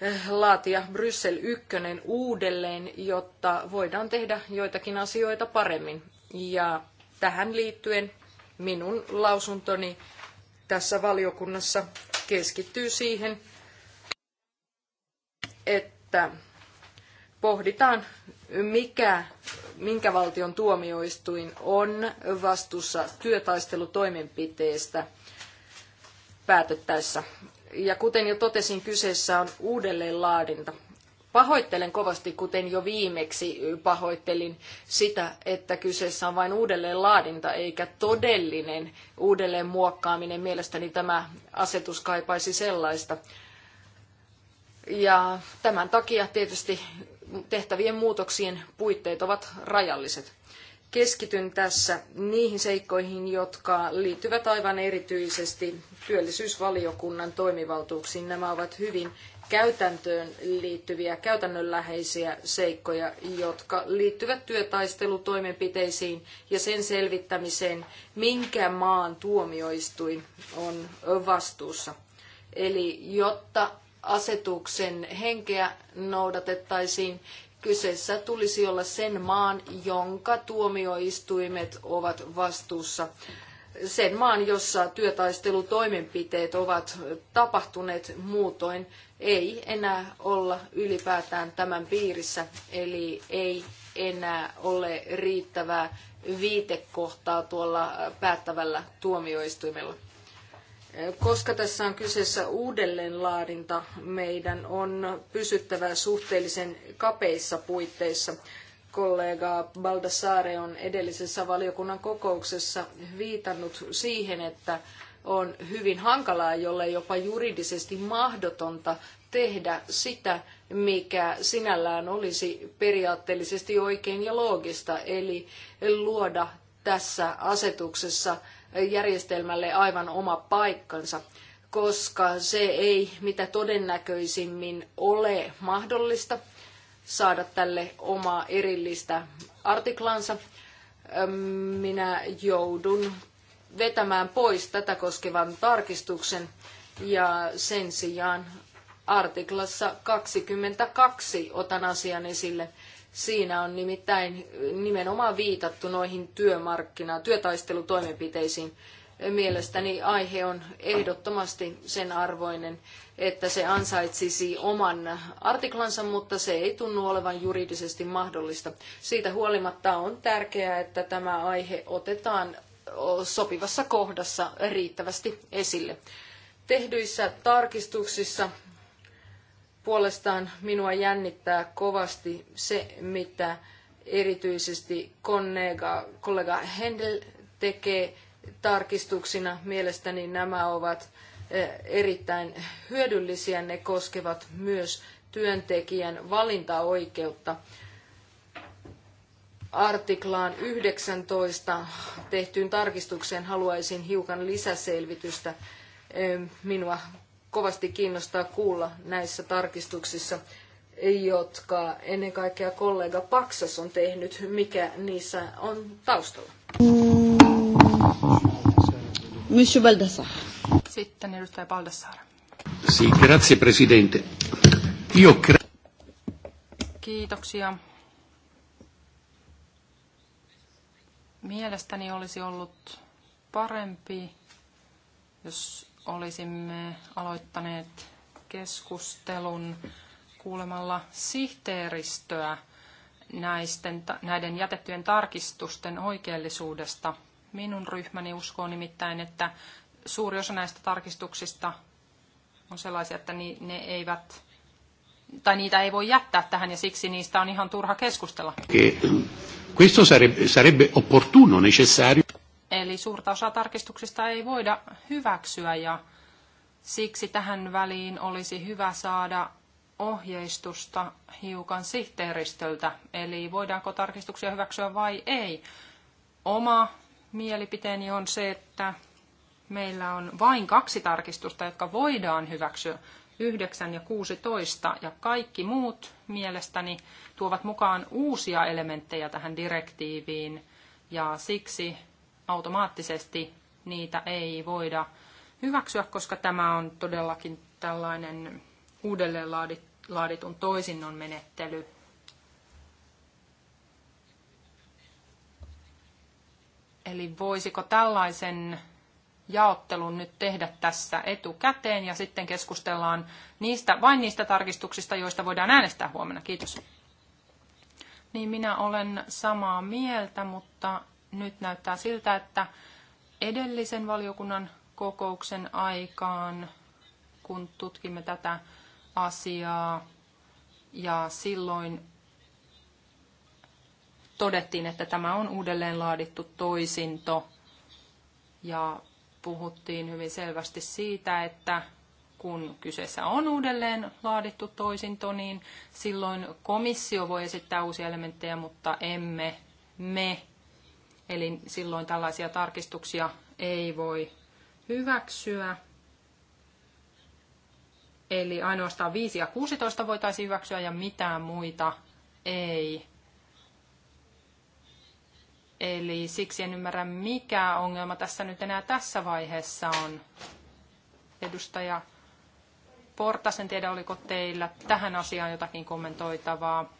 eh, laatia Bryssel 1 uudelleen, jotta voidaan tehdä joitakin asioita paremmin. Ja tähän liittyen minun lausuntoni tässä valiokunnassa keskittyy siihen, että pohditaan, mikä, minkä valtion tuomioistuin on vastuussa työtaistelutoimenpiteestä päätettäessä. Ja kuten jo totesin, kyseessä on uudelleenlaadinta. Pahoittelen kovasti, kuten jo viimeksi pahoittelin sitä, että kyseessä on vain uudelleen laadinta eikä todellinen uudelleen muokkaaminen. Mielestäni tämä asetus kaipaisi sellaista. Ja tämän takia tietysti tehtävien muutoksien puitteet ovat rajalliset. Keskityn tässä niihin seikkoihin, jotka liittyvät aivan erityisesti työllisyysvaliokunnan toimivaltuuksiin. Nämä ovat hyvin käytäntöön liittyviä käytännönläheisiä seikkoja, jotka liittyvät työtaistelutoimenpiteisiin ja sen selvittämiseen, minkä maan tuomioistuin on vastuussa. Eli jotta asetuksen henkeä noudatettaisiin, kyseessä tulisi olla sen maan, jonka tuomioistuimet ovat vastuussa sen maan, jossa työtaistelutoimenpiteet ovat tapahtuneet muutoin ei enää olla ylipäätään tämän piirissä, eli ei enää ole riittävää viitekohtaa tuolla päättävällä tuomioistuimella. Koska tässä on kyseessä uudelleenlaadinta, meidän on pysyttävä suhteellisen kapeissa puitteissa. Kollega Baldassare on edellisessä valiokunnan kokouksessa viitannut siihen, että on hyvin hankalaa, jollei jopa juridisesti mahdotonta tehdä sitä, mikä sinällään olisi periaatteellisesti oikein ja loogista, eli luoda tässä asetuksessa järjestelmälle aivan oma paikkansa, koska se ei mitä todennäköisimmin ole mahdollista saada tälle omaa erillistä artiklansa. Minä joudun vetämään pois tätä koskevan tarkistuksen ja sen sijaan artiklassa 22 otan asian esille. Siinä on nimittäin nimenomaan viitattu noihin työmarkkina- työtaistelutoimenpiteisiin. Mielestäni aihe on ehdottomasti sen arvoinen, että se ansaitsisi oman artiklansa, mutta se ei tunnu olevan juridisesti mahdollista. Siitä huolimatta on tärkeää, että tämä aihe otetaan sopivassa kohdassa riittävästi esille. Tehdyissä tarkistuksissa puolestaan minua jännittää kovasti se, mitä erityisesti kollega, kollega Händel tekee tarkistuksina. Mielestäni nämä ovat eh, erittäin hyödyllisiä. Ne koskevat myös työntekijän valintaoikeutta artiklaan 19 tehtyyn tarkistukseen haluaisin hiukan lisäselvitystä. Minua kovasti kiinnostaa kuulla näissä tarkistuksissa, jotka ennen kaikkea kollega Paksas on tehnyt, mikä niissä on taustalla. Monsieur Baldassar. Sitten edustaja Baldassar. Sì, grazie Presidente. Io cre- Kiitoksia Mielestäni olisi ollut parempi, jos olisimme aloittaneet keskustelun kuulemalla sihteeristöä näisten, näiden jätettyjen tarkistusten oikeellisuudesta. Minun ryhmäni uskoo nimittäin, että suuri osa näistä tarkistuksista on sellaisia, että ne eivät, tai niitä ei voi jättää tähän ja siksi niistä on ihan turha keskustella. Questo sarebbe, sarebbe opportuno, necessario. Eli suurta osaa tarkistuksista ei voida hyväksyä ja siksi tähän väliin olisi hyvä saada ohjeistusta hiukan sihteeristöltä, eli voidaanko tarkistuksia hyväksyä vai ei. Oma mielipiteeni on se, että meillä on vain kaksi tarkistusta, jotka voidaan hyväksyä, 9 ja 16 ja kaikki muut mielestäni tuovat mukaan uusia elementtejä tähän direktiiviin ja siksi automaattisesti niitä ei voida hyväksyä, koska tämä on todellakin tällainen uudelleen laaditun toisinnon menettely. Eli voisiko tällaisen jaottelun nyt tehdä tässä etukäteen ja sitten keskustellaan niistä, vain niistä tarkistuksista, joista voidaan äänestää huomenna. Kiitos. Niin minä olen samaa mieltä, mutta nyt näyttää siltä, että edellisen valiokunnan kokouksen aikaan, kun tutkimme tätä asiaa, ja silloin todettiin, että tämä on uudelleen laadittu toisinto ja puhuttiin hyvin selvästi siitä, että kun kyseessä on uudelleen laadittu toisinto, niin silloin komissio voi esittää uusia elementtejä, mutta emme me. Eli silloin tällaisia tarkistuksia ei voi hyväksyä. Eli ainoastaan 5 ja 16 voitaisiin hyväksyä ja mitään muita ei. Eli siksi en ymmärrä, mikä ongelma tässä nyt enää tässä vaiheessa on. Edustaja Portas, en tiedä oliko teillä tähän asiaan jotakin kommentoitavaa.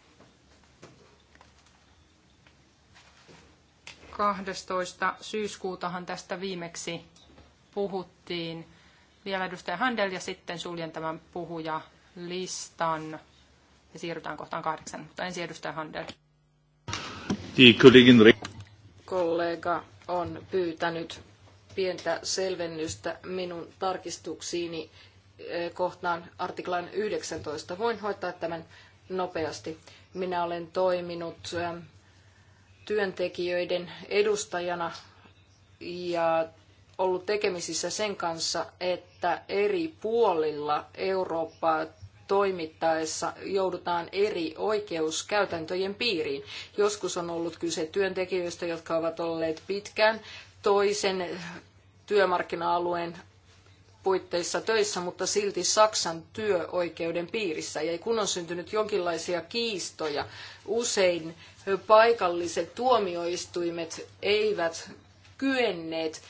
12. syyskuutahan tästä viimeksi puhuttiin. Vielä edustaja Handel ja sitten suljen tämän puhujalistan ja siirrytään kohtaan kahdeksan. Mutta ensin edustaja Handel kollega on pyytänyt pientä selvennystä minun tarkistuksiini eh, kohtaan artiklan 19. Voin hoitaa tämän nopeasti. Minä olen toiminut eh, työntekijöiden edustajana ja ollut tekemisissä sen kanssa, että eri puolilla Eurooppaa toimittaessa joudutaan eri oikeuskäytäntöjen piiriin. Joskus on ollut kyse työntekijöistä, jotka ovat olleet pitkään toisen työmarkkina-alueen puitteissa töissä, mutta silti Saksan työoikeuden piirissä. Ja kun on syntynyt jonkinlaisia kiistoja, usein paikalliset tuomioistuimet eivät kyenneet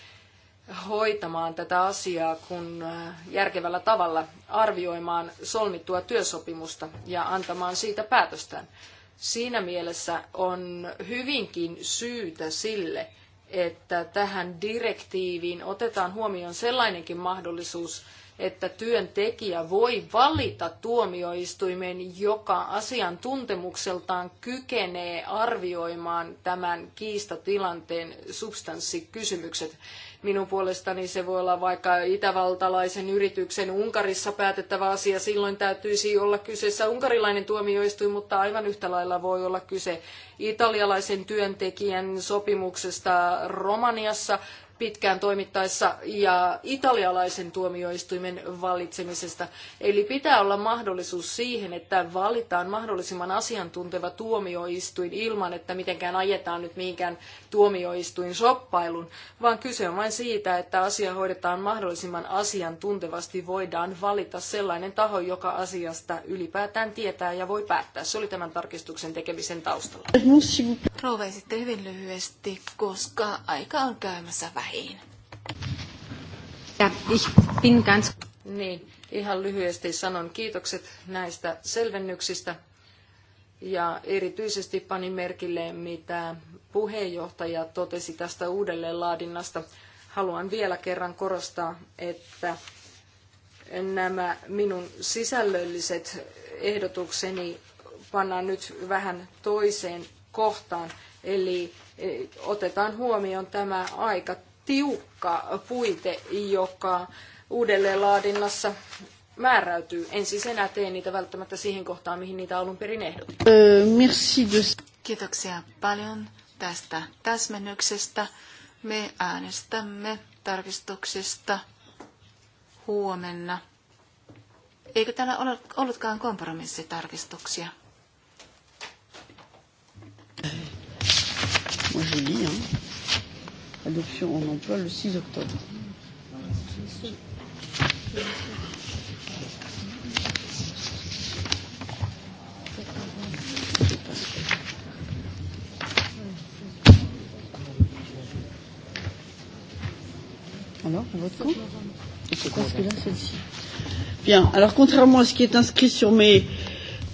hoitamaan tätä asiaa kun äh, järkevällä tavalla arvioimaan solmittua työsopimusta ja antamaan siitä päätöstään. Siinä mielessä on hyvinkin syytä sille, että tähän direktiiviin otetaan huomioon sellainenkin mahdollisuus, että työntekijä voi valita tuomioistuimen, joka asiantuntemukseltaan kykenee arvioimaan tämän kiistatilanteen substanssikysymykset. Minun puolestani se voi olla vaikka itävaltalaisen yrityksen Unkarissa päätettävä asia. Silloin täytyisi olla kyseessä unkarilainen tuomioistuin, mutta aivan yhtä lailla voi olla kyse italialaisen työntekijän sopimuksesta Romaniassa pitkään toimittaessa ja italialaisen tuomioistuimen valitsemisesta. Eli pitää olla mahdollisuus siihen, että valitaan mahdollisimman asiantunteva tuomioistuin ilman, että mitenkään ajetaan nyt mihinkään tuomioistuin shoppailun, vaan kyse on vain siitä, että asia hoidetaan mahdollisimman asiantuntevasti, voidaan valita sellainen taho, joka asiasta ylipäätään tietää ja voi päättää. Se oli tämän tarkistuksen tekemisen taustalla. Rouva sitten hyvin lyhyesti, koska aika on käymässä vähän lähiin. Ja, ich bin ganz... Niin, ihan lyhyesti sanon kiitokset näistä selvennyksistä. Ja erityisesti panin merkille, mitä puheenjohtaja totesi tästä uudelleenlaadinnasta. Haluan vielä kerran korostaa, että nämä minun sisällölliset ehdotukseni pannaan nyt vähän toiseen kohtaan. Eli eh, otetaan huomioon tämä aika tiukka puite, joka uudelleenlaadinnassa määräytyy. En siis enää tee niitä välttämättä siihen kohtaan, mihin niitä alun perin ehdotin. Kiitoksia paljon tästä täsmennyksestä. Me äänestämme tarkistuksista huomenna. Eikö täällä ole ollutkaan kompromissitarkistuksia? Moi, hein adoption en emploi le 6 octobre. Alors, on vote quand C'est quoi que là celle-ci Bien, alors contrairement à ce qui est inscrit sur mes,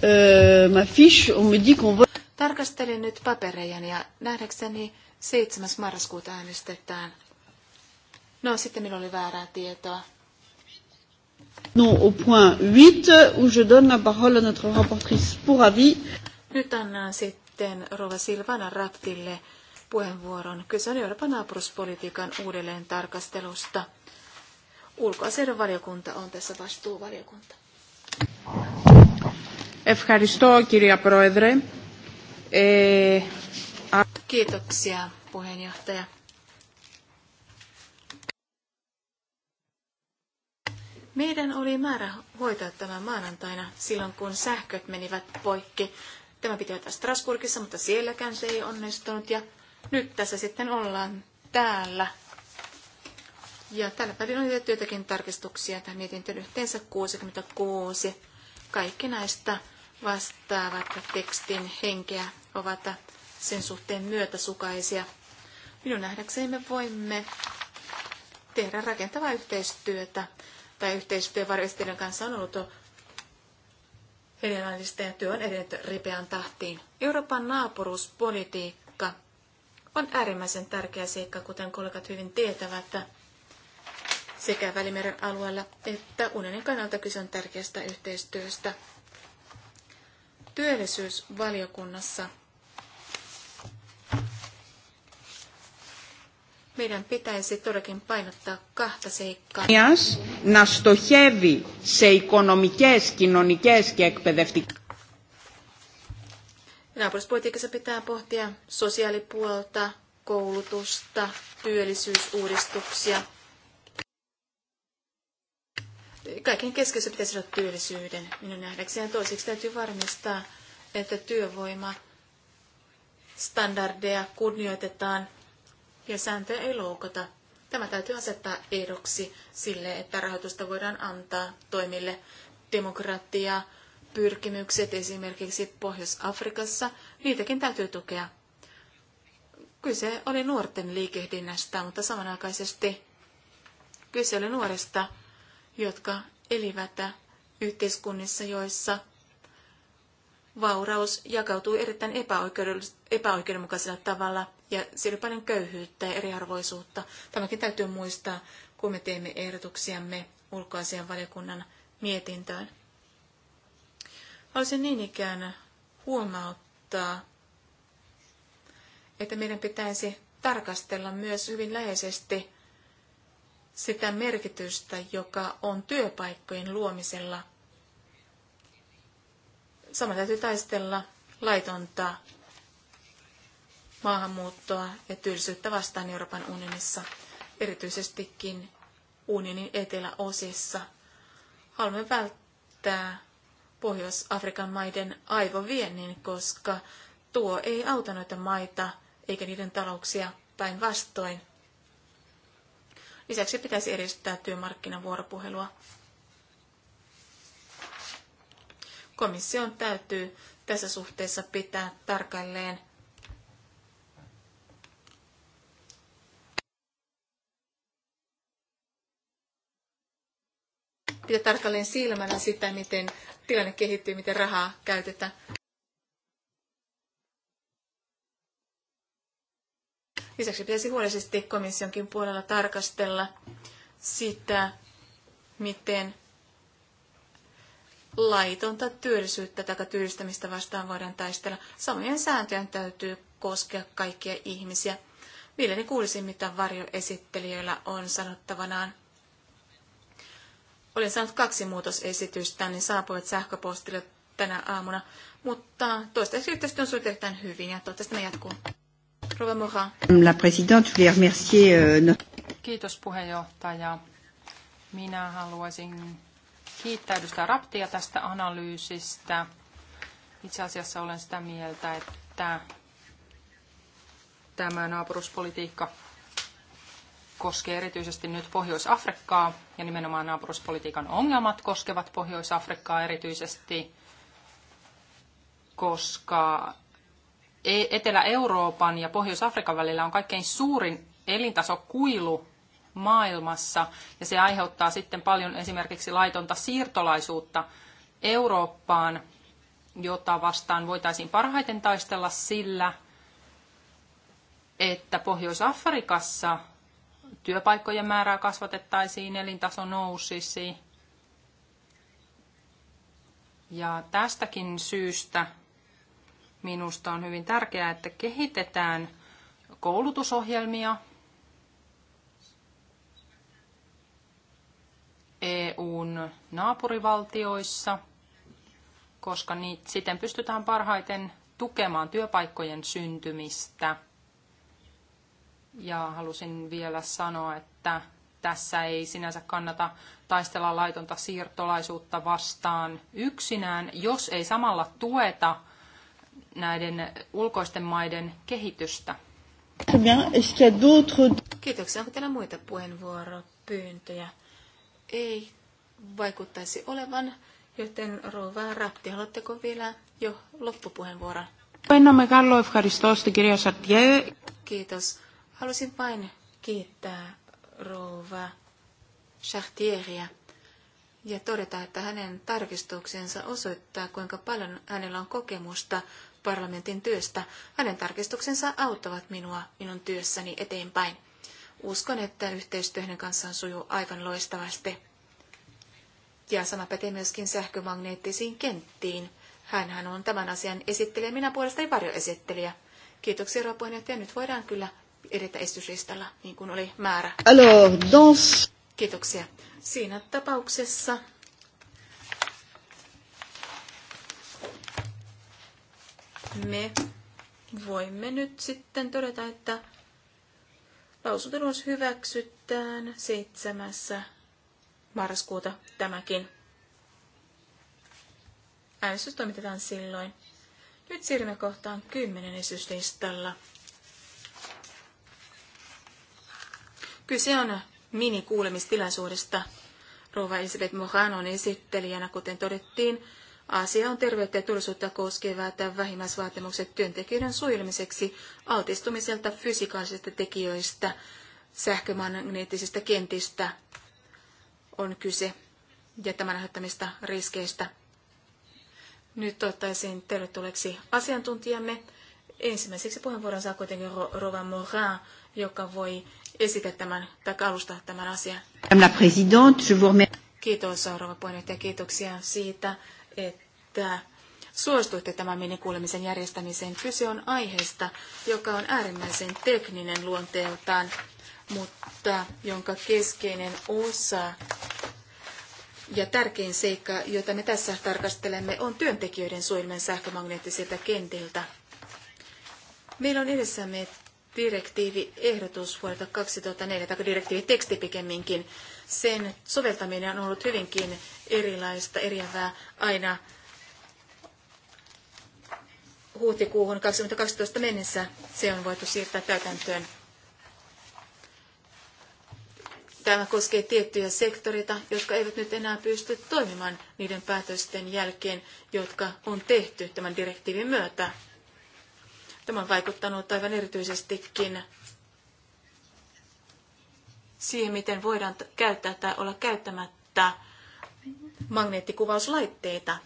euh, ma fiche, on me dit qu'on vote. Tarkastelin nyt paperejani ja nähdäkseni 7. marraskuuta äänestetään. No, sitten minulla oli väärää tietoa. No, au point 8, où je donne la parole à notre rapportrice pour avis. Nyt annan sitten Rova Silvana Raptille puheenvuoron. Kyse on Euroopan naapuruspolitiikan uudelleen tarkastelusta. Ulkoasioiden valiokunta on tässä vastuuvaliokunta. Ευχαριστώ, κυρία Πρόεδρε. Ε, Kiitoksia, puheenjohtaja. Meidän oli määrä hoitaa tämä maanantaina silloin, kun sähköt menivät poikki. Tämä piti olla Strasburgissa, mutta sielläkään se ei onnistunut. Ja nyt tässä sitten ollaan täällä. Ja tällä päivänä on tehty jotakin tarkistuksia tähän mietintöön yhteensä 66. Kaikki näistä vastaavat tekstin henkeä ovat sen suhteen myötäsukaisia. Minun nähdäkseni me voimme tehdä rakentavaa yhteistyötä, tai yhteistyö kanssa on ollut hedelmällistä ja työ on edennyt ripeän tahtiin. Euroopan naapuruuspolitiikka on äärimmäisen tärkeä seikka, kuten kollegat hyvin tietävät, sekä Välimeren alueella että unionin kannalta kyse on tärkeästä yhteistyöstä. Työllisyysvaliokunnassa Meidän pitäisi todellakin painottaa kahta seikkaa. Να στοχεύει σε οικονομικές, κοινωνικές και εκπαιδευτικές. Naapuruspolitiikassa pitää pohtia sosiaalipuolta, koulutusta, työllisyysuudistuksia. Kaiken keskeisessä pitäisi olla työllisyyden minun nähdäkseni. Toiseksi täytyy varmistaa, että työvoima standardeja kunnioitetaan ja sääntöjä ei loukata. Tämä täytyy asettaa ehdoksi sille, että rahoitusta voidaan antaa toimille demokratia, pyrkimykset esimerkiksi Pohjois-Afrikassa, niitäkin täytyy tukea. Kyse oli nuorten liikehdinnästä, mutta samanaikaisesti kyse oli nuorista, jotka elivät yhteiskunnissa, joissa vauraus jakautuu erittäin epäoikeudenmukaisella tavalla ja siellä on paljon köyhyyttä ja eriarvoisuutta. Tämäkin täytyy muistaa, kun me teemme ehdotuksiamme ulkoasian valiokunnan mietintöön. Haluaisin niin ikään huomauttaa, että meidän pitäisi tarkastella myös hyvin läheisesti sitä merkitystä, joka on työpaikkojen luomisella – Sama täytyy taistella laitonta maahanmuuttoa ja työllisyyttä vastaan Euroopan unionissa, erityisestikin unionin eteläosissa. Haluamme välttää Pohjois-Afrikan maiden aivoviennin, koska tuo ei auta noita maita eikä niiden talouksia päinvastoin. Lisäksi pitäisi edistää työmarkkinavuoropuhelua. Komission täytyy tässä suhteessa pitää tarkalleen pitää tarkalleen silmänä sitä, miten tilanne kehittyy, miten rahaa käytetään. Lisäksi pitäisi huolellisesti komissionkin puolella tarkastella sitä, miten laitonta työllisyyttä tai työllistämistä vastaan voidaan taistella. Samojen sääntöjen täytyy koskea kaikkia ihmisiä. Mielelläni kuulisin, mitä varjoesittelijöillä on sanottavanaan. Olen saanut kaksi muutosesitystä, niin saapuivat sähköpostille tänä aamuna, mutta toistaiseksi yhteistyö on sujut erittäin hyvin ja toivottavasti me jatkuu. Rova Morin. La présidente, remercier... Euh, Kiitos puheenjohtaja. Minä haluaisin kiittää edustaja Raptia tästä analyysistä. Itse asiassa olen sitä mieltä, että tämä naapuruspolitiikka koskee erityisesti nyt Pohjois-Afrikkaa ja nimenomaan naapuruspolitiikan ongelmat koskevat Pohjois-Afrikkaa erityisesti, koska e- Etelä-Euroopan ja Pohjois-Afrikan välillä on kaikkein suurin elintasokuilu maailmassa ja se aiheuttaa sitten paljon esimerkiksi laitonta siirtolaisuutta Eurooppaan, jota vastaan voitaisiin parhaiten taistella sillä, että Pohjois-Afrikassa työpaikkojen määrää kasvatettaisiin, elintaso nousisi. Ja tästäkin syystä minusta on hyvin tärkeää, että kehitetään koulutusohjelmia EUn naapurivaltioissa, koska niitä, siten pystytään parhaiten tukemaan työpaikkojen syntymistä. Ja halusin vielä sanoa, että tässä ei sinänsä kannata taistella laitonta siirtolaisuutta vastaan yksinään, jos ei samalla tueta näiden ulkoisten maiden kehitystä. Kiitoksia. Onko teillä muita puheenvuoropyyntöjä? ei vaikuttaisi olevan, joten Rouva Rapti, haluatteko vielä jo loppupuheenvuoron? Kiitos. Halusin vain kiittää Rouva Chartieria ja todeta, että hänen tarkistuksensa osoittaa, kuinka paljon hänellä on kokemusta parlamentin työstä. Hänen tarkistuksensa auttavat minua minun työssäni eteenpäin. Uskon, että hänen kanssaan sujuu aivan loistavasti. Ja sama pätee myöskin sähkömagneettisiin kenttiin. Hänhän on tämän asian esittelijä, minä puolestani varjoesittelijä. Kiitoksia, rouva puheenjohtaja. Nyt voidaan kyllä edetä esityslistalla, niin kuin oli määrä. Alors, dans... Kiitoksia. Siinä tapauksessa me voimme nyt sitten todeta, että Lausuntoluonnos hyväksytään 7. marraskuuta tämäkin. Äänestys toimitetaan silloin. Nyt siirrymme kohtaan 10 esityslistalla. Kyse on minikuulemistilaisuudesta. Rouva Elisabeth Mohan on esittelijänä, kuten todettiin. Asia on terveyttä ja turvallisuutta koskevat vähimmäisvaatimukset työntekijöiden suojelemiseksi altistumiselta fysikaalisista tekijöistä, sähkömagneettisista kentistä on kyse ja tämän aiheuttamista riskeistä. Nyt toivottaisin tervetulleeksi asiantuntijamme. Ensimmäiseksi puheenvuoron saa kuitenkin Rova Morin, joka voi esitä tämän tai alustaa tämän asian. Kiitos, rouva puheenjohtaja. Kiitoksia siitä, että suostuitte tämän minikuulemisen järjestämiseen. Kyse on aiheesta, joka on äärimmäisen tekninen luonteeltaan, mutta jonka keskeinen osa ja tärkein seikka, jota me tässä tarkastelemme, on työntekijöiden suojelmien sähkömagneettisilta kentiltä. Meillä on edessämme direktiiviehdotus vuodelta 2004, tai direktiiviteksti pikemminkin. Sen soveltaminen on ollut hyvinkin erilaista, eriävää aina huhtikuuhun 2012 mennessä. Se on voitu siirtää täytäntöön. Tämä koskee tiettyjä sektoreita, jotka eivät nyt enää pysty toimimaan niiden päätösten jälkeen, jotka on tehty tämän direktiivin myötä. Tämä on vaikuttanut aivan erityisestikin siihen, miten voidaan käyttää tai olla käyttämättä magneettikuvauslaitteita.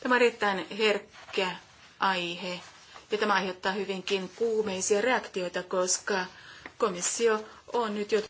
Tämä on erittäin herkkä aihe ja tämä aiheuttaa hyvinkin kuumeisia reaktioita, koska komissio on nyt jo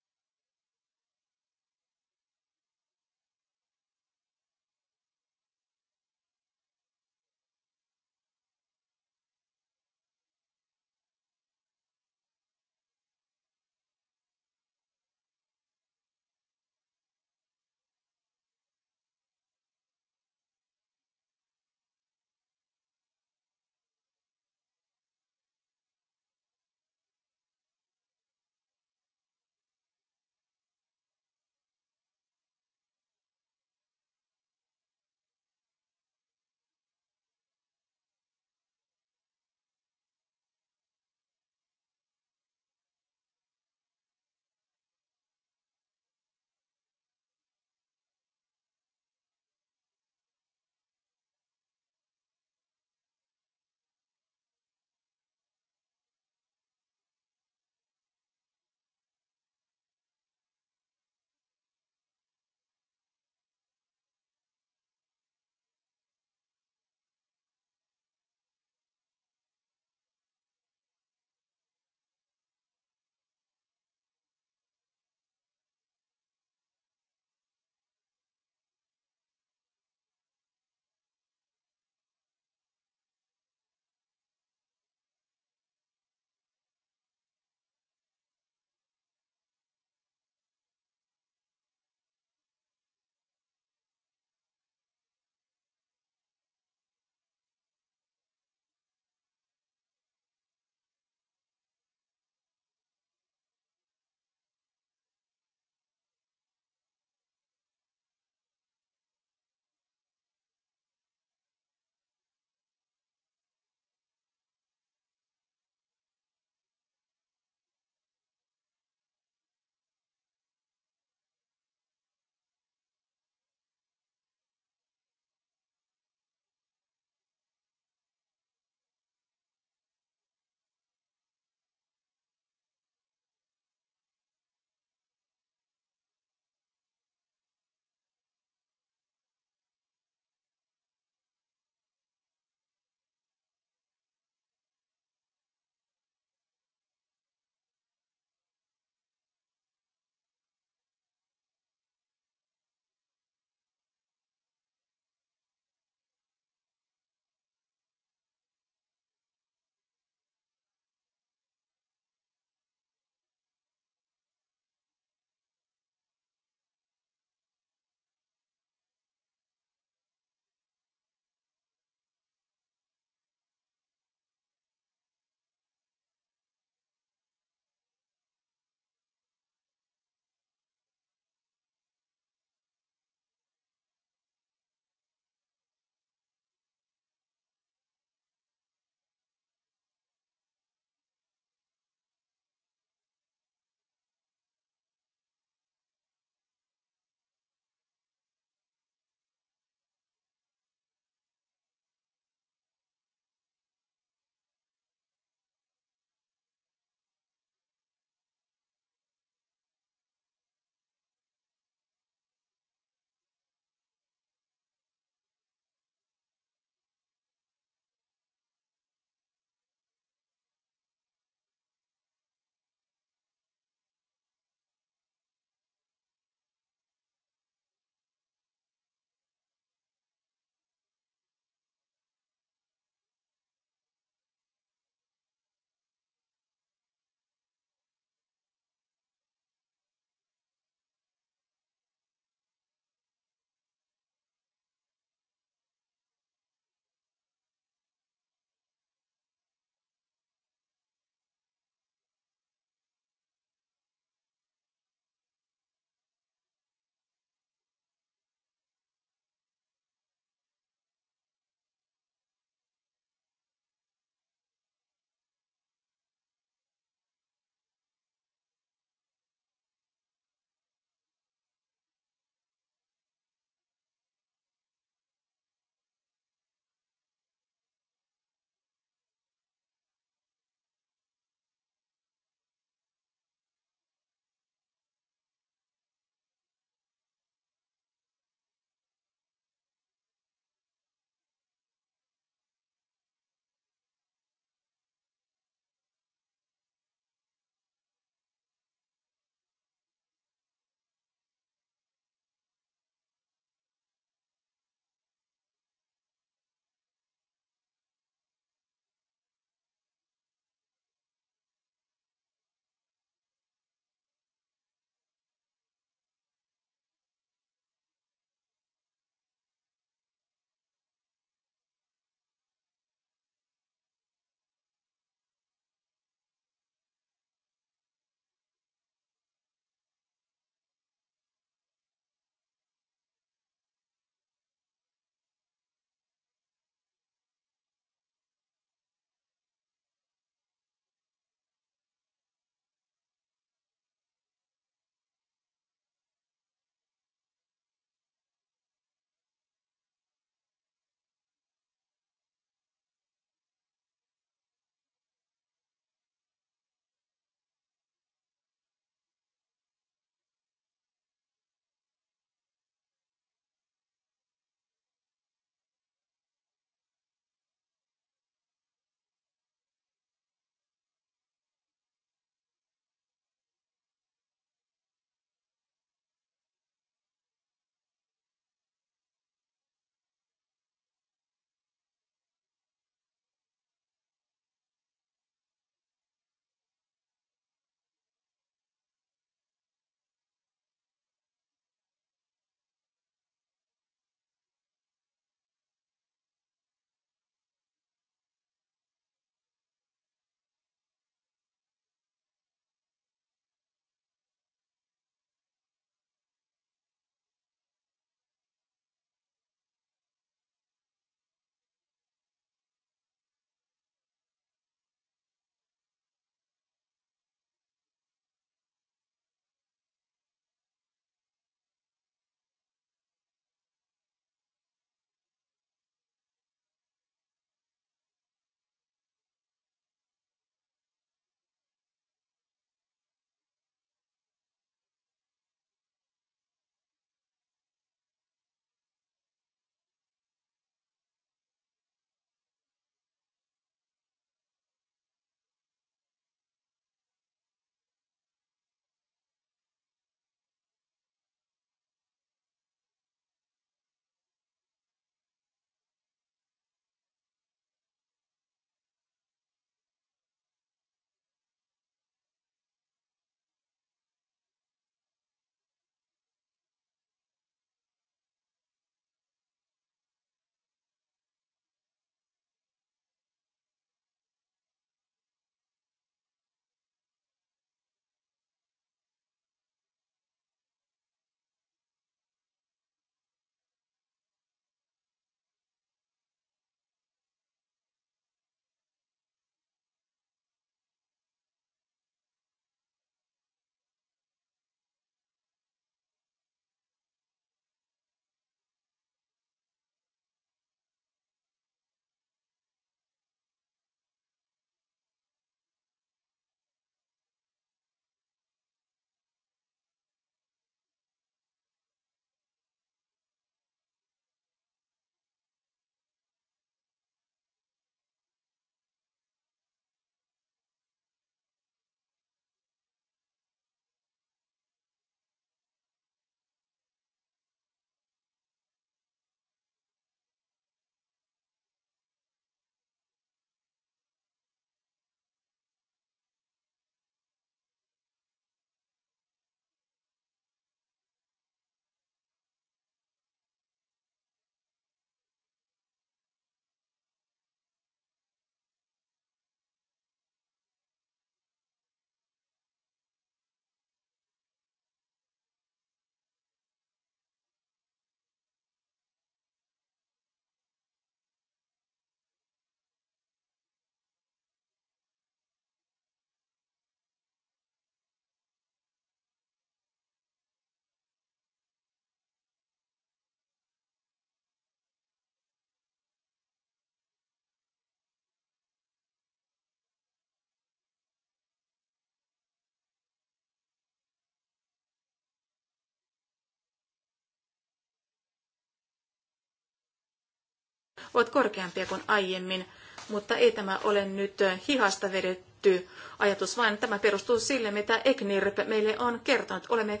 ovat korkeampia kuin aiemmin, mutta ei tämä ole nyt hihasta vedetty ajatus, vaan tämä perustuu sille, mitä ECNIRP meille on kertonut. Olemme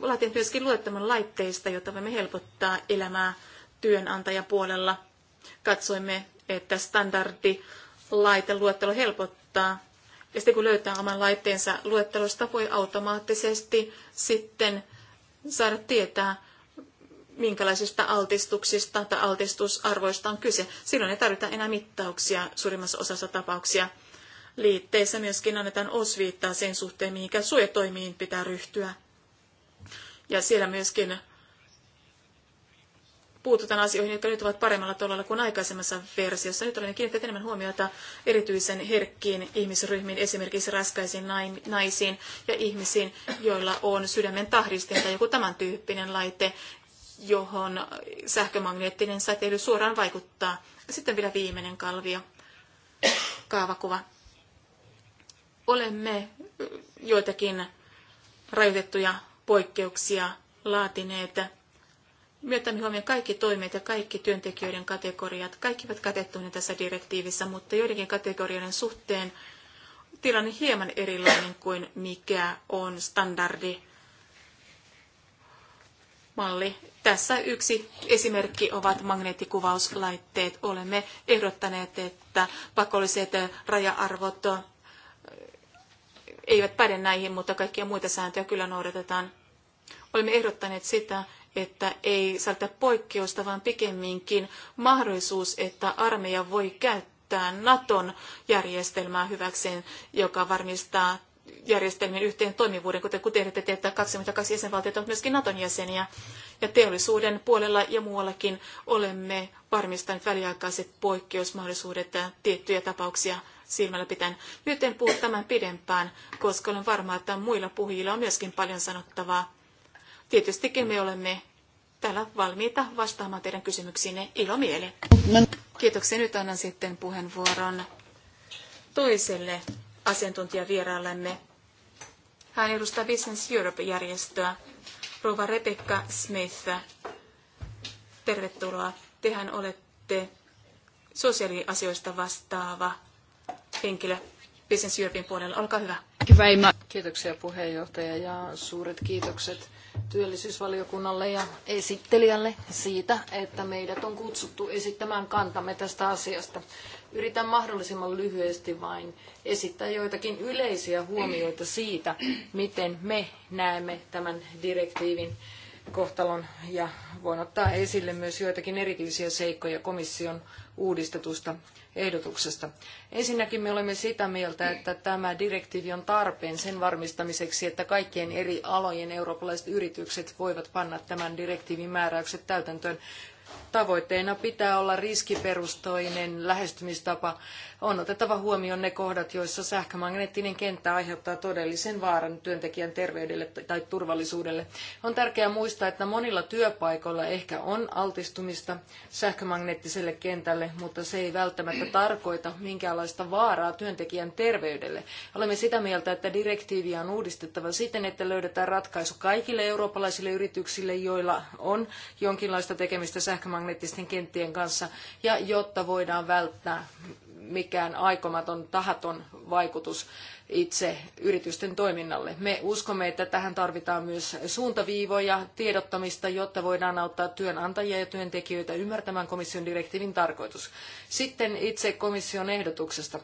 laatineet myöskin luettoman laitteista, jotta voimme helpottaa elämää työnantajapuolella. Katsoimme, että standardi luettelo helpottaa ja sitten kun löytää oman laitteensa luettelosta, voi automaattisesti sitten saada tietää, minkälaisista altistuksista tai altistusarvoista on kyse. Silloin ei tarvita enää mittauksia suurimmassa osassa tapauksia. Liitteissä myöskin annetaan osviittaa sen suhteen, mihinkä suojatoimiin pitää ryhtyä. Ja siellä myöskin puututaan asioihin, jotka nyt ovat paremmalla tolalla kuin aikaisemmassa versiossa. Nyt olen kiinnittänyt enemmän huomiota erityisen herkkiin ihmisryhmiin, esimerkiksi raskaisiin naisiin ja ihmisiin, joilla on sydämen tahdistin tai joku tämän tyyppinen laite johon sähkömagneettinen säteily suoraan vaikuttaa. Sitten vielä viimeinen kalvio, kaavakuva. Olemme joitakin rajoitettuja poikkeuksia laatineet. Myötämme huomioon kaikki toimet ja kaikki työntekijöiden kategoriat. Kaikki ovat katettuina tässä direktiivissä, mutta joidenkin kategorioiden suhteen tilanne hieman erilainen kuin mikä on standardi malli tässä yksi esimerkki ovat magneettikuvauslaitteet. Olemme ehdottaneet, että pakolliset raja-arvot eivät päde näihin, mutta kaikkia muita sääntöjä kyllä noudatetaan. Olemme ehdottaneet sitä, että ei saada poikkeusta, vaan pikemminkin mahdollisuus, että armeija voi käyttää Naton järjestelmää hyväkseen, joka varmistaa järjestelmien yhteen toimivuuden, kuten kun tiedätte, että 22 jäsenvaltiota on myöskin Naton jäseniä. Ja teollisuuden puolella ja muuallakin olemme varmistaneet väliaikaiset poikkeusmahdollisuudet äh, tiettyjä tapauksia silmällä pitäen. Nyt en puhu tämän pidempään, koska olen varma, että muilla puhujilla on myöskin paljon sanottavaa. Tietystikin me olemme täällä valmiita vastaamaan teidän kysymyksiinne ilomielin. Kiitoksia. Nyt annan sitten puheenvuoron toiselle asiantuntijavieraillemme. Hän edustaa Business Europe-järjestöä. Rouva Rebecca Smith, tervetuloa. Tehän olette sosiaaliasioista vastaava henkilö Business Europein puolella. Olkaa hyvä. Kiitoksia puheenjohtaja ja suuret kiitokset työllisyysvaliokunnalle ja esittelijälle siitä, että meidät on kutsuttu esittämään kantamme tästä asiasta. Yritän mahdollisimman lyhyesti vain esittää joitakin yleisiä huomioita siitä, miten me näemme tämän direktiivin kohtalon ja voin ottaa esille myös joitakin erityisiä seikkoja komission uudistetusta ehdotuksesta. Ensinnäkin me olemme sitä mieltä, että tämä direktiivi on tarpeen sen varmistamiseksi, että kaikkien eri alojen eurooppalaiset yritykset voivat panna tämän direktiivin määräykset täytäntöön Tavoitteena pitää olla riskiperustoinen lähestymistapa on otettava huomioon ne kohdat, joissa sähkömagneettinen kenttä aiheuttaa todellisen vaaran työntekijän terveydelle tai turvallisuudelle. On tärkeää muistaa, että monilla työpaikoilla ehkä on altistumista sähkömagneettiselle kentälle, mutta se ei välttämättä tarkoita minkäänlaista vaaraa työntekijän terveydelle. Olemme sitä mieltä, että direktiiviä on uudistettava siten, että löydetään ratkaisu kaikille eurooppalaisille yrityksille, joilla on jonkinlaista tekemistä sähkömagneettisten kenttien kanssa, ja jotta voidaan välttää mikään aikomaton, tahaton vaikutus itse yritysten toiminnalle. Me uskomme, että tähän tarvitaan myös suuntaviivoja, tiedottamista, jotta voidaan auttaa työnantajia ja työntekijöitä ymmärtämään komission direktiivin tarkoitus. Sitten itse komission ehdotuksesta.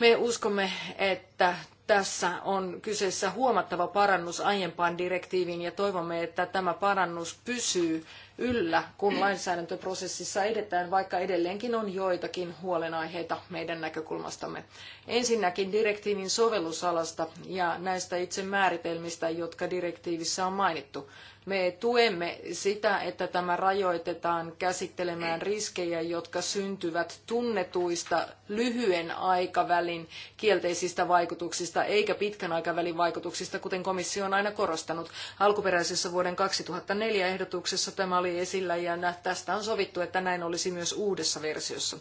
Me uskomme, että tässä on kyseessä huomattava parannus aiempaan direktiiviin ja toivomme, että tämä parannus pysyy yllä, kun lainsäädäntöprosessissa edetään, vaikka edelleenkin on joitakin huolenaiheita meidän näkökulmastamme. Ensinnäkin direktiivin sovellusalasta ja näistä itse määritelmistä, jotka direktiivissä on mainittu. Me tuemme sitä, että tämä rajoitetaan käsittelemään riskejä, jotka syntyvät tunnetuista lyhyen aikavälin kielteisistä vaikutuksista eikä pitkän aikavälin vaikutuksista, kuten komissio on aina korostanut. Alkuperäisessä vuoden 2004 ehdotuksessa tämä oli esillä ja tästä on sovittu, että näin olisi myös uudessa versiossa.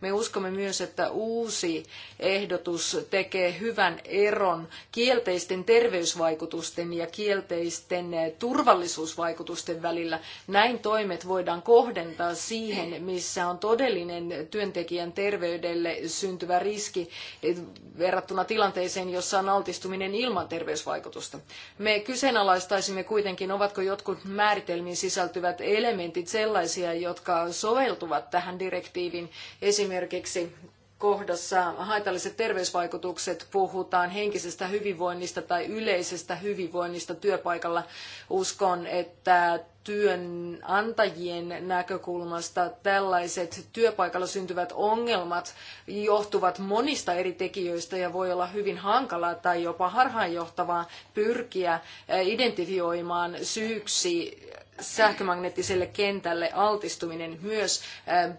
Me uskomme myös, että uusi ehdotus tekee hyvän eron kielteisten terveysvaikutusten ja kielteisten eh, turvallisuusvaikutusten välillä. Näin toimet voidaan kohdentaa siihen, missä on todellinen työntekijän terveydelle terveydelle syntyvä riski eh, verrattuna tilanteeseen, jossa on altistuminen ilman terveysvaikutusta. Me kyseenalaistaisimme kuitenkin, ovatko jotkut määritelmiin sisältyvät elementit sellaisia, jotka soveltuvat tähän direktiivin esimerkiksi kohdassa haitalliset terveysvaikutukset puhutaan henkisestä hyvinvoinnista tai yleisestä hyvinvoinnista työpaikalla. Uskon, että työnantajien näkökulmasta tällaiset työpaikalla syntyvät ongelmat johtuvat monista eri tekijöistä ja voi olla hyvin hankalaa tai jopa harhaanjohtavaa pyrkiä identifioimaan syyksi sähkömagneettiselle kentälle altistuminen myös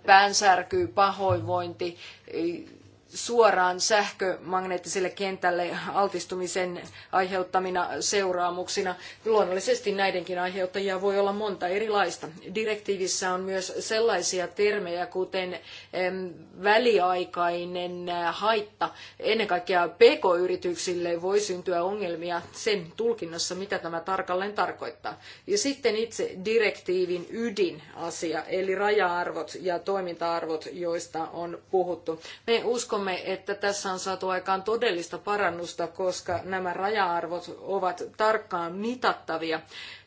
päänsärky, pahoinvointi, suoraan sähkömagneettiselle kentälle altistumisen aiheuttamina seuraamuksina. Luonnollisesti näidenkin aiheuttajia voi olla monta erilaista. Direktiivissä on myös sellaisia termejä kuten väliaikainen haitta. Ennen kaikkea pk-yrityksille voi syntyä ongelmia sen tulkinnassa, mitä tämä tarkalleen tarkoittaa. Ja sitten itse direktiivin ydinasia, eli raja-arvot ja toiminta-arvot, joista on puhuttu. Me uskomme katsomme, että tässä on saatu aikaan todellista parannusta, koska nämä raja-arvot ovat tarkkaan mitattavia.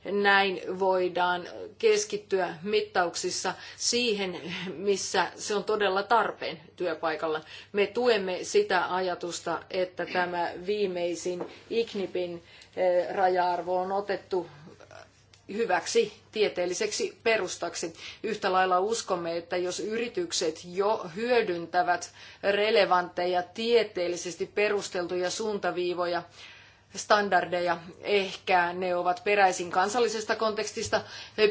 Näin voidaan keskittyä mittauksissa siihen, missä se on todella tarpeen työpaikalla. Me tuemme sitä ajatusta, että tämä viimeisin iknipin eh, raja-arvo on otettu hyväksi tieteelliseksi perustaksi. Yhtä lailla uskomme, että jos yritykset jo hyödyntävät relevantteja tieteellisesti perusteltuja suuntaviivoja, standardeja, ehkä ne ovat peräisin kansallisesta kontekstista,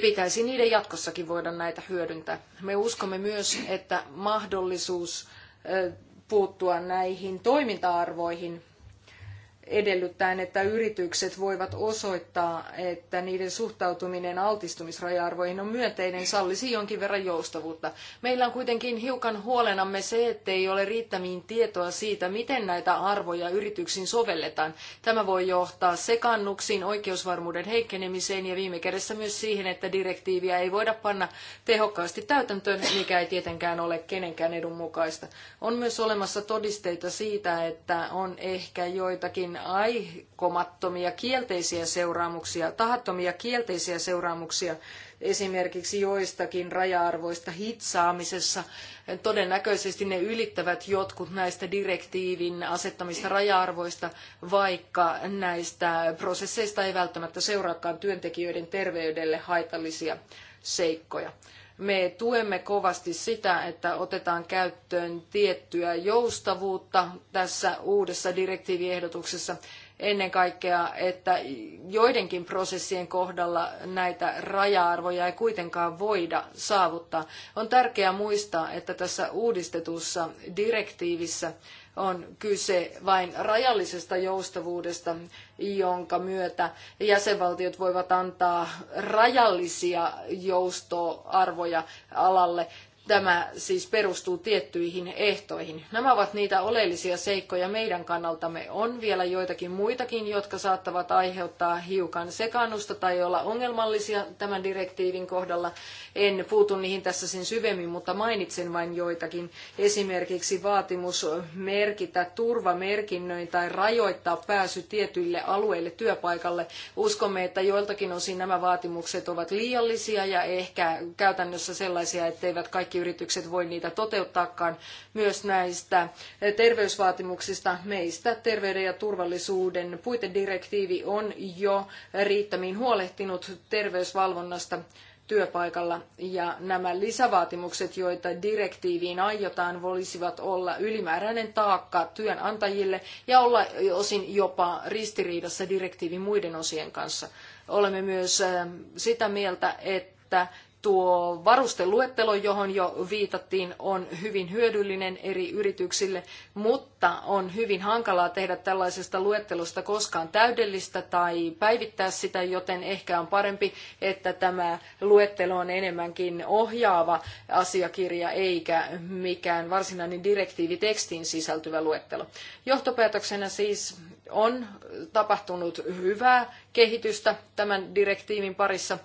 pitäisi niiden jatkossakin voida näitä hyödyntää. Me uskomme myös, että mahdollisuus puuttua näihin toiminta-arvoihin edellyttäen, että yritykset voivat osoittaa, että niiden suhtautuminen altistumisraja-arvoihin on myönteinen, sallisi jonkin verran joustavuutta. Meillä on kuitenkin hiukan huolenamme se, ettei ole riittämiin tietoa siitä, miten näitä arvoja yrityksiin sovelletaan. Tämä voi johtaa sekannuksiin, oikeusvarmuuden heikkenemiseen ja viime kädessä myös siihen, että direktiiviä ei voida panna tehokkaasti täytäntöön, mikä ei tietenkään ole kenenkään edun mukaista. On myös olemassa todisteita siitä, että on ehkä joitakin täysin aikomattomia kielteisiä seuraamuksia, tahattomia kielteisiä seuraamuksia esimerkiksi joistakin raja-arvoista hitsaamisessa. Todennäköisesti ne ylittävät jotkut näistä direktiivin asettamista raja-arvoista, vaikka näistä prosesseista ei välttämättä seuraakaan työntekijöiden terveydelle haitallisia seikkoja. Me tuemme kovasti sitä, että otetaan käyttöön tiettyä joustavuutta tässä uudessa direktiiviehdotuksessa ennen kaikkea, että joidenkin prosessien kohdalla näitä raja-arvoja ei kuitenkaan voida saavuttaa. On tärkeää muistaa, että tässä uudistetussa direktiivissä on kyse vain rajallisesta joustavuudesta, jonka myötä jäsenvaltiot voivat antaa rajallisia joustoarvoja alalle Tämä siis perustuu tiettyihin ehtoihin. Nämä ovat niitä oleellisia seikkoja meidän kannaltamme. On vielä joitakin muitakin, jotka saattavat aiheuttaa hiukan sekannusta tai olla ongelmallisia tämän direktiivin kohdalla. En puutu niihin tässä sen syvemmin, mutta mainitsen vain joitakin. Esimerkiksi vaatimus merkitä turvamerkinnöin tai rajoittaa pääsy tietyille alueille työpaikalle. Uskomme, että joiltakin osin nämä vaatimukset ovat liiallisia ja ehkä käytännössä sellaisia, etteivät kaikki kaikki yritykset voi niitä toteuttaakaan myös näistä terveysvaatimuksista. Meistä terveyden ja turvallisuuden puitedirektiivi on jo riittämiin huolehtinut terveysvalvonnasta työpaikalla ja nämä lisävaatimukset, joita direktiiviin aiotaan, voisivat olla ylimääräinen taakka työnantajille ja olla osin jopa ristiriidassa direktiivin muiden osien kanssa. Olemme myös ähm, sitä mieltä, että tuo varusteluettelo, johon jo viitattiin, on hyvin hyödyllinen eri yrityksille, mutta on hyvin hankalaa tehdä tällaisesta luettelosta koskaan täydellistä tai päivittää sitä, joten ehkä on parempi, että tämä luettelo on enemmänkin ohjaava asiakirja eikä mikään varsinainen direktiivitekstiin sisältyvä luettelo. Johtopäätöksenä siis on tapahtunut hyvää kehitystä tämän direktiivin parissa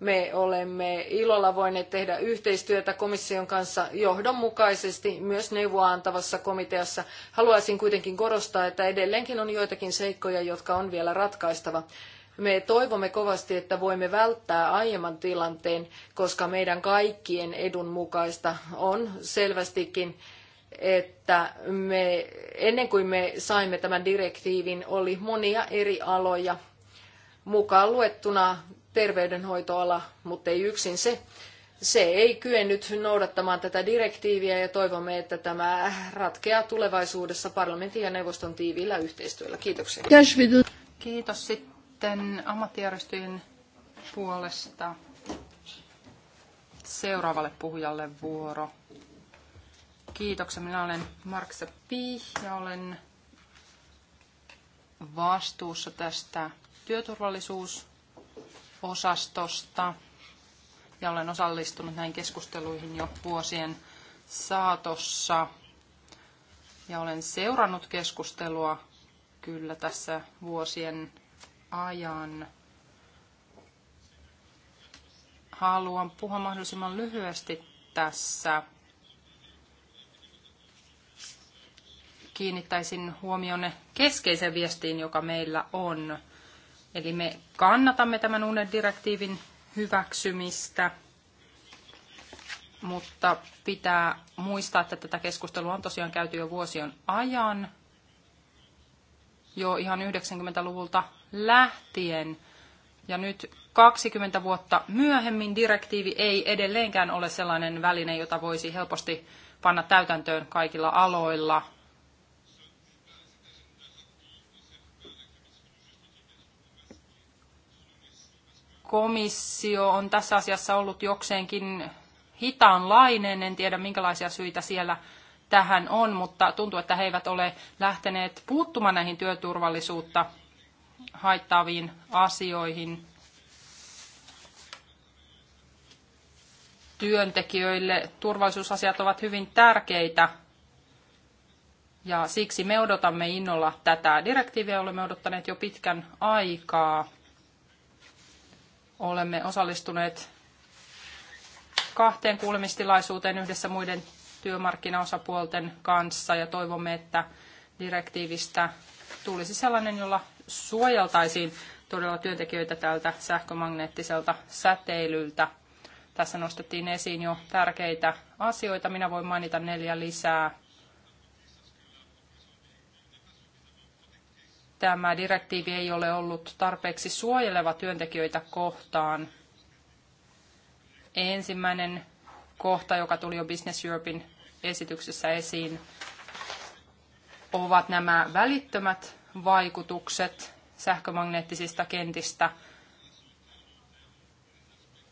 me olemme ilolla voineet tehdä yhteistyötä komission kanssa johdonmukaisesti myös neuvoa antavassa komiteassa. Haluaisin kuitenkin korostaa, että edelleenkin on joitakin seikkoja, jotka on vielä ratkaistava. Me toivomme kovasti, että voimme välttää aiemman tilanteen, koska meidän kaikkien edun mukaista on selvästikin että me, ennen kuin me saimme tämän direktiivin, oli monia eri aloja mukaan luettuna terveydenhoitoala, mutta ei yksin se. Se ei kyennyt noudattamaan tätä direktiiviä ja toivomme, että tämä ratkeaa tulevaisuudessa parlamentin ja neuvoston tiiviillä yhteistyöllä. Kiitoksia. Kiitos sitten ammattijärjestöjen puolesta seuraavalle puhujalle vuoro. Kiitoksia. Minä olen Marksa Pih ja olen vastuussa tästä työturvallisuus osastosta ja olen osallistunut näihin keskusteluihin jo vuosien saatossa. Ja olen seurannut keskustelua kyllä tässä vuosien ajan. Haluan puhua mahdollisimman lyhyesti tässä. Kiinnittäisin huomionne keskeisen viestiin, joka meillä on – Eli me kannatamme tämän uuden direktiivin hyväksymistä, mutta pitää muistaa, että tätä keskustelua on tosiaan käyty jo vuosien ajan, jo ihan 90-luvulta lähtien. Ja nyt 20 vuotta myöhemmin direktiivi ei edelleenkään ole sellainen väline, jota voisi helposti panna täytäntöön kaikilla aloilla – komissio on tässä asiassa ollut jokseenkin hitaanlainen. En tiedä, minkälaisia syitä siellä tähän on, mutta tuntuu, että he eivät ole lähteneet puuttumaan näihin työturvallisuutta haittaaviin asioihin. Työntekijöille turvallisuusasiat ovat hyvin tärkeitä ja siksi me odotamme innolla tätä direktiiviä, olemme odottaneet jo pitkän aikaa. Olemme osallistuneet kahteen kuulemistilaisuuteen yhdessä muiden työmarkkinaosapuolten kanssa ja toivomme, että direktiivistä tulisi sellainen, jolla suojeltaisiin todella työntekijöitä tältä sähkömagneettiselta säteilyltä. Tässä nostettiin esiin jo tärkeitä asioita. Minä voin mainita neljä lisää. tämä direktiivi ei ole ollut tarpeeksi suojeleva työntekijöitä kohtaan. Ensimmäinen kohta, joka tuli jo Business Europein esityksessä esiin, ovat nämä välittömät vaikutukset sähkömagneettisista kentistä.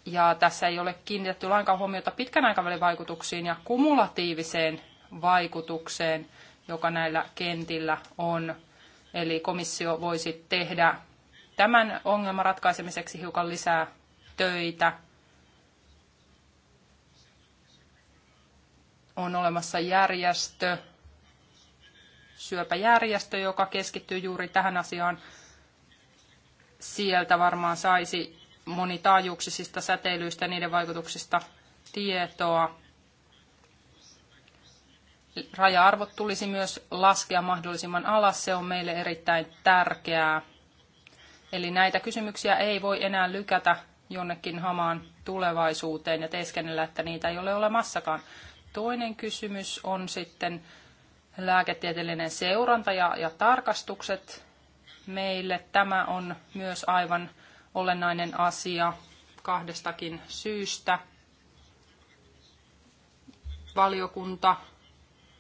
Ja tässä ei ole kiinnitetty lainkaan huomiota pitkän aikavälin vaikutuksiin ja kumulatiiviseen vaikutukseen, joka näillä kentillä on Eli komissio voisi tehdä tämän ongelman ratkaisemiseksi hiukan lisää töitä. On olemassa järjestö, syöpäjärjestö, joka keskittyy juuri tähän asiaan. Sieltä varmaan saisi monitaajuuksisista säteilyistä ja niiden vaikutuksista tietoa raja-arvot tulisi myös laskea mahdollisimman alas, se on meille erittäin tärkeää. Eli näitä kysymyksiä ei voi enää lykätä jonnekin hamaan tulevaisuuteen ja teeskennellä, että niitä ei ole olemassakaan. Toinen kysymys on sitten lääketieteellinen seuranta ja, ja tarkastukset meille. Tämä on myös aivan olennainen asia kahdestakin syystä. Valiokunta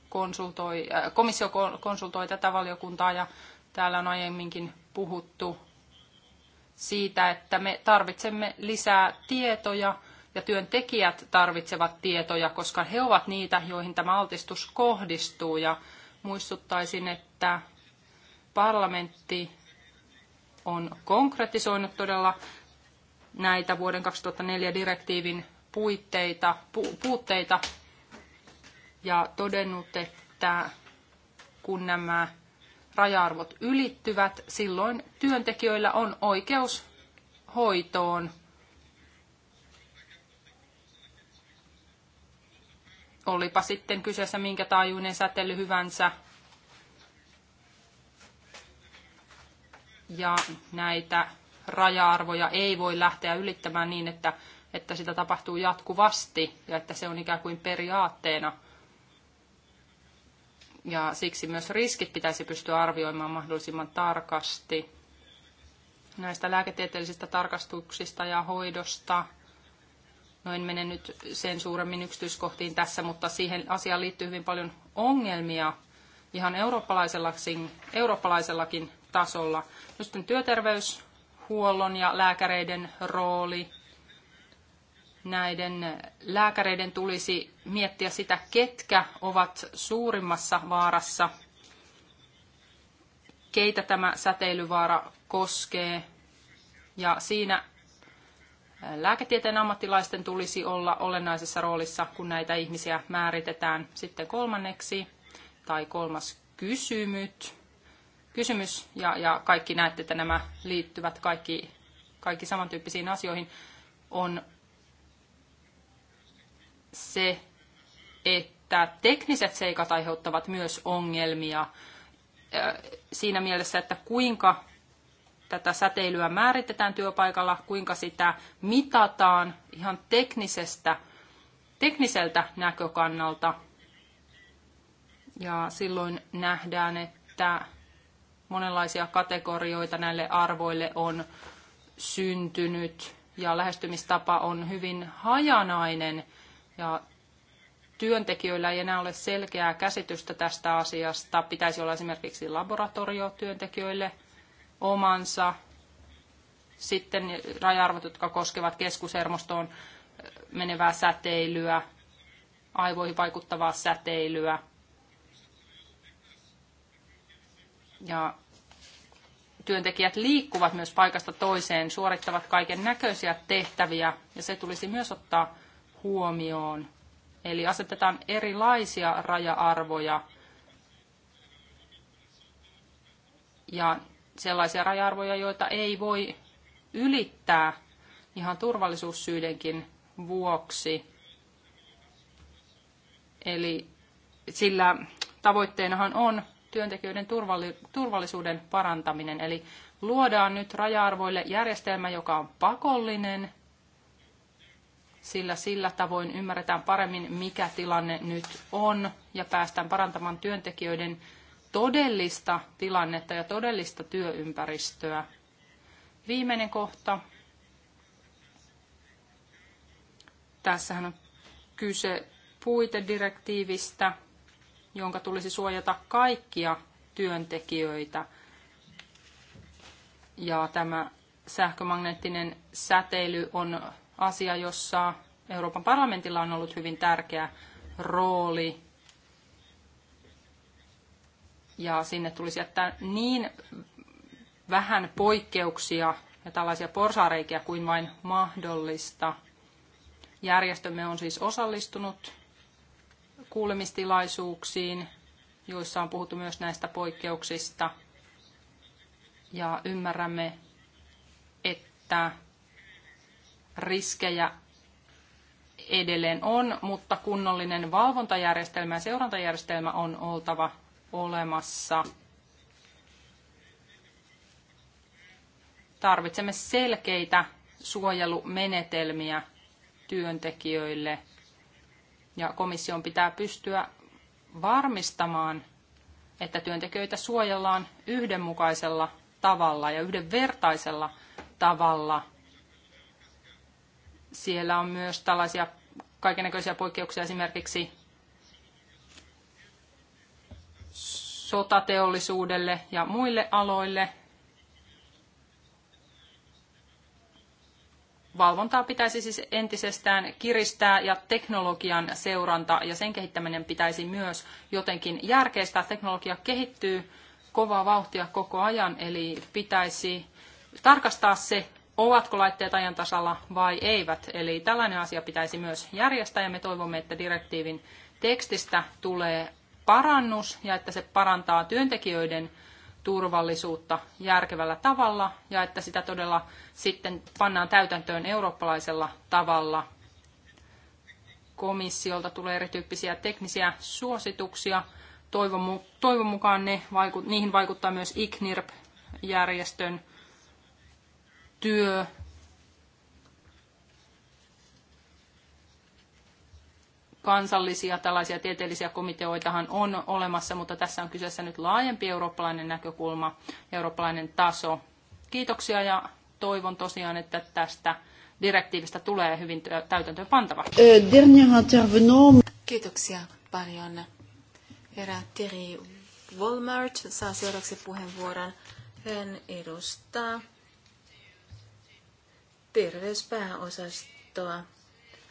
konsultoi, äh, komissio konsultoi tätä valiokuntaa ja täällä on aiemminkin puhuttu siitä, että me tarvitsemme lisää tietoja ja työntekijät tarvitsevat tietoja, koska he ovat niitä, joihin tämä altistus kohdistuu. Ja muistuttaisin, että parlamentti on konkretisoinut todella näitä vuoden 2004 direktiivin puitteita, pu, puutteita ja todennut, että kun nämä raja-arvot ylittyvät, silloin työntekijöillä on oikeus hoitoon. Olipa sitten kyseessä minkä taajuinen säteily hyvänsä. Ja näitä raja-arvoja ei voi lähteä ylittämään niin, että, että sitä tapahtuu jatkuvasti ja että se on ikään kuin periaatteena – ja siksi myös riskit pitäisi pystyä arvioimaan mahdollisimman tarkasti. Näistä lääketieteellisistä tarkastuksista ja hoidosta, no en mene nyt sen suuremmin yksityiskohtiin tässä, mutta siihen asiaan liittyy hyvin paljon ongelmia ihan eurooppalaisellakin, eurooppalaisellakin tasolla. Nyt työterveyshuollon ja lääkäreiden rooli – näiden lääkäreiden tulisi miettiä sitä, ketkä ovat suurimmassa vaarassa, keitä tämä säteilyvaara koskee. Ja siinä lääketieteen ammattilaisten tulisi olla olennaisessa roolissa, kun näitä ihmisiä määritetään. Sitten kolmanneksi tai kolmas kysymys. Kysymys, ja, ja kaikki näette, että nämä liittyvät kaikki, kaikki samantyyppisiin asioihin, on se, että tekniset seikat aiheuttavat myös ongelmia siinä mielessä, että kuinka tätä säteilyä määritetään työpaikalla, kuinka sitä mitataan ihan teknisestä, tekniseltä näkökannalta. Ja silloin nähdään, että monenlaisia kategorioita näille arvoille on syntynyt ja lähestymistapa on hyvin hajanainen – ja työntekijöillä ei enää ole selkeää käsitystä tästä asiasta. Pitäisi olla esimerkiksi laboratorio työntekijöille omansa. Sitten raja jotka koskevat keskushermostoon menevää säteilyä, aivoihin vaikuttavaa säteilyä. Ja työntekijät liikkuvat myös paikasta toiseen, suorittavat kaiken näköisiä tehtäviä ja se tulisi myös ottaa huomioon. Eli asetetaan erilaisia raja-arvoja ja sellaisia raja-arvoja, joita ei voi ylittää ihan turvallisuussyidenkin vuoksi. Eli sillä tavoitteenahan on työntekijöiden turvallisuuden parantaminen. Eli luodaan nyt raja-arvoille järjestelmä, joka on pakollinen sillä sillä tavoin ymmärretään paremmin, mikä tilanne nyt on ja päästään parantamaan työntekijöiden todellista tilannetta ja todellista työympäristöä. Viimeinen kohta. Tässähän on kyse puitedirektiivistä, jonka tulisi suojata kaikkia työntekijöitä. Ja tämä sähkömagneettinen säteily on asia, jossa Euroopan parlamentilla on ollut hyvin tärkeä rooli. Ja sinne tulisi jättää niin vähän poikkeuksia ja tällaisia porsareikiä kuin vain mahdollista. Järjestömme on siis osallistunut kuulemistilaisuuksiin, joissa on puhuttu myös näistä poikkeuksista. Ja ymmärrämme, että riskejä edelleen on, mutta kunnollinen valvontajärjestelmä ja seurantajärjestelmä on oltava olemassa. Tarvitsemme selkeitä suojelumenetelmiä työntekijöille ja komission pitää pystyä varmistamaan, että työntekijöitä suojellaan yhdenmukaisella tavalla ja yhdenvertaisella tavalla – siellä on myös tällaisia kaikennäköisiä poikkeuksia esimerkiksi sotateollisuudelle ja muille aloille. Valvontaa pitäisi siis entisestään kiristää ja teknologian seuranta ja sen kehittäminen pitäisi myös jotenkin järkeistää. Teknologia kehittyy kovaa vauhtia koko ajan, eli pitäisi tarkastaa se, ovatko laitteet ajan tasalla vai eivät. Eli tällainen asia pitäisi myös järjestää ja me toivomme, että direktiivin tekstistä tulee parannus ja että se parantaa työntekijöiden turvallisuutta järkevällä tavalla ja että sitä todella sitten pannaan täytäntöön eurooppalaisella tavalla. Komissiolta tulee erityyppisiä teknisiä suosituksia. Toivon, toivon mukaan ne vaikut, niihin vaikuttaa myös ICNIRP-järjestön työ kansallisia tällaisia tieteellisiä komiteoitahan on olemassa, mutta tässä on kyseessä nyt laajempi eurooppalainen näkökulma, eurooppalainen taso. Kiitoksia ja toivon tosiaan, että tästä direktiivistä tulee hyvin täytäntöön pantava. Kiitoksia paljon. Herra Terry Walmart saa seuraavaksi puheenvuoron. Hän edustaa terveyspääosastoa.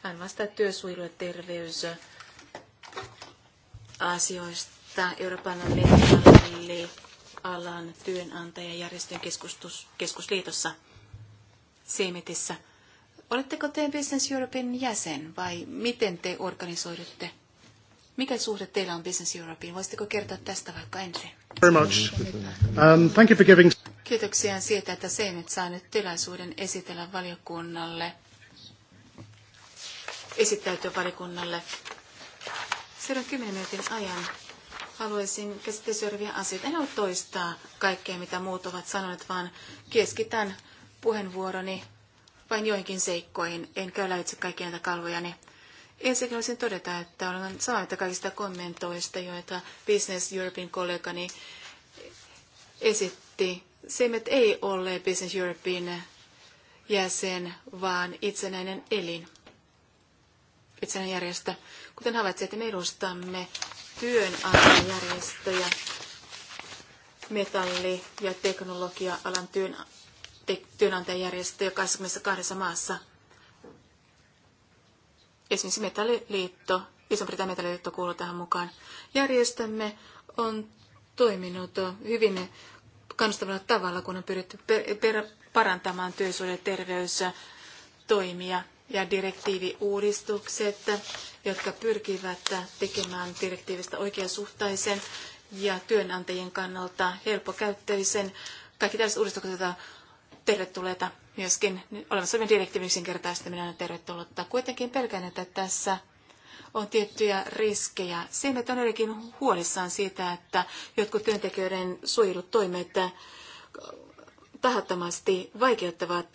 Hän vastaa työsuojelu- ja terveysasioista Euroopan alan järjestön keskustus, keskusliitossa Semitissä. Oletteko te Business Europein jäsen vai miten te organisoidutte? Mikä suhde teillä on Business Europeen? Voisitteko kertoa tästä vaikka ensin? Very much. Um, thank you for giving... Kiitoksia siitä, että Seinet saa nyt tilaisuuden esitellä valiokunnalle, esittäytyä valiokunnalle. Seuraavan 10 minuutin ajan haluaisin käsitellä seuraavia asioita. En ole toistaa kaikkea, mitä muut ovat sanoneet, vaan keskitän puheenvuoroni vain joihinkin seikkoihin. En käy lävitse kaikkia näitä kalvojani. Ensinnäkin haluaisin todeta, että olen samaa mieltä kaikista kommentoista, joita Business Europein kollegani esitti Semet ei ole Business Europein jäsen, vaan itsenäinen elin, itsenäinen järjestö. Kuten havaitsette, me edustamme työnantajajärjestöjä, metalli- ja teknologia-alan työn, te, työnantajajärjestöjä 22 maassa. Esimerkiksi Metalliliitto, Iso-Britannian Metalliliitto kuuluu tähän mukaan. Järjestömme on toiminut hyvin kannustavalla tavalla, kun on pyritty per, per, parantamaan työsuojeluterveystoimia ja direktiiviuudistukset, jotka pyrkivät tekemään direktiivistä oikeasuhtaisen ja työnantajien kannalta helpokäyttöisen. Kaikki tällaiset uudistukset ovat tervetulleita myöskin. Olemassa olevien direktiivin yksinkertaistaminen on tervetullutta. Kuitenkin pelkään, että tässä on tiettyjä riskejä. Siinä on jotenkin huolissaan siitä, että jotkut työntekijöiden suojelutoimet tahattomasti vaikeuttavat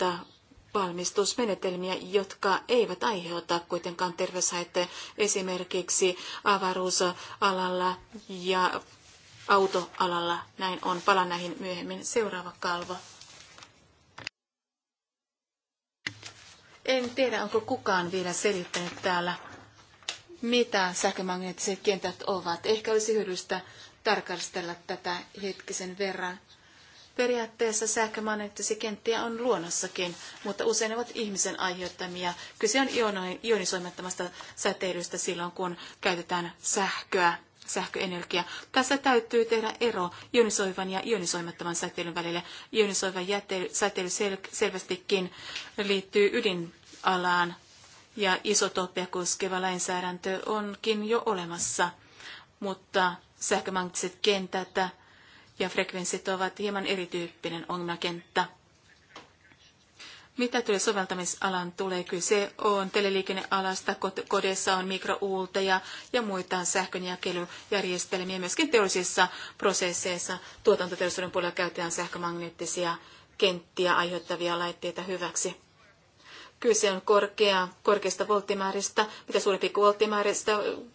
valmistusmenetelmiä, jotka eivät aiheuta kuitenkaan terveyshaitteja esimerkiksi avaruusalalla ja autoalalla. Näin on. Palaan näihin myöhemmin. Seuraava kalvo. En tiedä, onko kukaan vielä selittänyt täällä mitä sähkömagneettiset kentät ovat. Ehkä olisi hyödyllistä tarkastella tätä hetkisen verran. Periaatteessa sähkömagneettisia kenttiä on luonnossakin, mutta usein ne ovat ihmisen aiheuttamia. Kyse on ionisoimattomasta säteilystä silloin, kun käytetään sähköä sähköenergiaa. Tässä täytyy tehdä ero ionisoivan ja ionisoimattoman säteilyn välillä. Ionisoiva säteily sel- selvästikin liittyy ydinalaan ja isotopia koskeva lainsäädäntö onkin jo olemassa, mutta sähkömagnetiset kentät ja frekvenssit ovat hieman erityyppinen ongelmakenttä. Mitä tulee soveltamisalan tulee, kyse on teleliikennealasta, kodeissa on mikrouulteja ja muita sähkönjakelujärjestelmiä. Myöskin teollisissa prosesseissa tuotantoteollisuuden puolella käytetään sähkömagneettisia kenttiä aiheuttavia laitteita hyväksi. Kyse on korkea, korkeasta volttimääristä, mitä suurempi volttimääristä,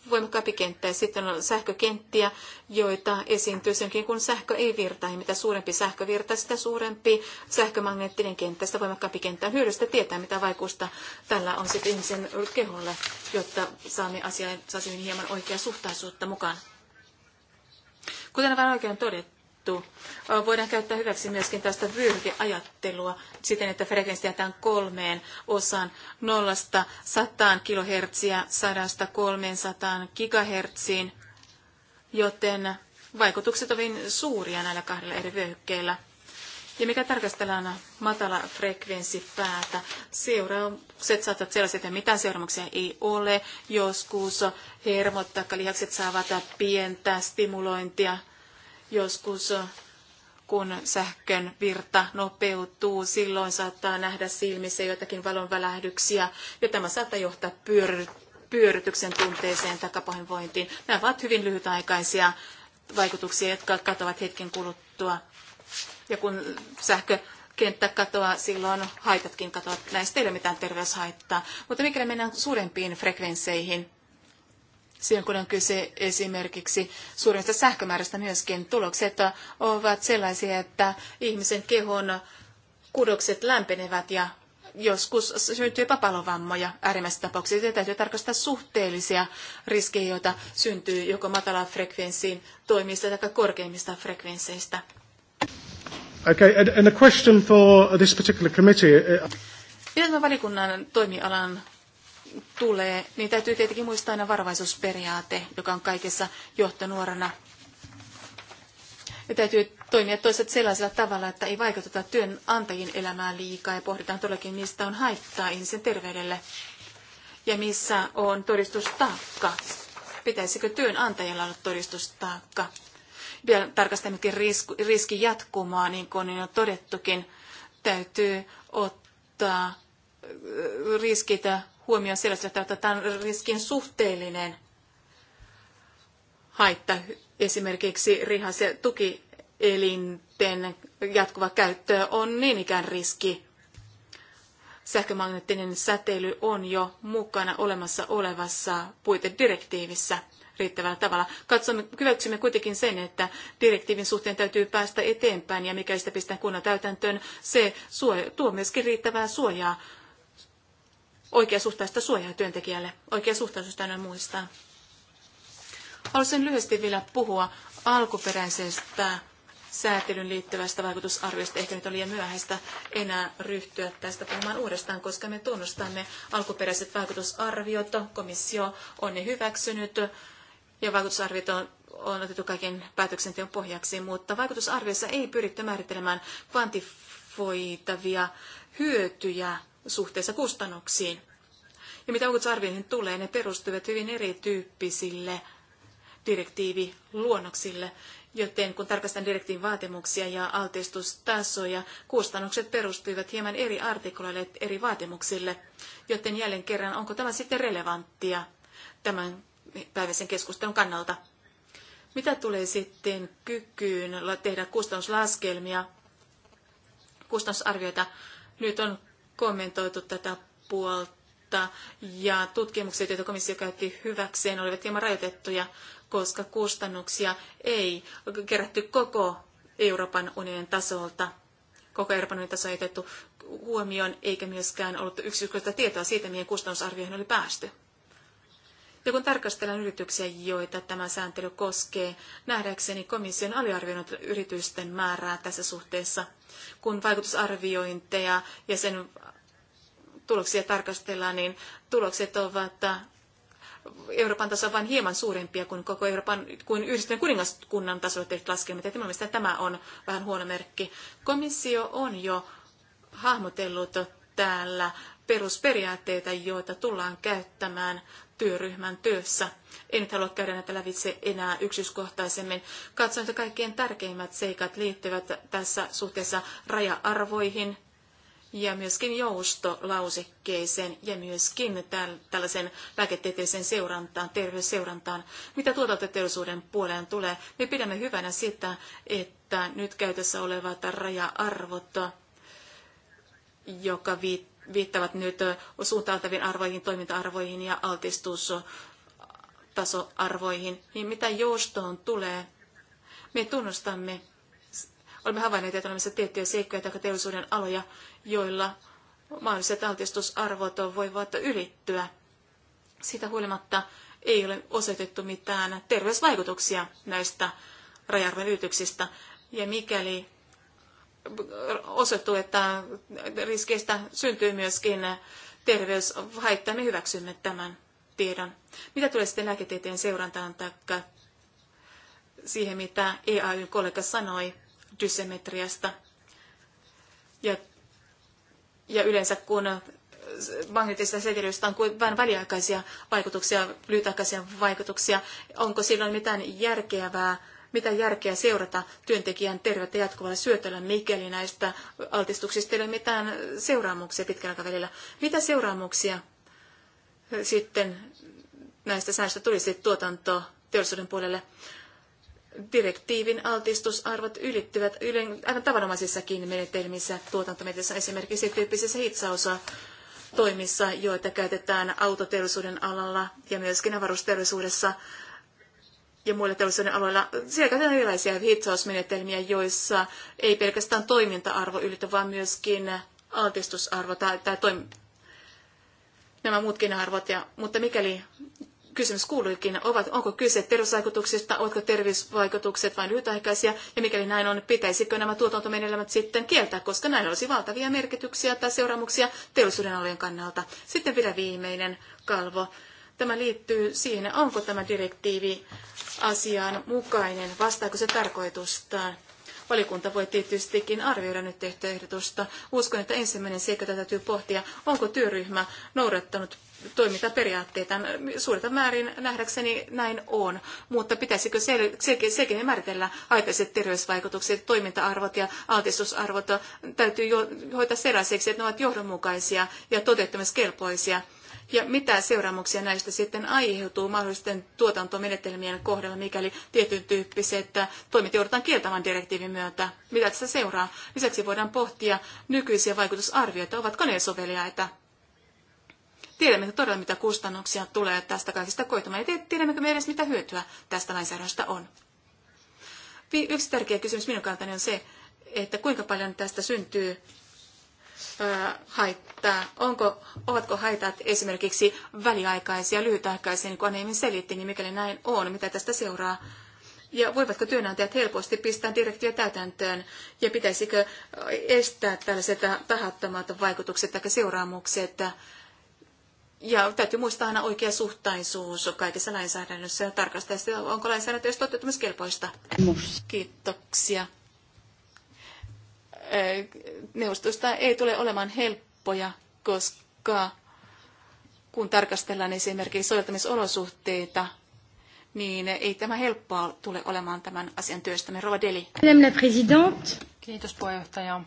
voimakkaampi kenttä. Ja sitten on sähkökenttiä, joita esiintyy senkin, kun sähkö ei virta, Ja mitä suurempi sähkövirta, sitä suurempi sähkömagneettinen kenttä, sitä voimakkaampi kenttä. Hyödystä tietää, mitä vaikutusta tällä on sitten ihmisen keholle, jotta saamme asiaan, asiaan hieman oikea suhtaisuutta mukaan. Kuten on oikein todettu, mainittu, voidaan käyttää hyväksi myöskin tästä vyöhykeajattelua siten, että frekvenssi jätetään kolmeen osaan nollasta 100 kilohertsiä sadasta 300 gigahertsiin, joten vaikutukset ovat suuria näillä kahdella eri vyöhykkeellä. Ja mikä tarkastellaan matala päätä seuraukset saattavat sellaisia, että mitään seuraamuksia ei ole. Joskus hermot tai lihakset saavat pientä stimulointia Joskus kun sähkön virta nopeutuu, silloin saattaa nähdä silmissä joitakin valonvälähdyksiä, ja tämä saattaa johtaa pyöry, pyörytyksen tunteeseen tai Nämä ovat hyvin lyhytaikaisia vaikutuksia, jotka katoavat hetken kuluttua. Ja kun sähkö kenttä katoaa, silloin haitatkin katoavat. Näistä ei ole mitään terveyshaittaa. Mutta mikäli mennään suurempiin frekvensseihin, Silloin kun on kyse esimerkiksi suurista sähkömäärästä myöskin, tulokset ovat sellaisia, että ihmisen kehon kudokset lämpenevät ja joskus syntyy papalovammoja äärimmäisessä tapauksessa. Se täytyy tarkastaa suhteellisia riskejä, joita syntyy joko matala frekvenssiin toimista tai korkeimmista frekvensseistä. Okay, and, and a question for this particular committee. Pitäisikö valikunnan toimialan tulee, niin täytyy tietenkin muistaa aina varovaisuusperiaate, joka on kaikessa johtonuorana. Ja täytyy toimia toiset sellaisella tavalla, että ei vaikuteta työnantajien elämään liikaa ja pohditaan todellakin, mistä on haittaa ihmisen terveydelle ja missä on todistustaakka. Pitäisikö työnantajalla olla todistustaakka? Vielä tarkastamme riski jatkumaa, niin kuin on todettukin. Täytyy ottaa riskitä huomioon sellaista, että otetaan riskin suhteellinen haitta, esimerkiksi rihas- ja tukielinten jatkuva käyttö on niin ikään riski. Sähkömagneettinen säteily on jo mukana olemassa olevassa puitedirektiivissä riittävällä tavalla. Katsomme, hyväksymme kuitenkin sen, että direktiivin suhteen täytyy päästä eteenpäin ja mikä sitä pistää kunnan täytäntöön, se suoja, tuo myöskin riittävää suojaa oikeasuhtaista suojaa työntekijälle. Oikeasuhtaisuus aina muistaa. Haluaisin lyhyesti vielä puhua alkuperäisestä säätelyn liittyvästä vaikutusarviosta. Ehkä nyt on liian myöhäistä enää ryhtyä tästä puhumaan uudestaan, koska me tunnustamme alkuperäiset vaikutusarviot. Komissio on ne hyväksynyt ja vaikutusarviot on on otettu kaiken päätöksenteon pohjaksi, mutta vaikutusarviossa ei pyritty määrittelemään kvantifoitavia hyötyjä suhteessa kustannuksiin. Ja mitä uutisarvioihin tulee, ne perustuvat hyvin erityyppisille direktiiviluonnoksille, joten kun tarkastan direktiivin vaatimuksia ja altistustasoja, kustannukset perustuivat hieman eri artikloille eri vaatimuksille, joten jälleen kerran onko tämä sitten relevanttia tämän päiväisen keskustelun kannalta. Mitä tulee sitten kykyyn tehdä kustannuslaskelmia, kustannusarvioita, nyt on kommentoitu tätä puolta ja tutkimukset, joita komissio käytti hyväkseen, olivat hieman rajoitettuja, koska kustannuksia ei kerätty koko Euroopan unionin tasolta. Koko Euroopan unionin taso ei otettu huomioon, eikä myöskään ollut yksityiskohtaista tietoa siitä, mihin kustannusarvioihin oli päästy. Ja kun tarkastellaan yrityksiä, joita tämä sääntely koskee, nähdäkseni komission aliarvioinut yritysten määrää tässä suhteessa. Kun vaikutusarviointeja ja sen tuloksia tarkastellaan, niin tulokset ovat äh, Euroopan tasolla vain hieman suurempia kuin koko Euroopan, kuin yhdistyneen kuningaskunnan tasolla tehdyt laskelmat. Ja mielestäni tämä on vähän huono merkki. Komissio on jo hahmotellut täällä perusperiaatteita, joita tullaan käyttämään työryhmän työssä. En nyt halua käydä näitä lävitse enää yksityiskohtaisemmin. Katson, että kaikkien tärkeimmät seikat liittyvät tässä suhteessa raja-arvoihin ja myöskin joustolausekkeeseen ja myöskin tällaisen lääketieteelliseen seurantaan, terveysseurantaan. Mitä tuotantoteollisuuden puoleen tulee, me pidämme hyvänä sitä, että nyt käytössä olevat raja-arvot, joka viittaa viittavat nyt suuntaantaviin arvoihin, toiminta-arvoihin ja altistustasoarvoihin, niin mitä joustoon tulee, me tunnustamme, olemme havainneet, että on olemassa tiettyjä seikkoja tai teollisuuden aloja, joilla mahdolliset altistusarvot voivat ylittyä. Siitä huolimatta ei ole osoitettu mitään terveysvaikutuksia näistä rajarven ylityksistä. Ja mikäli osoittu, että riskeistä syntyy myöskin terveyshaittaa. Me hyväksymme tämän tiedon. Mitä tulee sitten lääketieteen seurantaan tai siihen, mitä EAYn kollega sanoi dysemetriasta? Ja, ja yleensä kun magneettisesta setelystä on kuin vain väliaikaisia vaikutuksia, lyhytaikaisia vaikutuksia. Onko silloin mitään järkevää mitä järkeä seurata työntekijän terveyttä jatkuvalla syötöllä, mikäli näistä altistuksista ei ole mitään seuraamuksia pitkällä aikavälillä. Mitä seuraamuksia sitten näistä säästöistä tulisi tuotanto teollisuuden puolelle? direktiivin altistusarvot ylittyvät ylen, aivan tavanomaisissakin menetelmissä, tuotantometelmissä, esimerkiksi tyyppisissä hitsausa toimissa, joita käytetään autoteollisuuden alalla ja myöskin avaruusteollisuudessa ja muilla teollisuuden aloilla siellä käytetään erilaisia hitsausmenetelmiä, joissa ei pelkästään toiminta-arvo ylitä, vaan myöskin altistusarvo tai, tai toim- nämä muutkin arvot. Ja, mutta mikäli kysymys kuuluikin, ovat, onko kyse perusvaikutuksista, ovatko terveysvaikutukset vain lyhytaikaisia, ja mikäli näin on, pitäisikö nämä tuotantomenetelmät sitten kieltää, koska näillä olisi valtavia merkityksiä tai seuraamuksia teollisuuden alojen kannalta. Sitten vielä viimeinen kalvo. Tämä liittyy siihen, onko tämä direktiivi asian mukainen, vastaako se tarkoitustaan. Valikunta voi tietystikin arvioida nyt tehtyä ehdotusta. Uskon, että ensimmäinen seikka täytyy pohtia, onko työryhmä noudattanut toimintaperiaatteita Suurta määrin nähdäkseni näin on, mutta pitäisikö sel- sel- selkeämmin määritellä aikaiset terveysvaikutukset, toiminta-arvot ja altistusarvot täytyy jo- hoitaa sellaiseksi, että ne ovat johdonmukaisia ja toteuttamiskelpoisia ja mitä seuraamuksia näistä sitten aiheutuu mahdollisten tuotantomenetelmien kohdalla, mikäli tietyn tyyppiset toimit joudutaan kieltämään direktiivin myötä. Mitä tässä seuraa? Lisäksi voidaan pohtia nykyisiä vaikutusarvioita, ovatko ne soveliaita tiedämmekö todella, mitä kustannuksia tulee tästä kaikista koitumaan, ja tiedämmekö me edes, mitä hyötyä tästä lainsäädännöstä on. Yksi tärkeä kysymys minun kantani on se, että kuinka paljon tästä syntyy haittaa, onko, ovatko haitat esimerkiksi väliaikaisia, lyhytaikaisia, niin kuin Aneimin selitti, niin mikäli näin on, mitä tästä seuraa? Ja voivatko työnantajat helposti pistää direktiä täytäntöön? Ja pitäisikö estää tällaiset tahattomat vaikutukset tai seuraamukset? Ja täytyy muistaa aina oikea suhtaisuus kaikessa lainsäädännössä ja tarkastaa onko lainsäädäntö edes toteuttamiskelpoista. Kiitoksia neuvostosta ei tule olemaan helppoja, koska kun tarkastellaan esimerkiksi soveltamisolosuhteita, niin ei tämä helppoa tule olemaan tämän asian työstäminen. Rova Deli. Madame Kiitos puheenjohtaja.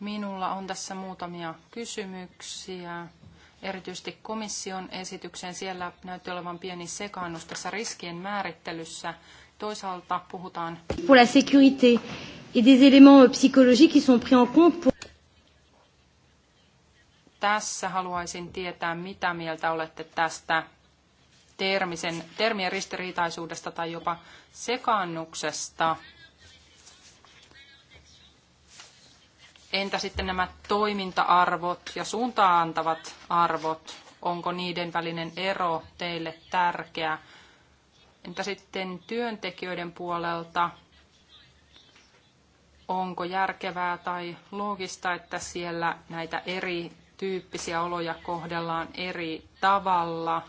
Minulla on tässä muutamia kysymyksiä. Erityisesti komission esityksen siellä näytti olevan pieni sekaannus tässä riskien määrittelyssä. Toisaalta puhutaan... Pour la sécurité et des éléments euh, psychologiques qui sont pris en compte pour tässä haluaisin tietää, mitä mieltä olette tästä termisen, termien ristiriitaisuudesta tai jopa sekaannuksesta. Entä sitten nämä toiminta-arvot ja suuntaan antavat arvot? Onko niiden välinen ero teille tärkeä? Entä sitten työntekijöiden puolelta onko järkevää tai loogista, että siellä näitä eri tyyppisiä oloja kohdellaan eri tavalla,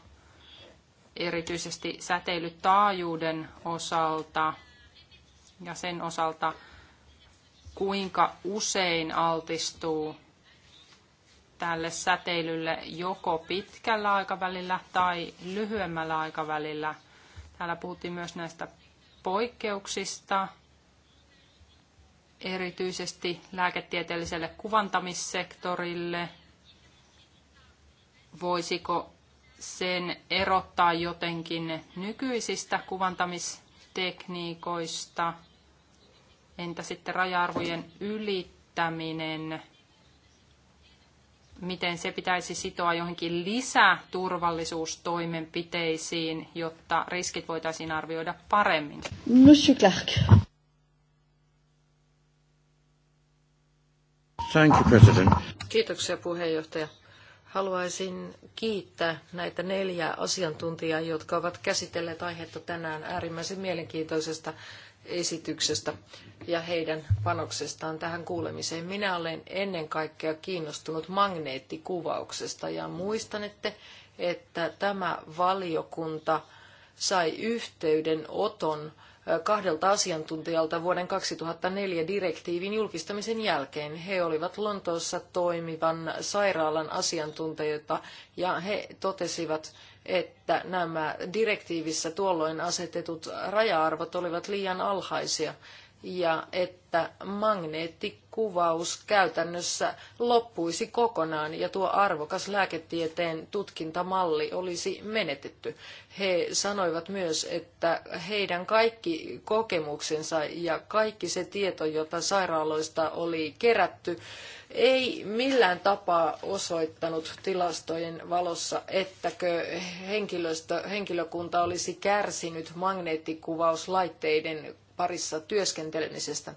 erityisesti säteilytaajuuden osalta ja sen osalta, kuinka usein altistuu tälle säteilylle joko pitkällä aikavälillä tai lyhyemmällä aikavälillä. Täällä puhuttiin myös näistä poikkeuksista erityisesti lääketieteelliselle kuvantamissektorille? Voisiko sen erottaa jotenkin nykyisistä kuvantamistekniikoista? Entä sitten raja-arvojen ylittäminen? Miten se pitäisi sitoa johonkin lisäturvallisuustoimenpiteisiin, jotta riskit voitaisiin arvioida paremmin? Monsieur Clark. Thank you, President. Kiitoksia puheenjohtaja. Haluaisin kiittää näitä neljää asiantuntijaa, jotka ovat käsitelleet aihetta tänään äärimmäisen mielenkiintoisesta esityksestä ja heidän panoksestaan tähän kuulemiseen. Minä olen ennen kaikkea kiinnostunut magneettikuvauksesta ja muistanette, että tämä valiokunta sai yhteydenoton kahdelta asiantuntijalta vuoden 2004 direktiivin julkistamisen jälkeen. He olivat Lontoossa toimivan sairaalan asiantuntijoita ja he totesivat, että nämä direktiivissä tuolloin asetetut raja-arvot olivat liian alhaisia ja että magneettikuvaus käytännössä loppuisi kokonaan ja tuo arvokas lääketieteen tutkintamalli olisi menetetty. He sanoivat myös, että heidän kaikki kokemuksensa ja kaikki se tieto, jota sairaaloista oli kerätty, ei millään tapaa osoittanut tilastojen valossa, ettäkö henkilökunta olisi kärsinyt magneettikuvauslaitteiden parissa työskentelemisestä.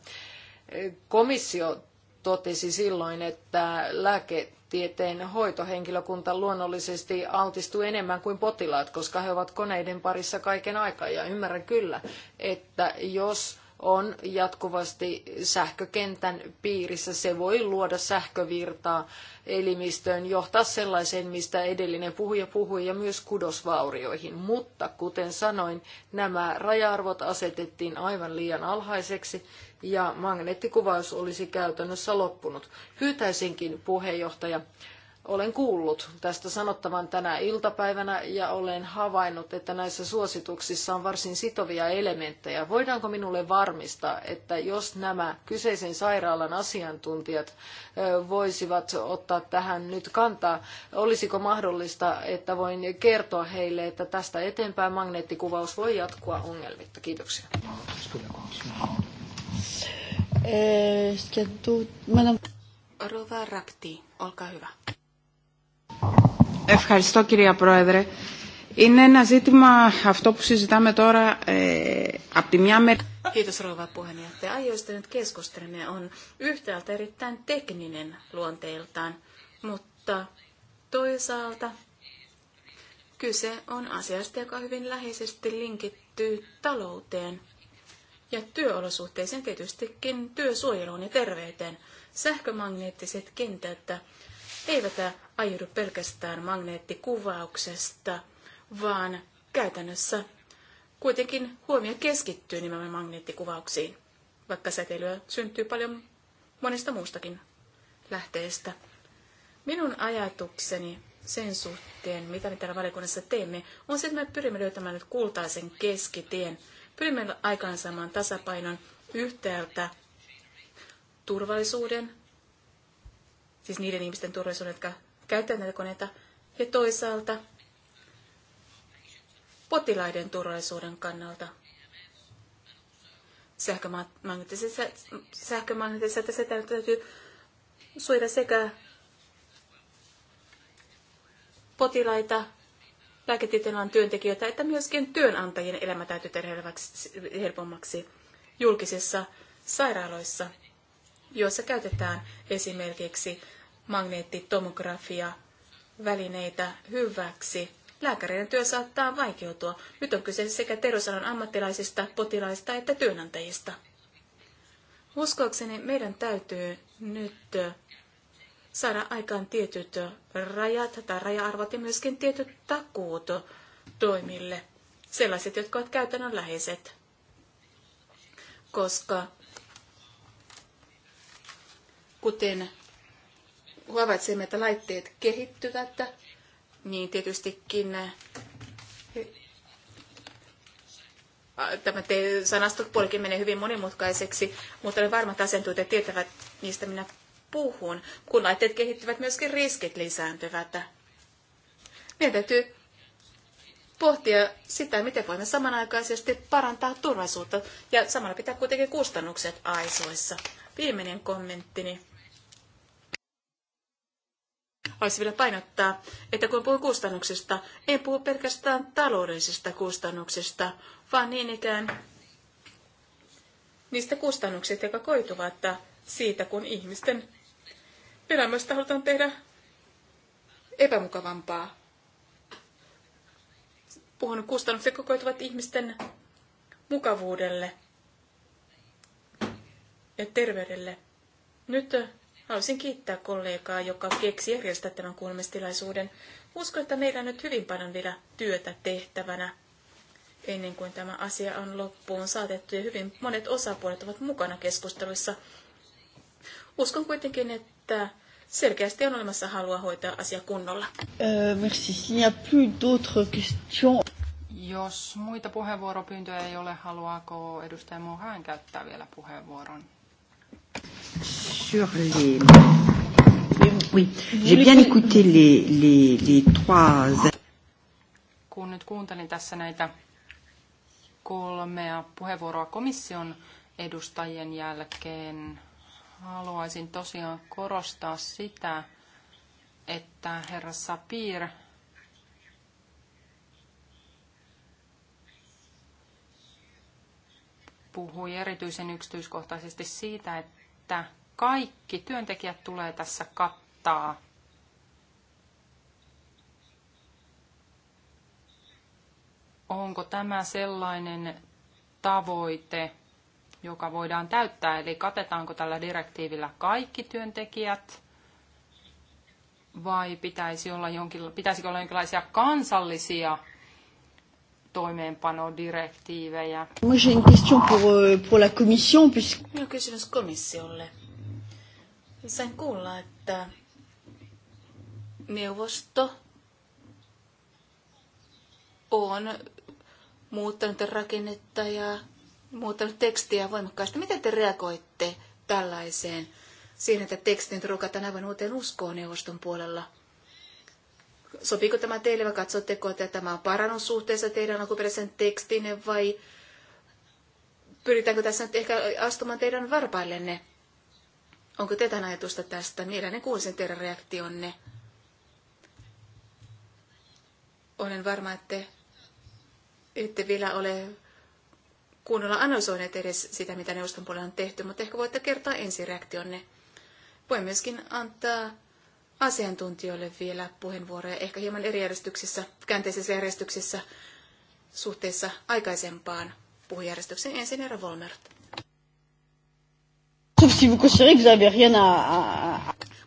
Komissio totesi silloin, että lääketieteen hoitohenkilökunta luonnollisesti altistuu enemmän kuin potilaat, koska he ovat koneiden parissa kaiken aikaa. Ja ymmärrän kyllä, että jos on jatkuvasti sähkökentän piirissä. Se voi luoda sähkövirtaa elimistöön, johtaa sellaiseen, mistä edellinen puhuja puhui, ja myös kudosvaurioihin. Mutta kuten sanoin, nämä raja-arvot asetettiin aivan liian alhaiseksi, ja magneettikuvaus olisi käytännössä loppunut. Pyytäisinkin puheenjohtaja olen kuullut tästä sanottavan tänä iltapäivänä ja olen havainnut, että näissä suosituksissa on varsin sitovia elementtejä. Voidaanko minulle varmistaa, että jos nämä kyseisen sairaalan asiantuntijat voisivat ottaa tähän nyt kantaa, olisiko mahdollista, että voin kertoa heille, että tästä eteenpäin magneettikuvaus voi jatkua ongelmitta. Kiitoksia. Eh, Rova Rapti, olkaa hyvä. Ευχαριστώ κυρία Πρόεδρε. Είναι ένα ζήτημα αυτό που συζητάμε τώρα ε, από τη μια μεριά. nyt keskustelemme on yhtäältä erittäin tekninen luonteeltaan, mutta toisaalta kyse on asiasta, joka hyvin läheisesti linkittyy talouteen ja työolosuhteisiin tietystikin työsuojeluun ja terveyteen. Sähkömagneettiset kentät eivät aiheudu pelkästään magneettikuvauksesta, vaan käytännössä kuitenkin huomio keskittyy nimenomaan magneettikuvauksiin, vaikka säteilyä syntyy paljon monesta muustakin lähteestä. Minun ajatukseni sen suhteen, mitä me täällä valiokunnassa teemme, on se, että me pyrimme löytämään nyt kultaisen keskitien. Pyrimme aikaansaamaan tasapainon yhtäältä turvallisuuden, siis niiden ihmisten turvallisuuden, jotka Käytetään näitä koneita, ja toisaalta potilaiden turvallisuuden kannalta. Sähkömagneettisessa, sähkömagneettisessa tässä täytyy suojata sekä potilaita, lääketieteen työntekijöitä, että myöskin työnantajien elämä täytyy tehdä helpommaksi julkisissa sairaaloissa, joissa käytetään esimerkiksi magneettitomografia välineitä hyväksi. Lääkäreiden työ saattaa vaikeutua. Nyt on kyse sekä terveysalan ammattilaisista, potilaista että työnantajista. Uskoakseni meidän täytyy nyt saada aikaan tietyt rajat tai raja-arvot ja myöskin tietyt takuut toimille, sellaiset, jotka ovat käytännönläheiset. Koska kuten havaitsemme, että laitteet kehittyvät, niin tietystikin äh, tämä sanastopuolikin menee hyvin monimutkaiseksi, mutta olen varma, että asiantuntijat tietävät, mistä minä puhun. Kun laitteet kehittyvät, myöskin riskit lisääntyvät. Meidän täytyy pohtia sitä, miten voimme samanaikaisesti parantaa turvallisuutta ja samalla pitää kuitenkin kustannukset aisoissa. Viimeinen kommenttini Haluaisin vielä painottaa, että kun puhun kustannuksista, en puhu pelkästään taloudellisista kustannuksista, vaan niin ikään niistä kustannuksista, jotka koituvat siitä, kun ihmisten elämästä halutaan tehdä epämukavampaa. Puhun kustannuksista, jotka koituvat ihmisten mukavuudelle ja terveydelle. Nyt Haluaisin kiittää kollegaa, joka keksi järjestää tämän kuulemistilaisuuden. Uskon, että meillä on nyt hyvin paljon vielä työtä tehtävänä ennen kuin tämä asia on loppuun saatettu ja hyvin monet osapuolet ovat mukana keskusteluissa. Uskon kuitenkin, että selkeästi on olemassa halua hoitaa asia kunnolla. Euh, Jos muita puheenvuoropyyntöjä ei ole, haluaako edustaja Mohan käyttää vielä puheenvuoron? sur les. Oui, j'ai bien écouté les, les, les trois. Kun nyt kuuntelin tässä näitä kolmea puheenvuoroa komission edustajien jälkeen, haluaisin tosiaan korostaa sitä, että herra Sapir puhui erityisen yksityiskohtaisesti siitä, että kaikki työntekijät tulee tässä kattaa. Onko tämä sellainen tavoite, joka voidaan täyttää, eli katetaanko tällä direktiivillä kaikki työntekijät vai pitäisi olla jonkin, pitäisikö olla jonkinlaisia kansallisia toimeenpanodirektiivejä? Moi, j'ai une question pour, euh, pour la commission, puisque... kysymys komissiolle. Sain kuulla, että neuvosto on muuttanut rakennetta ja muuttanut tekstiä voimakkaasti. Miten te reagoitte tällaiseen, siihen, että tekstin rukataan aivan uuteen uskoon neuvoston puolella? Sopiiko tämä teille vai katsotteko, että tämä on parannus suhteessa teidän alkuperäisen tekstinne vai pyritäänkö tässä nyt ehkä astumaan teidän varpaillenne? Onko teidän ajatusta tästä? Mielelläni kuulisin teidän reaktionne. Olen varma, että ette vielä ole kunnolla analysoineet edes sitä, mitä neuvoston puolella on tehty, mutta ehkä voitte kertoa reaktionne. Voin myöskin antaa asiantuntijoille vielä puheenvuoroja, ehkä hieman eri järjestyksessä, käänteisessä järjestyksessä suhteessa aikaisempaan puhujärjestykseen. Ensin herra Volmert. Sauf si vous considérez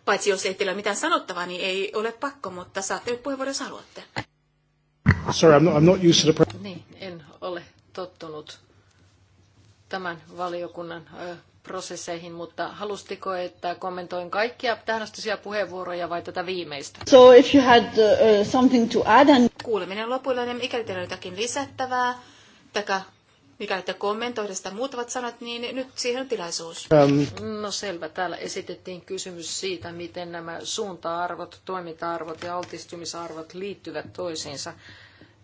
Paitsi jos ei teillä mitään sanottavaa, niin ei ole pakko, mutta saatte nyt puheenvuoron, jos haluatte. Sorry, I'm not, I'm not used to the... Niin, en ole tottunut tämän valiokunnan ö, prosesseihin, mutta halustiko, että kommentoin kaikkia tähän puheenvuoroja vai tätä viimeistä? So if you had uh, something to add and... Kuuleminen lopuilla, niin mikäli teillä on jotakin lisättävää, tai Mikäli te kommentoida sitä muutamat sanat, niin nyt siihen on tilaisuus. Ähm. No selvä. Täällä esitettiin kysymys siitä, miten nämä suunta-arvot, toiminta-arvot ja altistumisarvot liittyvät toisiinsa.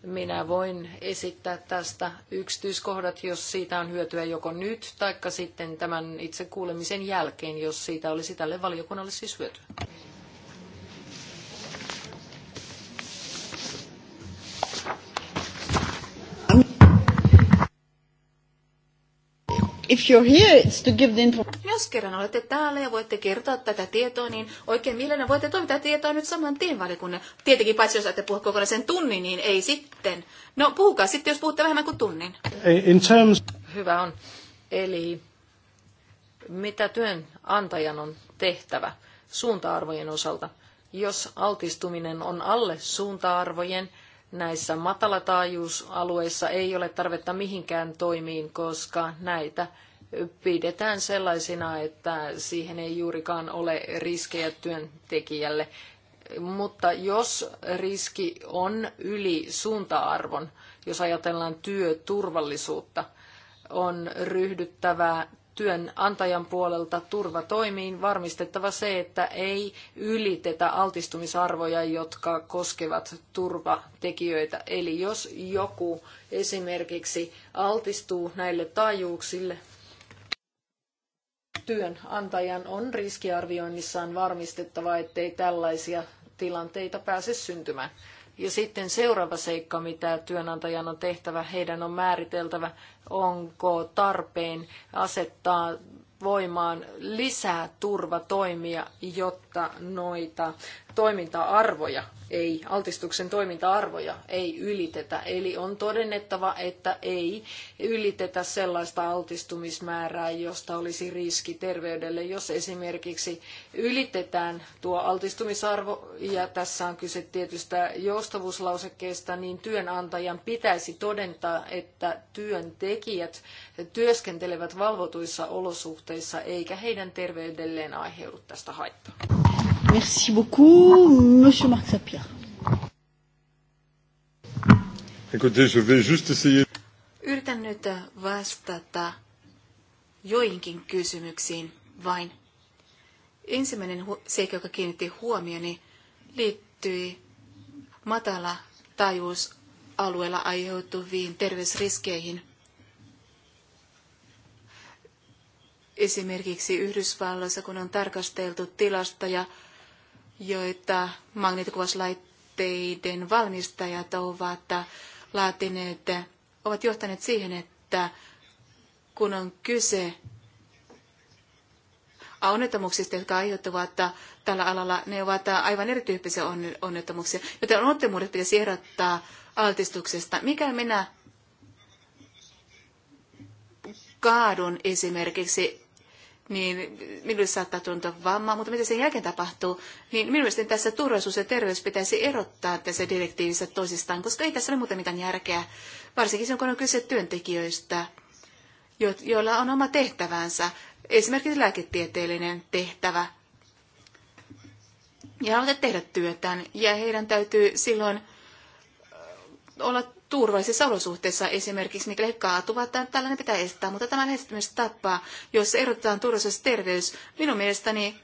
Minä voin esittää tästä yksityiskohdat, jos siitä on hyötyä joko nyt, taikka sitten tämän itse kuulemisen jälkeen, jos siitä olisi tälle valiokunnalle siis hyötyä. If you're here, it's to give the information. Jos kerran olette täällä ja voitte kertoa tätä tietoa, niin oikein mielellä voitte toimittaa tietoa nyt saman tien valiokunnan. Tietenkin paitsi jos olette puhua sen tunnin, niin ei sitten. No puhukaa sitten, jos puhutte vähemmän kuin tunnin. In terms... Hyvä on. Eli mitä työnantajan on tehtävä suunta-arvojen osalta? Jos altistuminen on alle suunta-arvojen, näissä matalataajuusalueissa ei ole tarvetta mihinkään toimiin, koska näitä pidetään sellaisina, että siihen ei juurikaan ole riskejä työntekijälle. Mutta jos riski on yli suunta-arvon, jos ajatellaan työturvallisuutta, on ryhdyttävä työnantajan puolelta turvatoimiin varmistettava se, että ei ylitetä altistumisarvoja, jotka koskevat turvatekijöitä. Eli jos joku esimerkiksi altistuu näille taajuuksille, työnantajan on riskiarvioinnissaan varmistettava, ettei tällaisia tilanteita pääse syntymään. Ja sitten seuraava seikka, mitä työnantajan on tehtävä, heidän on määriteltävä, onko tarpeen asettaa voimaan lisää turvatoimia, jotta mutta noita toiminta-arvoja ei, altistuksen toiminta-arvoja ei ylitetä. Eli on todennettava, että ei ylitetä sellaista altistumismäärää, josta olisi riski terveydelle, jos esimerkiksi ylitetään tuo altistumisarvo, ja tässä on kyse tietystä joustavuuslausekkeesta, niin työnantajan pitäisi todentaa, että työntekijät työskentelevät valvotuissa olosuhteissa, eikä heidän terveydelleen aiheudu tästä haittaa. Merci beaucoup. Monsieur Marc Sapir. Écoutez, je vais juste essayer. Yritän nyt vastata joihinkin kysymyksiin vain. Ensimmäinen seikka, joka kiinnitti huomioni, liittyi matala taajuusalueella aiheutuviin terveysriskeihin. Esimerkiksi Yhdysvalloissa, kun on tarkasteltu tilastoja, joita magneetikuvaslaitteiden valmistajat ovat laatineet, ovat johtaneet siihen, että kun on kyse onnettomuuksista, jotka aiheuttavat tällä alalla, ne ovat aivan erityyppisiä onnettomuuksia. Joten onnettomuudet pitäisi erottaa altistuksesta. Mikä minä kaadun esimerkiksi niin minulle saattaa tuntua vammaa, mutta mitä sen jälkeen tapahtuu, niin minun mielestäni tässä turvallisuus ja terveys pitäisi erottaa tässä direktiivissä toisistaan, koska ei tässä ole muuta mitään järkeä, varsinkin silloin kun on kyse työntekijöistä, jo- joilla on oma tehtävänsä, esimerkiksi lääketieteellinen tehtävä. Ja haluavat tehdä työtään, ja heidän täytyy silloin olla turvallisissa olosuhteissa esimerkiksi, mikäli he kaatuvat, tällainen pitää estää. Mutta tämä lähestymistapa, jossa erotetaan turvallisuus ja terveys, minun mielestäni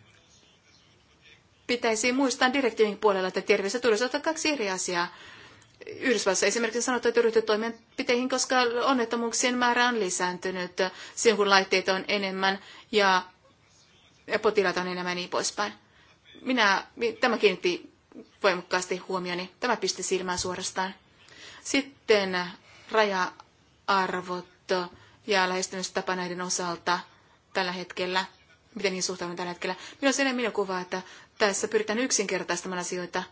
pitäisi muistaa direktiivin puolella, että terveys ja turvallisuus ovat kaksi eri asiaa. Yhdysvalloissa esimerkiksi sanotaan, että ryhtyy toimenpiteihin, koska onnettomuuksien määrä on lisääntynyt silloin, kun laitteita on enemmän ja, ja potilaita on enemmän ja niin poispäin. Minä, tämä kiinnitti voimakkaasti huomioni. Tämä pisti silmään suorastaan. Sitten raja-arvot ja lähestymistapa näiden osalta tällä hetkellä, miten niihin suhtaudun tällä hetkellä. Minulla on sellainen kuva, että tässä pyritään yksinkertaistamaan asioita,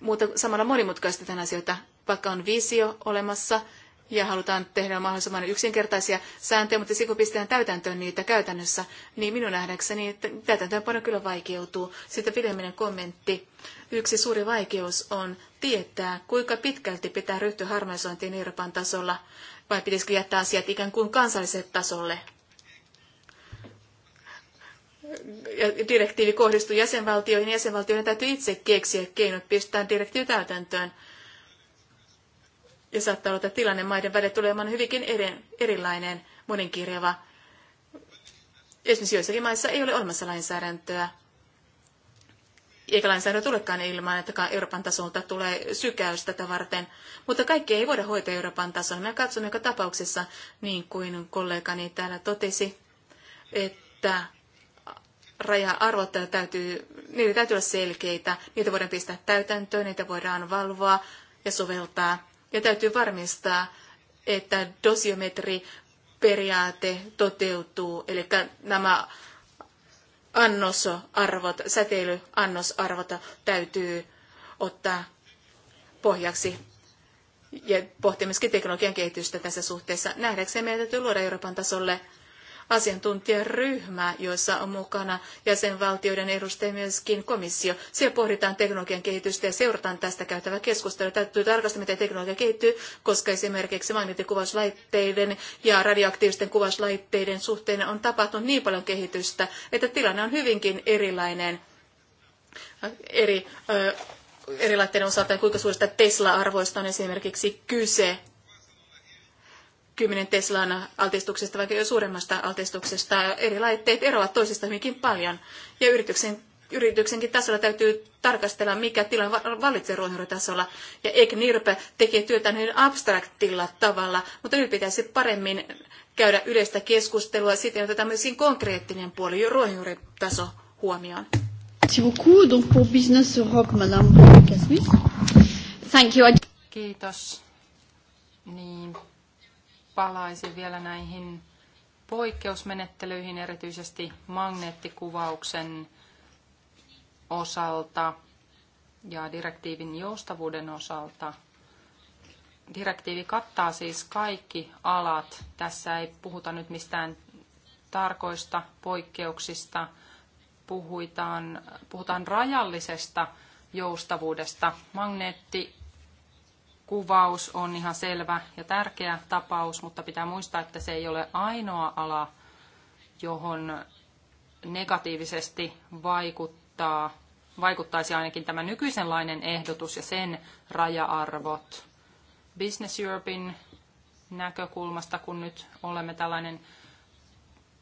mutta samalla monimutkaistetaan asioita, vaikka on visio olemassa ja halutaan tehdä mahdollisimman yksinkertaisia sääntöjä, mutta kun pistetään täytäntöön niitä käytännössä, niin minun nähdäkseni että täytäntöönpano kyllä vaikeutuu. Sitten viimeinen kommentti. Yksi suuri vaikeus on tietää, kuinka pitkälti pitää ryhtyä harmonisointiin Euroopan tasolla, vai pitäisikö jättää asiat ikään kuin kansalliselle tasolle. Ja direktiivi kohdistuu jäsenvaltioihin, jäsenvaltioiden täytyy itse keksiä keinot pistää direktiivi täytäntöön ja saattaa olla, että tilanne maiden välillä tulee olemaan hyvinkin eri, erilainen, monenkirjava. Esimerkiksi joissakin maissa ei ole olemassa lainsäädäntöä, eikä lainsäädäntö tulekaan ilman, että Euroopan tasolta tulee sykäys tätä varten. Mutta kaikki ei voida hoitaa Euroopan tasolla. Mä katson joka tapauksessa, niin kuin kollegani täällä totesi, että raja-arvot täytyy, niitä täytyy olla selkeitä, niitä voidaan pistää täytäntöön, niitä voidaan valvoa ja soveltaa. Ja täytyy varmistaa, että dosiometriperiaate toteutuu, eli nämä annosarvot, säteilyannosarvot täytyy ottaa pohjaksi ja pohtia myöskin teknologian kehitystä tässä suhteessa. Nähdäkseen meidän täytyy luoda Euroopan tasolle asiantuntijaryhmä, jossa on mukana jäsenvaltioiden edustajia myöskin komissio. Siellä pohditaan teknologian kehitystä ja seurataan tästä käytävää keskustelua. Täytyy tarkastaa, miten teknologia kehittyy, koska esimerkiksi magneettikuvauslaitteiden ja radioaktiivisten kuvauslaitteiden suhteen on tapahtunut niin paljon kehitystä, että tilanne on hyvinkin erilainen eri, ö, eri laitteiden osalta ja kuinka suurista Tesla-arvoista on esimerkiksi kyse 10 Teslan altistuksesta, vaikka jo suuremmasta altistuksesta, eri laitteet eroavat toisista hyvinkin paljon. Ja yrityksen, yrityksenkin tasolla täytyy tarkastella, mikä tila valitsee ruohonjuuritasolla. Ja Ek Nirpe tekee työtä niin abstraktilla tavalla, mutta nyt pitäisi paremmin käydä yleistä keskustelua. Sitten että myöskin konkreettinen puoli, ruohonjuuritaso huomioon. Business Europe, Thank you. Kiitos. Niin, palaisin vielä näihin poikkeusmenettelyihin, erityisesti magneettikuvauksen osalta ja direktiivin joustavuuden osalta. Direktiivi kattaa siis kaikki alat. Tässä ei puhuta nyt mistään tarkoista poikkeuksista. Puhutaan, puhutaan rajallisesta joustavuudesta. Magneetti kuvaus on ihan selvä ja tärkeä tapaus, mutta pitää muistaa, että se ei ole ainoa ala, johon negatiivisesti vaikuttaa, vaikuttaisi ainakin tämä nykyisenlainen ehdotus ja sen raja-arvot. Business Europein näkökulmasta, kun nyt olemme tällainen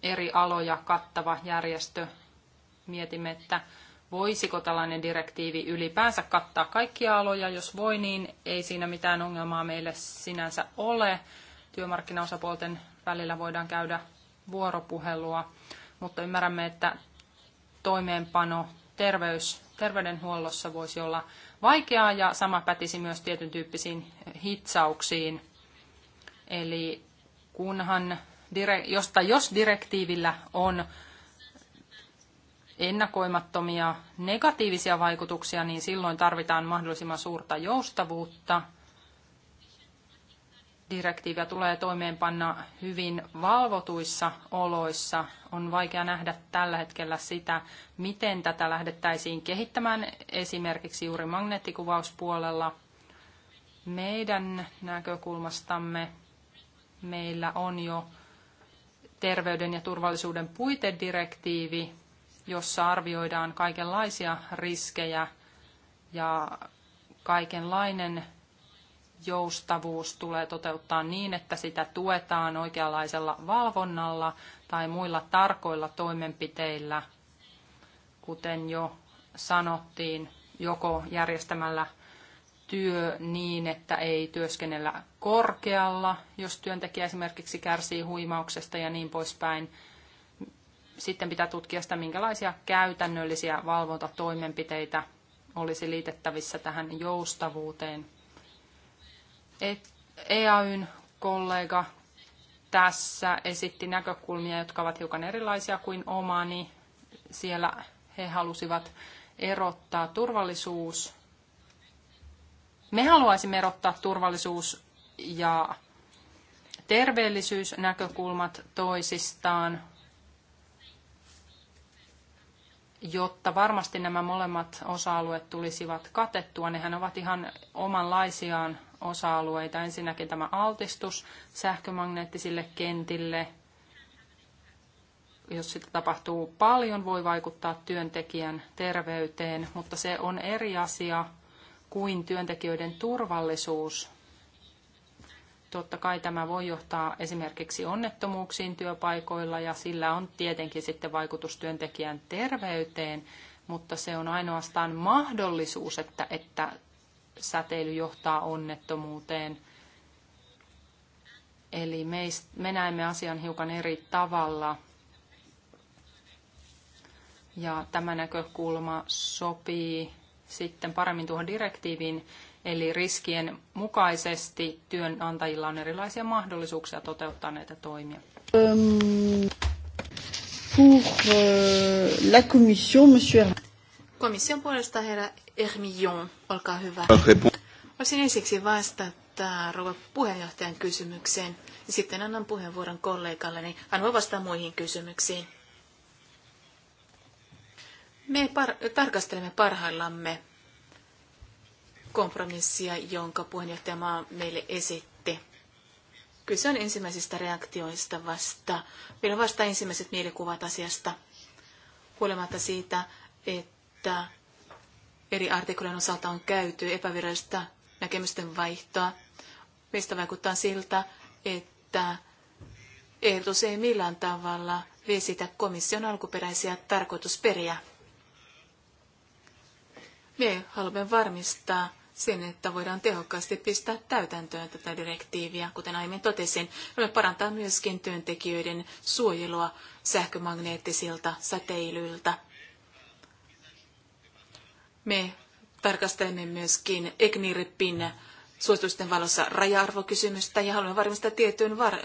eri aloja kattava järjestö, mietimme, että voisiko tällainen direktiivi ylipäänsä kattaa kaikkia aloja. Jos voi, niin ei siinä mitään ongelmaa meille sinänsä ole. Työmarkkinaosapuolten välillä voidaan käydä vuoropuhelua, mutta ymmärrämme, että toimeenpano terveys, terveydenhuollossa voisi olla vaikeaa ja sama pätisi myös tietyn tyyppisiin hitsauksiin. Eli kunhan, jos, jos direktiivillä on ennakoimattomia negatiivisia vaikutuksia, niin silloin tarvitaan mahdollisimman suurta joustavuutta. Direktiiviä tulee toimeenpanna hyvin valvotuissa oloissa. On vaikea nähdä tällä hetkellä sitä, miten tätä lähdettäisiin kehittämään esimerkiksi juuri magneettikuvauspuolella. Meidän näkökulmastamme meillä on jo terveyden ja turvallisuuden puitedirektiivi, jossa arvioidaan kaikenlaisia riskejä ja kaikenlainen joustavuus tulee toteuttaa niin, että sitä tuetaan oikeanlaisella valvonnalla tai muilla tarkoilla toimenpiteillä, kuten jo sanottiin, joko järjestämällä työ niin, että ei työskennellä korkealla, jos työntekijä esimerkiksi kärsii huimauksesta ja niin poispäin, sitten pitää tutkia sitä, minkälaisia käytännöllisiä valvontatoimenpiteitä olisi liitettävissä tähän joustavuuteen. EAYn e kollega tässä esitti näkökulmia, jotka ovat hiukan erilaisia kuin omani. Siellä he halusivat erottaa turvallisuus. Me haluaisimme erottaa turvallisuus ja terveellisyysnäkökulmat toisistaan jotta varmasti nämä molemmat osa-alueet tulisivat katettua. Nehän ovat ihan omanlaisiaan osa-alueita. Ensinnäkin tämä altistus sähkömagneettisille kentille. Jos sitä tapahtuu paljon, voi vaikuttaa työntekijän terveyteen, mutta se on eri asia kuin työntekijöiden turvallisuus Totta kai tämä voi johtaa esimerkiksi onnettomuuksiin työpaikoilla ja sillä on tietenkin sitten vaikutus työntekijän terveyteen, mutta se on ainoastaan mahdollisuus, että, että säteily johtaa onnettomuuteen. Eli me, me näemme asian hiukan eri tavalla. Ja tämä näkökulma sopii sitten paremmin tuohon direktiiviin, Eli riskien mukaisesti työnantajilla on erilaisia mahdollisuuksia toteuttaa näitä toimia. Euh, la monsieur... Komission puolesta herra Hermillon, olkaa hyvä. Voisin ensiksi vastata rouva puheenjohtajan kysymykseen. ja Sitten annan puheenvuoron niin, Hän voi vastata muihin kysymyksiin. Me par- tarkastelemme parhaillamme kompromissia, jonka puheenjohtajamaa meille esitti. Kyse on ensimmäisistä reaktioista vasta. Vielä vasta ensimmäiset mielikuvat asiasta, huolimatta siitä, että eri artikkelien osalta on käyty epävirallista näkemysten vaihtoa. Meistä vaikuttaa siltä, että ehdotus ei millään tavalla vie komission alkuperäisiä tarkoitusperiä. Me haluamme varmistaa, sen, että voidaan tehokkaasti pistää täytäntöön tätä direktiiviä, kuten aiemmin totesin. Voimme parantaa myöskin työntekijöiden suojelua sähkömagneettisilta säteilyiltä. Me tarkastelemme myöskin ECNIRPin suositusten valossa raja-arvokysymystä ja haluamme varmistaa tietyn var-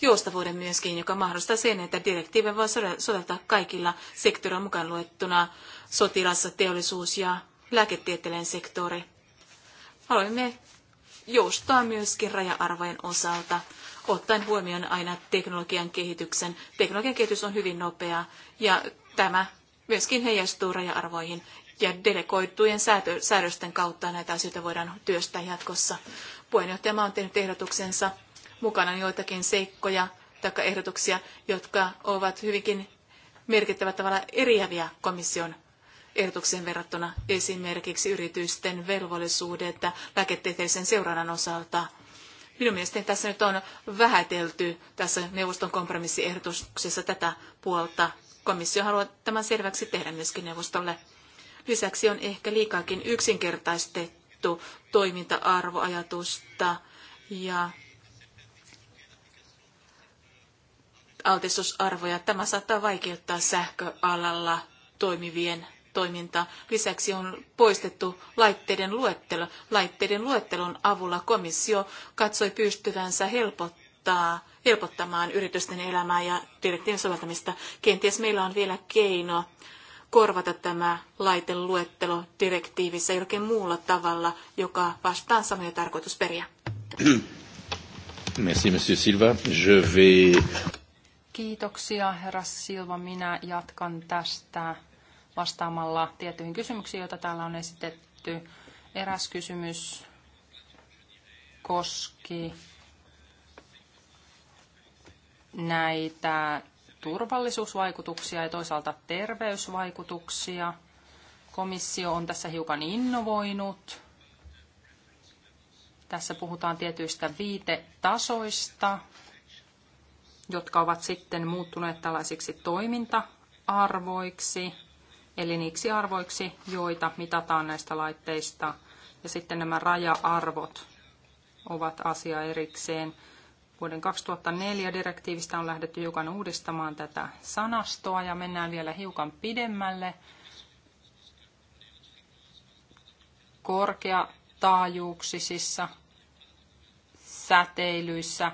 joustavuuden myöskin, joka mahdollistaa sen, että direktiivin voi soveltaa kaikilla sektoreilla mukaan luettuna sotilas, teollisuus ja lääketieteellinen sektori. Haluamme joustaa myöskin raja-arvojen osalta, ottaen huomioon aina teknologian kehityksen. Teknologian kehitys on hyvin nopea ja tämä myöskin heijastuu raja-arvoihin ja delegoittujen säädösten kautta näitä asioita voidaan työstää jatkossa. Puheenjohtajamaa on tehnyt ehdotuksensa mukana joitakin seikkoja tai ehdotuksia, jotka ovat hyvinkin merkittävällä tavalla eriäviä komission ehdotuksen verrattuna esimerkiksi yritysten velvollisuudet lääketieteellisen seurannan osalta. Minun mielestäni tässä nyt on vähätelty tässä neuvoston kompromissiehdotuksessa tätä puolta. Komissio haluaa tämän selväksi tehdä myöskin neuvostolle. Lisäksi on ehkä liikaakin yksinkertaistettu toiminta-arvoajatusta ja altistusarvoja. Tämä saattaa vaikeuttaa sähköalalla toimivien toimintaa. Lisäksi on poistettu laitteiden luettelo. Laitteiden luettelon avulla komissio katsoi pystyvänsä helpottaa, helpottamaan yritysten elämää ja direktiivin soveltamista. Kenties meillä on vielä keino korvata tämä laiteluettelo direktiivissä jollakin muulla tavalla, joka vastaa samoja tarkoitusperiä. Merci, monsieur Silva. Je vais... Kiitoksia, herra Silva. Minä jatkan tästä vastaamalla tiettyihin kysymyksiin, joita täällä on esitetty. Eräs kysymys koski näitä turvallisuusvaikutuksia ja toisaalta terveysvaikutuksia. Komissio on tässä hiukan innovoinut. Tässä puhutaan tietyistä viitetasoista, jotka ovat sitten muuttuneet tällaisiksi toiminta-arvoiksi eli niiksi arvoiksi, joita mitataan näistä laitteista. Ja sitten nämä raja-arvot ovat asia erikseen. Vuoden 2004 direktiivistä on lähdetty hiukan uudistamaan tätä sanastoa ja mennään vielä hiukan pidemmälle. Korkeataajuuksisissa säteilyissä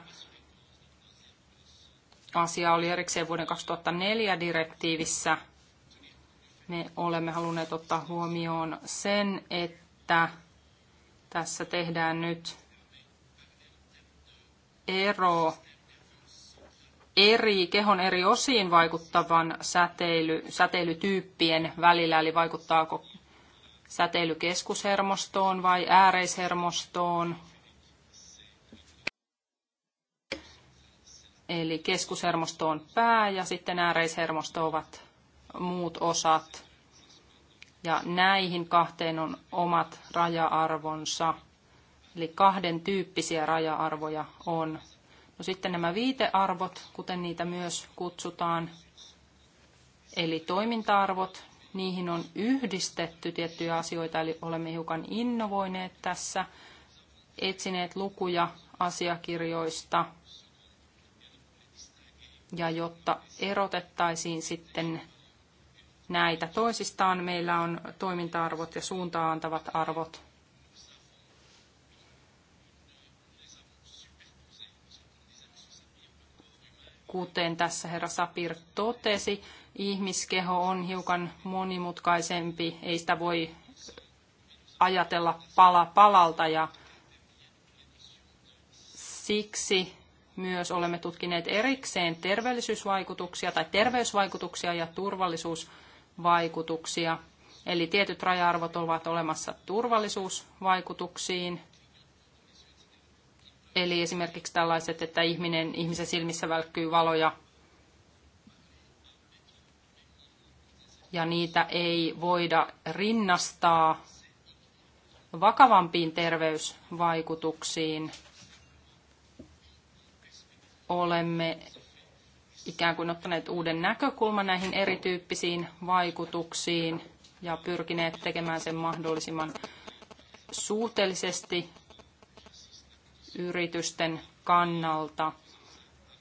asia oli erikseen vuoden 2004 direktiivissä – me olemme halunneet ottaa huomioon sen, että tässä tehdään nyt ero eri kehon eri osiin vaikuttavan säteily, säteilytyyppien välillä, eli vaikuttaako säteilykeskushermostoon vai ääreishermostoon. Eli keskushermosto on pää ja sitten ääreishermosto ovat muut osat. Ja näihin kahteen on omat raja-arvonsa. Eli kahden tyyppisiä raja-arvoja on. No sitten nämä viitearvot, kuten niitä myös kutsutaan, eli toiminta-arvot, niihin on yhdistetty tiettyjä asioita, eli olemme hiukan innovoineet tässä, etsineet lukuja asiakirjoista, ja jotta erotettaisiin sitten näitä toisistaan. Meillä on toiminta-arvot ja suuntaan antavat arvot. Kuten tässä herra Sapir totesi, ihmiskeho on hiukan monimutkaisempi. Ei sitä voi ajatella pala palalta ja siksi myös olemme tutkineet erikseen terveellisyysvaikutuksia tai terveysvaikutuksia ja turvallisuusvaikutuksia vaikutuksia. Eli tietyt raja-arvot ovat olemassa turvallisuusvaikutuksiin. Eli esimerkiksi tällaiset, että ihminen, ihmisen silmissä välkkyy valoja ja niitä ei voida rinnastaa vakavampiin terveysvaikutuksiin. Olemme ikään kuin ottaneet uuden näkökulman näihin erityyppisiin vaikutuksiin ja pyrkineet tekemään sen mahdollisimman suhteellisesti yritysten kannalta.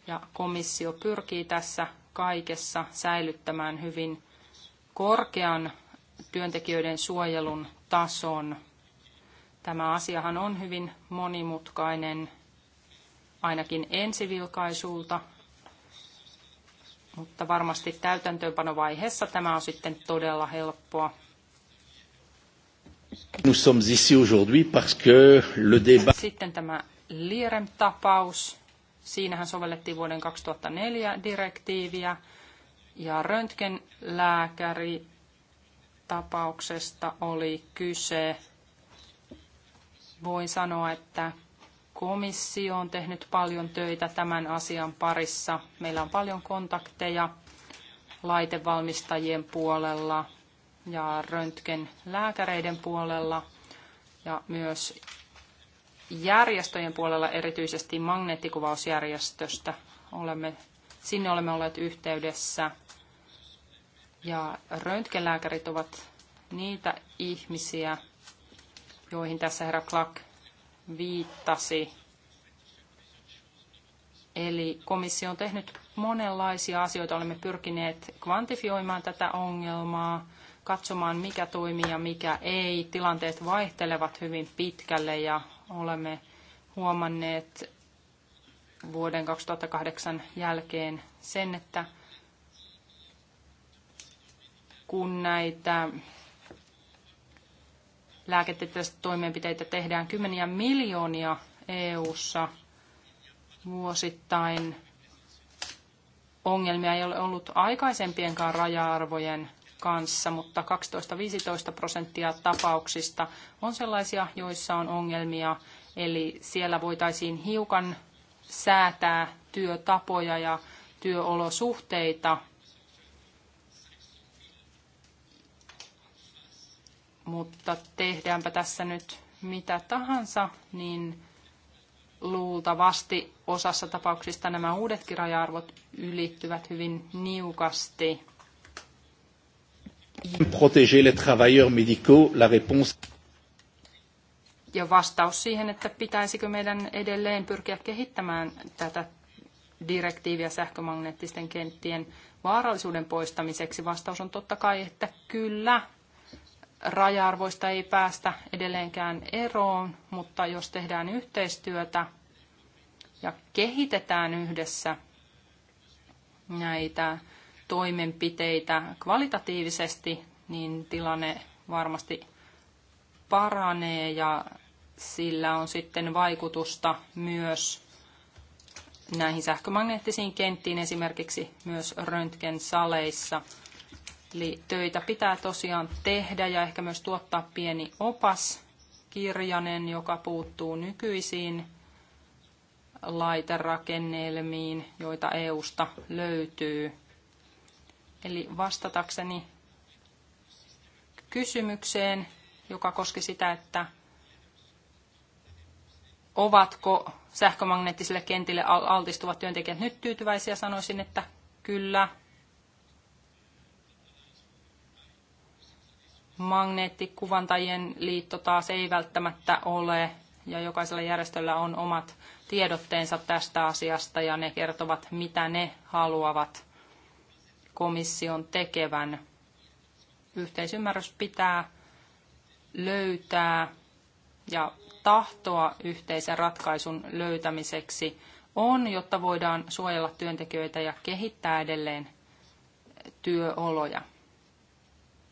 Ja komissio pyrkii tässä kaikessa säilyttämään hyvin korkean työntekijöiden suojelun tason. Tämä asiahan on hyvin monimutkainen ainakin ensivilkaisulta mutta varmasti täytäntöönpanovaiheessa tämä on sitten todella helppoa. Nous sommes ici aujourd'hui parce que le débat... Sitten tämä Lierem-tapaus. Siinähän sovellettiin vuoden 2004 direktiiviä ja röntgenlääkäri tapauksesta oli kyse. Voin sanoa, että Komissio on tehnyt paljon töitä tämän asian parissa. Meillä on paljon kontakteja laitevalmistajien puolella ja röntgenlääkäreiden puolella ja myös järjestöjen puolella, erityisesti magneettikuvausjärjestöstä, olemme, sinne olemme olleet yhteydessä. Ja röntgenlääkärit ovat niitä ihmisiä, joihin tässä herra Clark viittasi. Eli komissio on tehnyt monenlaisia asioita. Olemme pyrkineet kvantifioimaan tätä ongelmaa, katsomaan mikä toimii ja mikä ei. Tilanteet vaihtelevat hyvin pitkälle ja olemme huomanneet vuoden 2008 jälkeen sen, että kun näitä lääketieteellisiä toimenpiteitä tehdään kymmeniä miljoonia EU-ssa vuosittain. Ongelmia ei ole ollut aikaisempienkaan raja-arvojen kanssa, mutta 12-15 prosenttia tapauksista on sellaisia, joissa on ongelmia. Eli siellä voitaisiin hiukan säätää työtapoja ja työolosuhteita mutta tehdäänpä tässä nyt mitä tahansa, niin luultavasti osassa tapauksista nämä uudetkin raja-arvot ylittyvät hyvin niukasti. Protéger les travailleurs médicaux, la réponse... Ja vastaus siihen, että pitäisikö meidän edelleen pyrkiä kehittämään tätä direktiiviä sähkömagneettisten kenttien vaarallisuuden poistamiseksi, vastaus on totta kai, että kyllä, raja-arvoista ei päästä edelleenkään eroon, mutta jos tehdään yhteistyötä ja kehitetään yhdessä näitä toimenpiteitä kvalitatiivisesti, niin tilanne varmasti paranee ja sillä on sitten vaikutusta myös näihin sähkömagneettisiin kenttiin esimerkiksi myös röntgensaleissa – Eli töitä pitää tosiaan tehdä ja ehkä myös tuottaa pieni opas kirjanen, joka puuttuu nykyisiin laiterakennelmiin, joita EUsta löytyy. Eli vastatakseni kysymykseen, joka koski sitä, että ovatko sähkömagneettisille kentille altistuvat työntekijät nyt tyytyväisiä, sanoisin, että kyllä, magneettikuvantajien liitto taas ei välttämättä ole, ja jokaisella järjestöllä on omat tiedotteensa tästä asiasta, ja ne kertovat, mitä ne haluavat komission tekevän. Yhteisymmärrys pitää löytää, ja tahtoa yhteisen ratkaisun löytämiseksi on, jotta voidaan suojella työntekijöitä ja kehittää edelleen työoloja.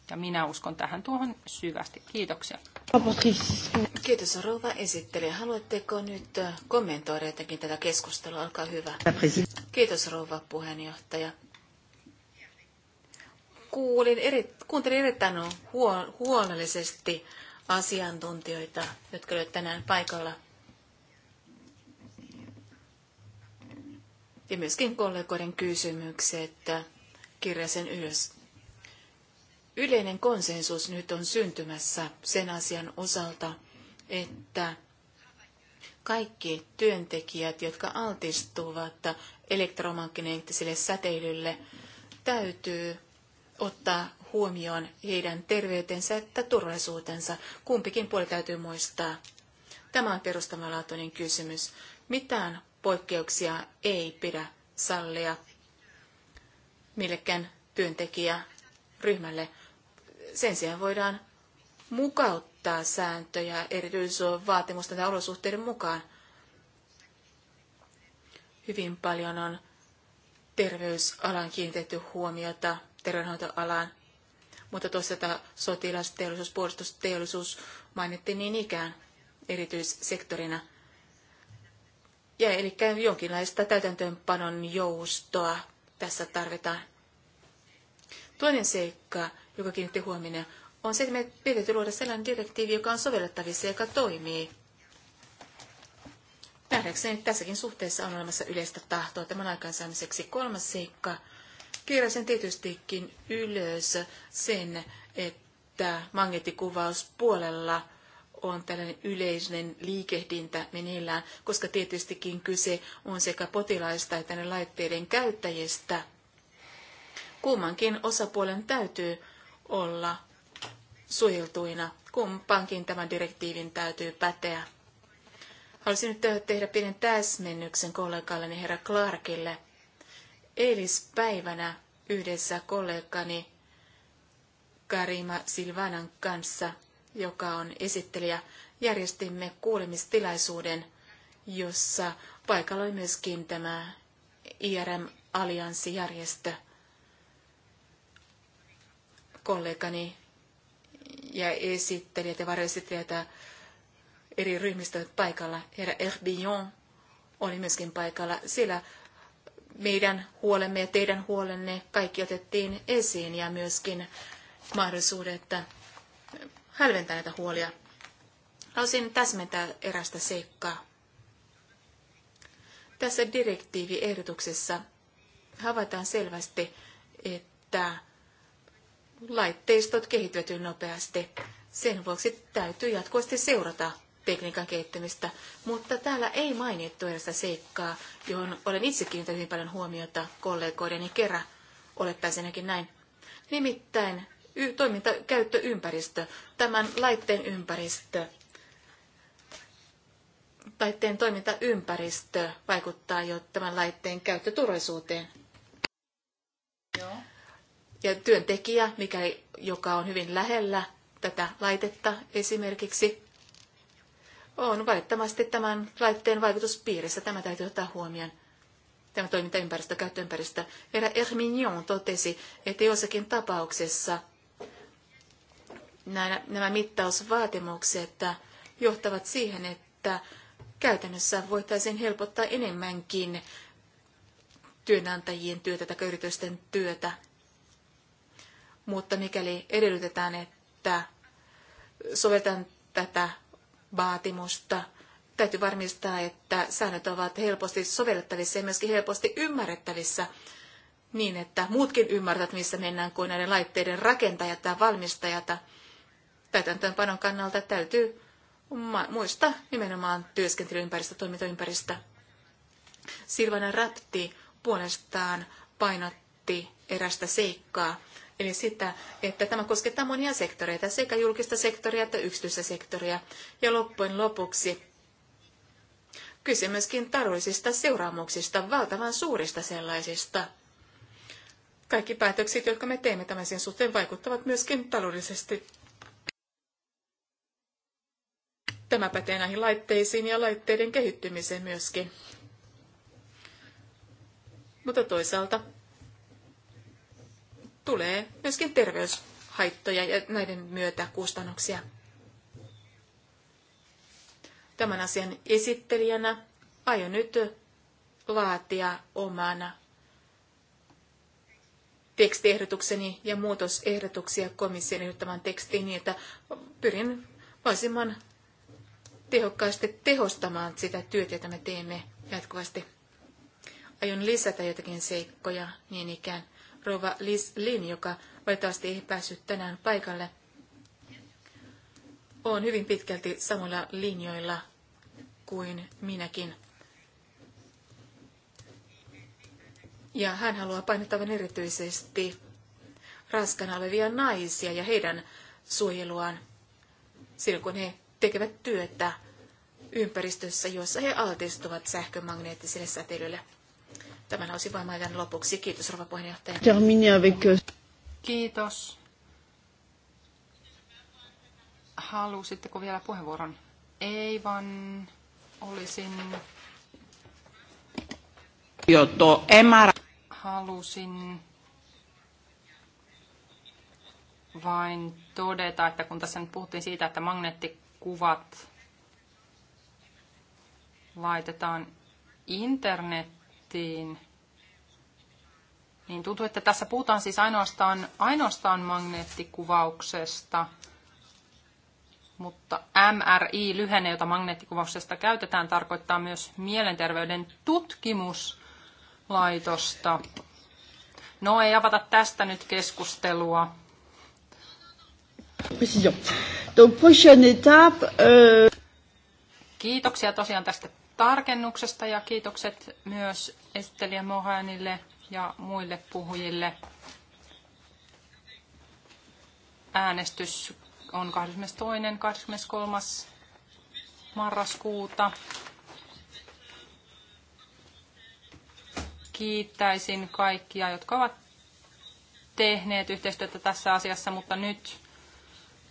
Ja minä uskon tähän tuohon syvästi. Kiitoksia. Kiitos rouva esittelijä. Haluatteko nyt äh, kommentoida jotenkin tätä keskustelua? Olkaa hyvä. Kiitos rouva puheenjohtaja. Kuulin eri, kuuntelin erittäin huon, huolellisesti asiantuntijoita, jotka olivat tänään paikalla. Ja myöskin kollegoiden kysymykset äh, kirjasin ylös. Yleinen konsensus nyt on syntymässä sen asian osalta, että kaikki työntekijät, jotka altistuvat elektromagneettiselle säteilylle, täytyy ottaa huomioon heidän terveytensä ja turvallisuutensa. Kumpikin puoli täytyy muistaa. Tämä on perustavanlaatuinen kysymys. Mitään poikkeuksia ei pidä sallia millekään työntekijäryhmälle. Sen sijaan voidaan mukauttaa sääntöjä vaatimusten ja olosuhteiden mukaan. Hyvin paljon on terveysalan kiinnitetty huomiota terveydenhoitoalaan, mutta tämä sotilasteollisuus, puolustusteollisuus mainittiin niin ikään erityissektorina. Ja eli jonkinlaista täytäntöönpanon joustoa tässä tarvitaan. Toinen seikka joka kiinnitti huomioon, on se, että me pitäisi luoda sellainen direktiivi, joka on sovellettavissa ja joka toimii. Nähdäkseni tässäkin suhteessa on olemassa yleistä tahtoa tämän aikaansaamiseksi. Kolmas seikka. Kirjasin tietystikin ylös sen, että magneettikuvauspuolella – on tällainen yleinen liikehdintä meneillään, koska tietystikin kyse on sekä potilaista että ne laitteiden käyttäjistä. Kummankin osapuolen täytyy olla suojeltuina, kun tämän direktiivin täytyy päteä. Haluaisin nyt tehdä pienen täsmennyksen kollegalleni herra Clarkille. Eilispäivänä yhdessä kollegani Karima Silvanan kanssa, joka on esittelijä, järjestimme kuulemistilaisuuden, jossa paikalla oli myöskin tämä IRM-allianssijärjestö – kollegani ja esittelijät ja varjoesittelijät eri ryhmistä ovat paikalla. Herra Erbillon oli myöskin paikalla, sillä meidän huolemme ja teidän huolenne kaikki otettiin esiin ja myöskin mahdollisuudet hälventää näitä huolia. Haluaisin täsmentää erästä seikkaa. Tässä direktiiviehdotuksessa havaitaan selvästi, että laitteistot kehittyvät nopeasti. Sen vuoksi täytyy jatkuvasti seurata tekniikan kehittämistä, mutta täällä ei mainittu edes seikkaa, johon olen itse kiinnittänyt hyvin paljon huomiota kollegoideni kerran, olettaisin näin. Nimittäin y- toimintakäyttöympäristö, tämän laitteen ympäristö, laitteen toimintaympäristö vaikuttaa jo tämän laitteen käyttöturvallisuuteen ja työntekijä, mikä joka on hyvin lähellä tätä laitetta esimerkiksi, on valitettavasti tämän laitteen vaikutuspiirissä. Tämä täytyy ottaa huomioon tämä toimintaympäristö, käyttöympäristö. Herra Erminion totesi, että jossakin tapauksessa nämä, nämä mittausvaatimukset johtavat siihen, että käytännössä voitaisiin helpottaa enemmänkin työnantajien työtä tai yritysten työtä mutta mikäli edellytetään, että sovetan tätä vaatimusta, täytyy varmistaa, että säännöt ovat helposti sovellettavissa ja myöskin helposti ymmärrettävissä niin, että muutkin ymmärtävät, missä mennään kuin näiden laitteiden rakentajat tai valmistajat. Täytäntöönpanon kannalta täytyy muistaa nimenomaan työskentelyympäristö, toimintaympäristö. Silvana Rapti puolestaan painotti erästä seikkaa. Eli sitä, että tämä koskettaa monia sektoreita, sekä julkista sektoria että yksityistä sektoria. Ja loppujen lopuksi kysymyskin myöskin taloudellisista seuraamuksista, valtavan suurista sellaisista. Kaikki päätökset, jotka me teemme tämän sen suhteen, vaikuttavat myöskin taloudellisesti. Tämä pätee näihin laitteisiin ja laitteiden kehittymiseen myöskin. Mutta toisaalta tulee myöskin terveyshaittoja ja näiden myötä kustannuksia. Tämän asian esittelijänä aion nyt laatia omana tekstiehdotukseni ja muutosehdotuksia komission ehdottamaan tekstiin niin, että pyrin mahdollisimman tehokkaasti tehostamaan sitä työtä, jota me teemme jatkuvasti. Aion lisätä jotakin seikkoja niin ikään rova Liz Lin, joka valitettavasti ei päässyt tänään paikalle. On hyvin pitkälti samoilla linjoilla kuin minäkin. Ja hän haluaa painottavan erityisesti raskana olevia naisia ja heidän suojeluaan silloin, kun he tekevät työtä ympäristössä, jossa he altistuvat sähkömagneettiselle säteilylle. Tämän osivoimaajan lopuksi. Kiitos, rouva puheenjohtaja. Euh, Kiitos. Halusitteko vielä puheenvuoron? Ei, vaan olisin... Joto emar Halusin vain todeta, että kun tässä nyt puhuttiin siitä, että magneettikuvat laitetaan internettiin, niin tuntuu, että tässä puhutaan siis ainoastaan, ainoastaan magneettikuvauksesta, mutta MRI, lyhenne, jota magneettikuvauksesta käytetään, tarkoittaa myös mielenterveyden tutkimuslaitosta. No ei avata tästä nyt keskustelua. Donc, prochaine étape, euh, Kiitoksia tosiaan tästä tarkennuksesta ja kiitokset myös esittelijä Mohanille ja muille puhujille. Äänestys on 22. 23. marraskuuta. Kiittäisin kaikkia, jotka ovat tehneet yhteistyötä tässä asiassa, mutta nyt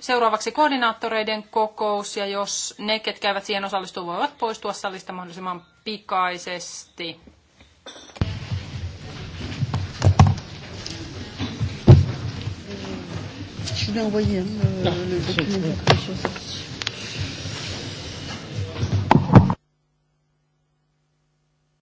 seuraavaksi koordinaattoreiden kokous, ja jos ne, ketkä eivät siihen osallistu, voivat poistua salista mahdollisimman pikaisesti. Je l'ai envoyé, hein, le, le document de création.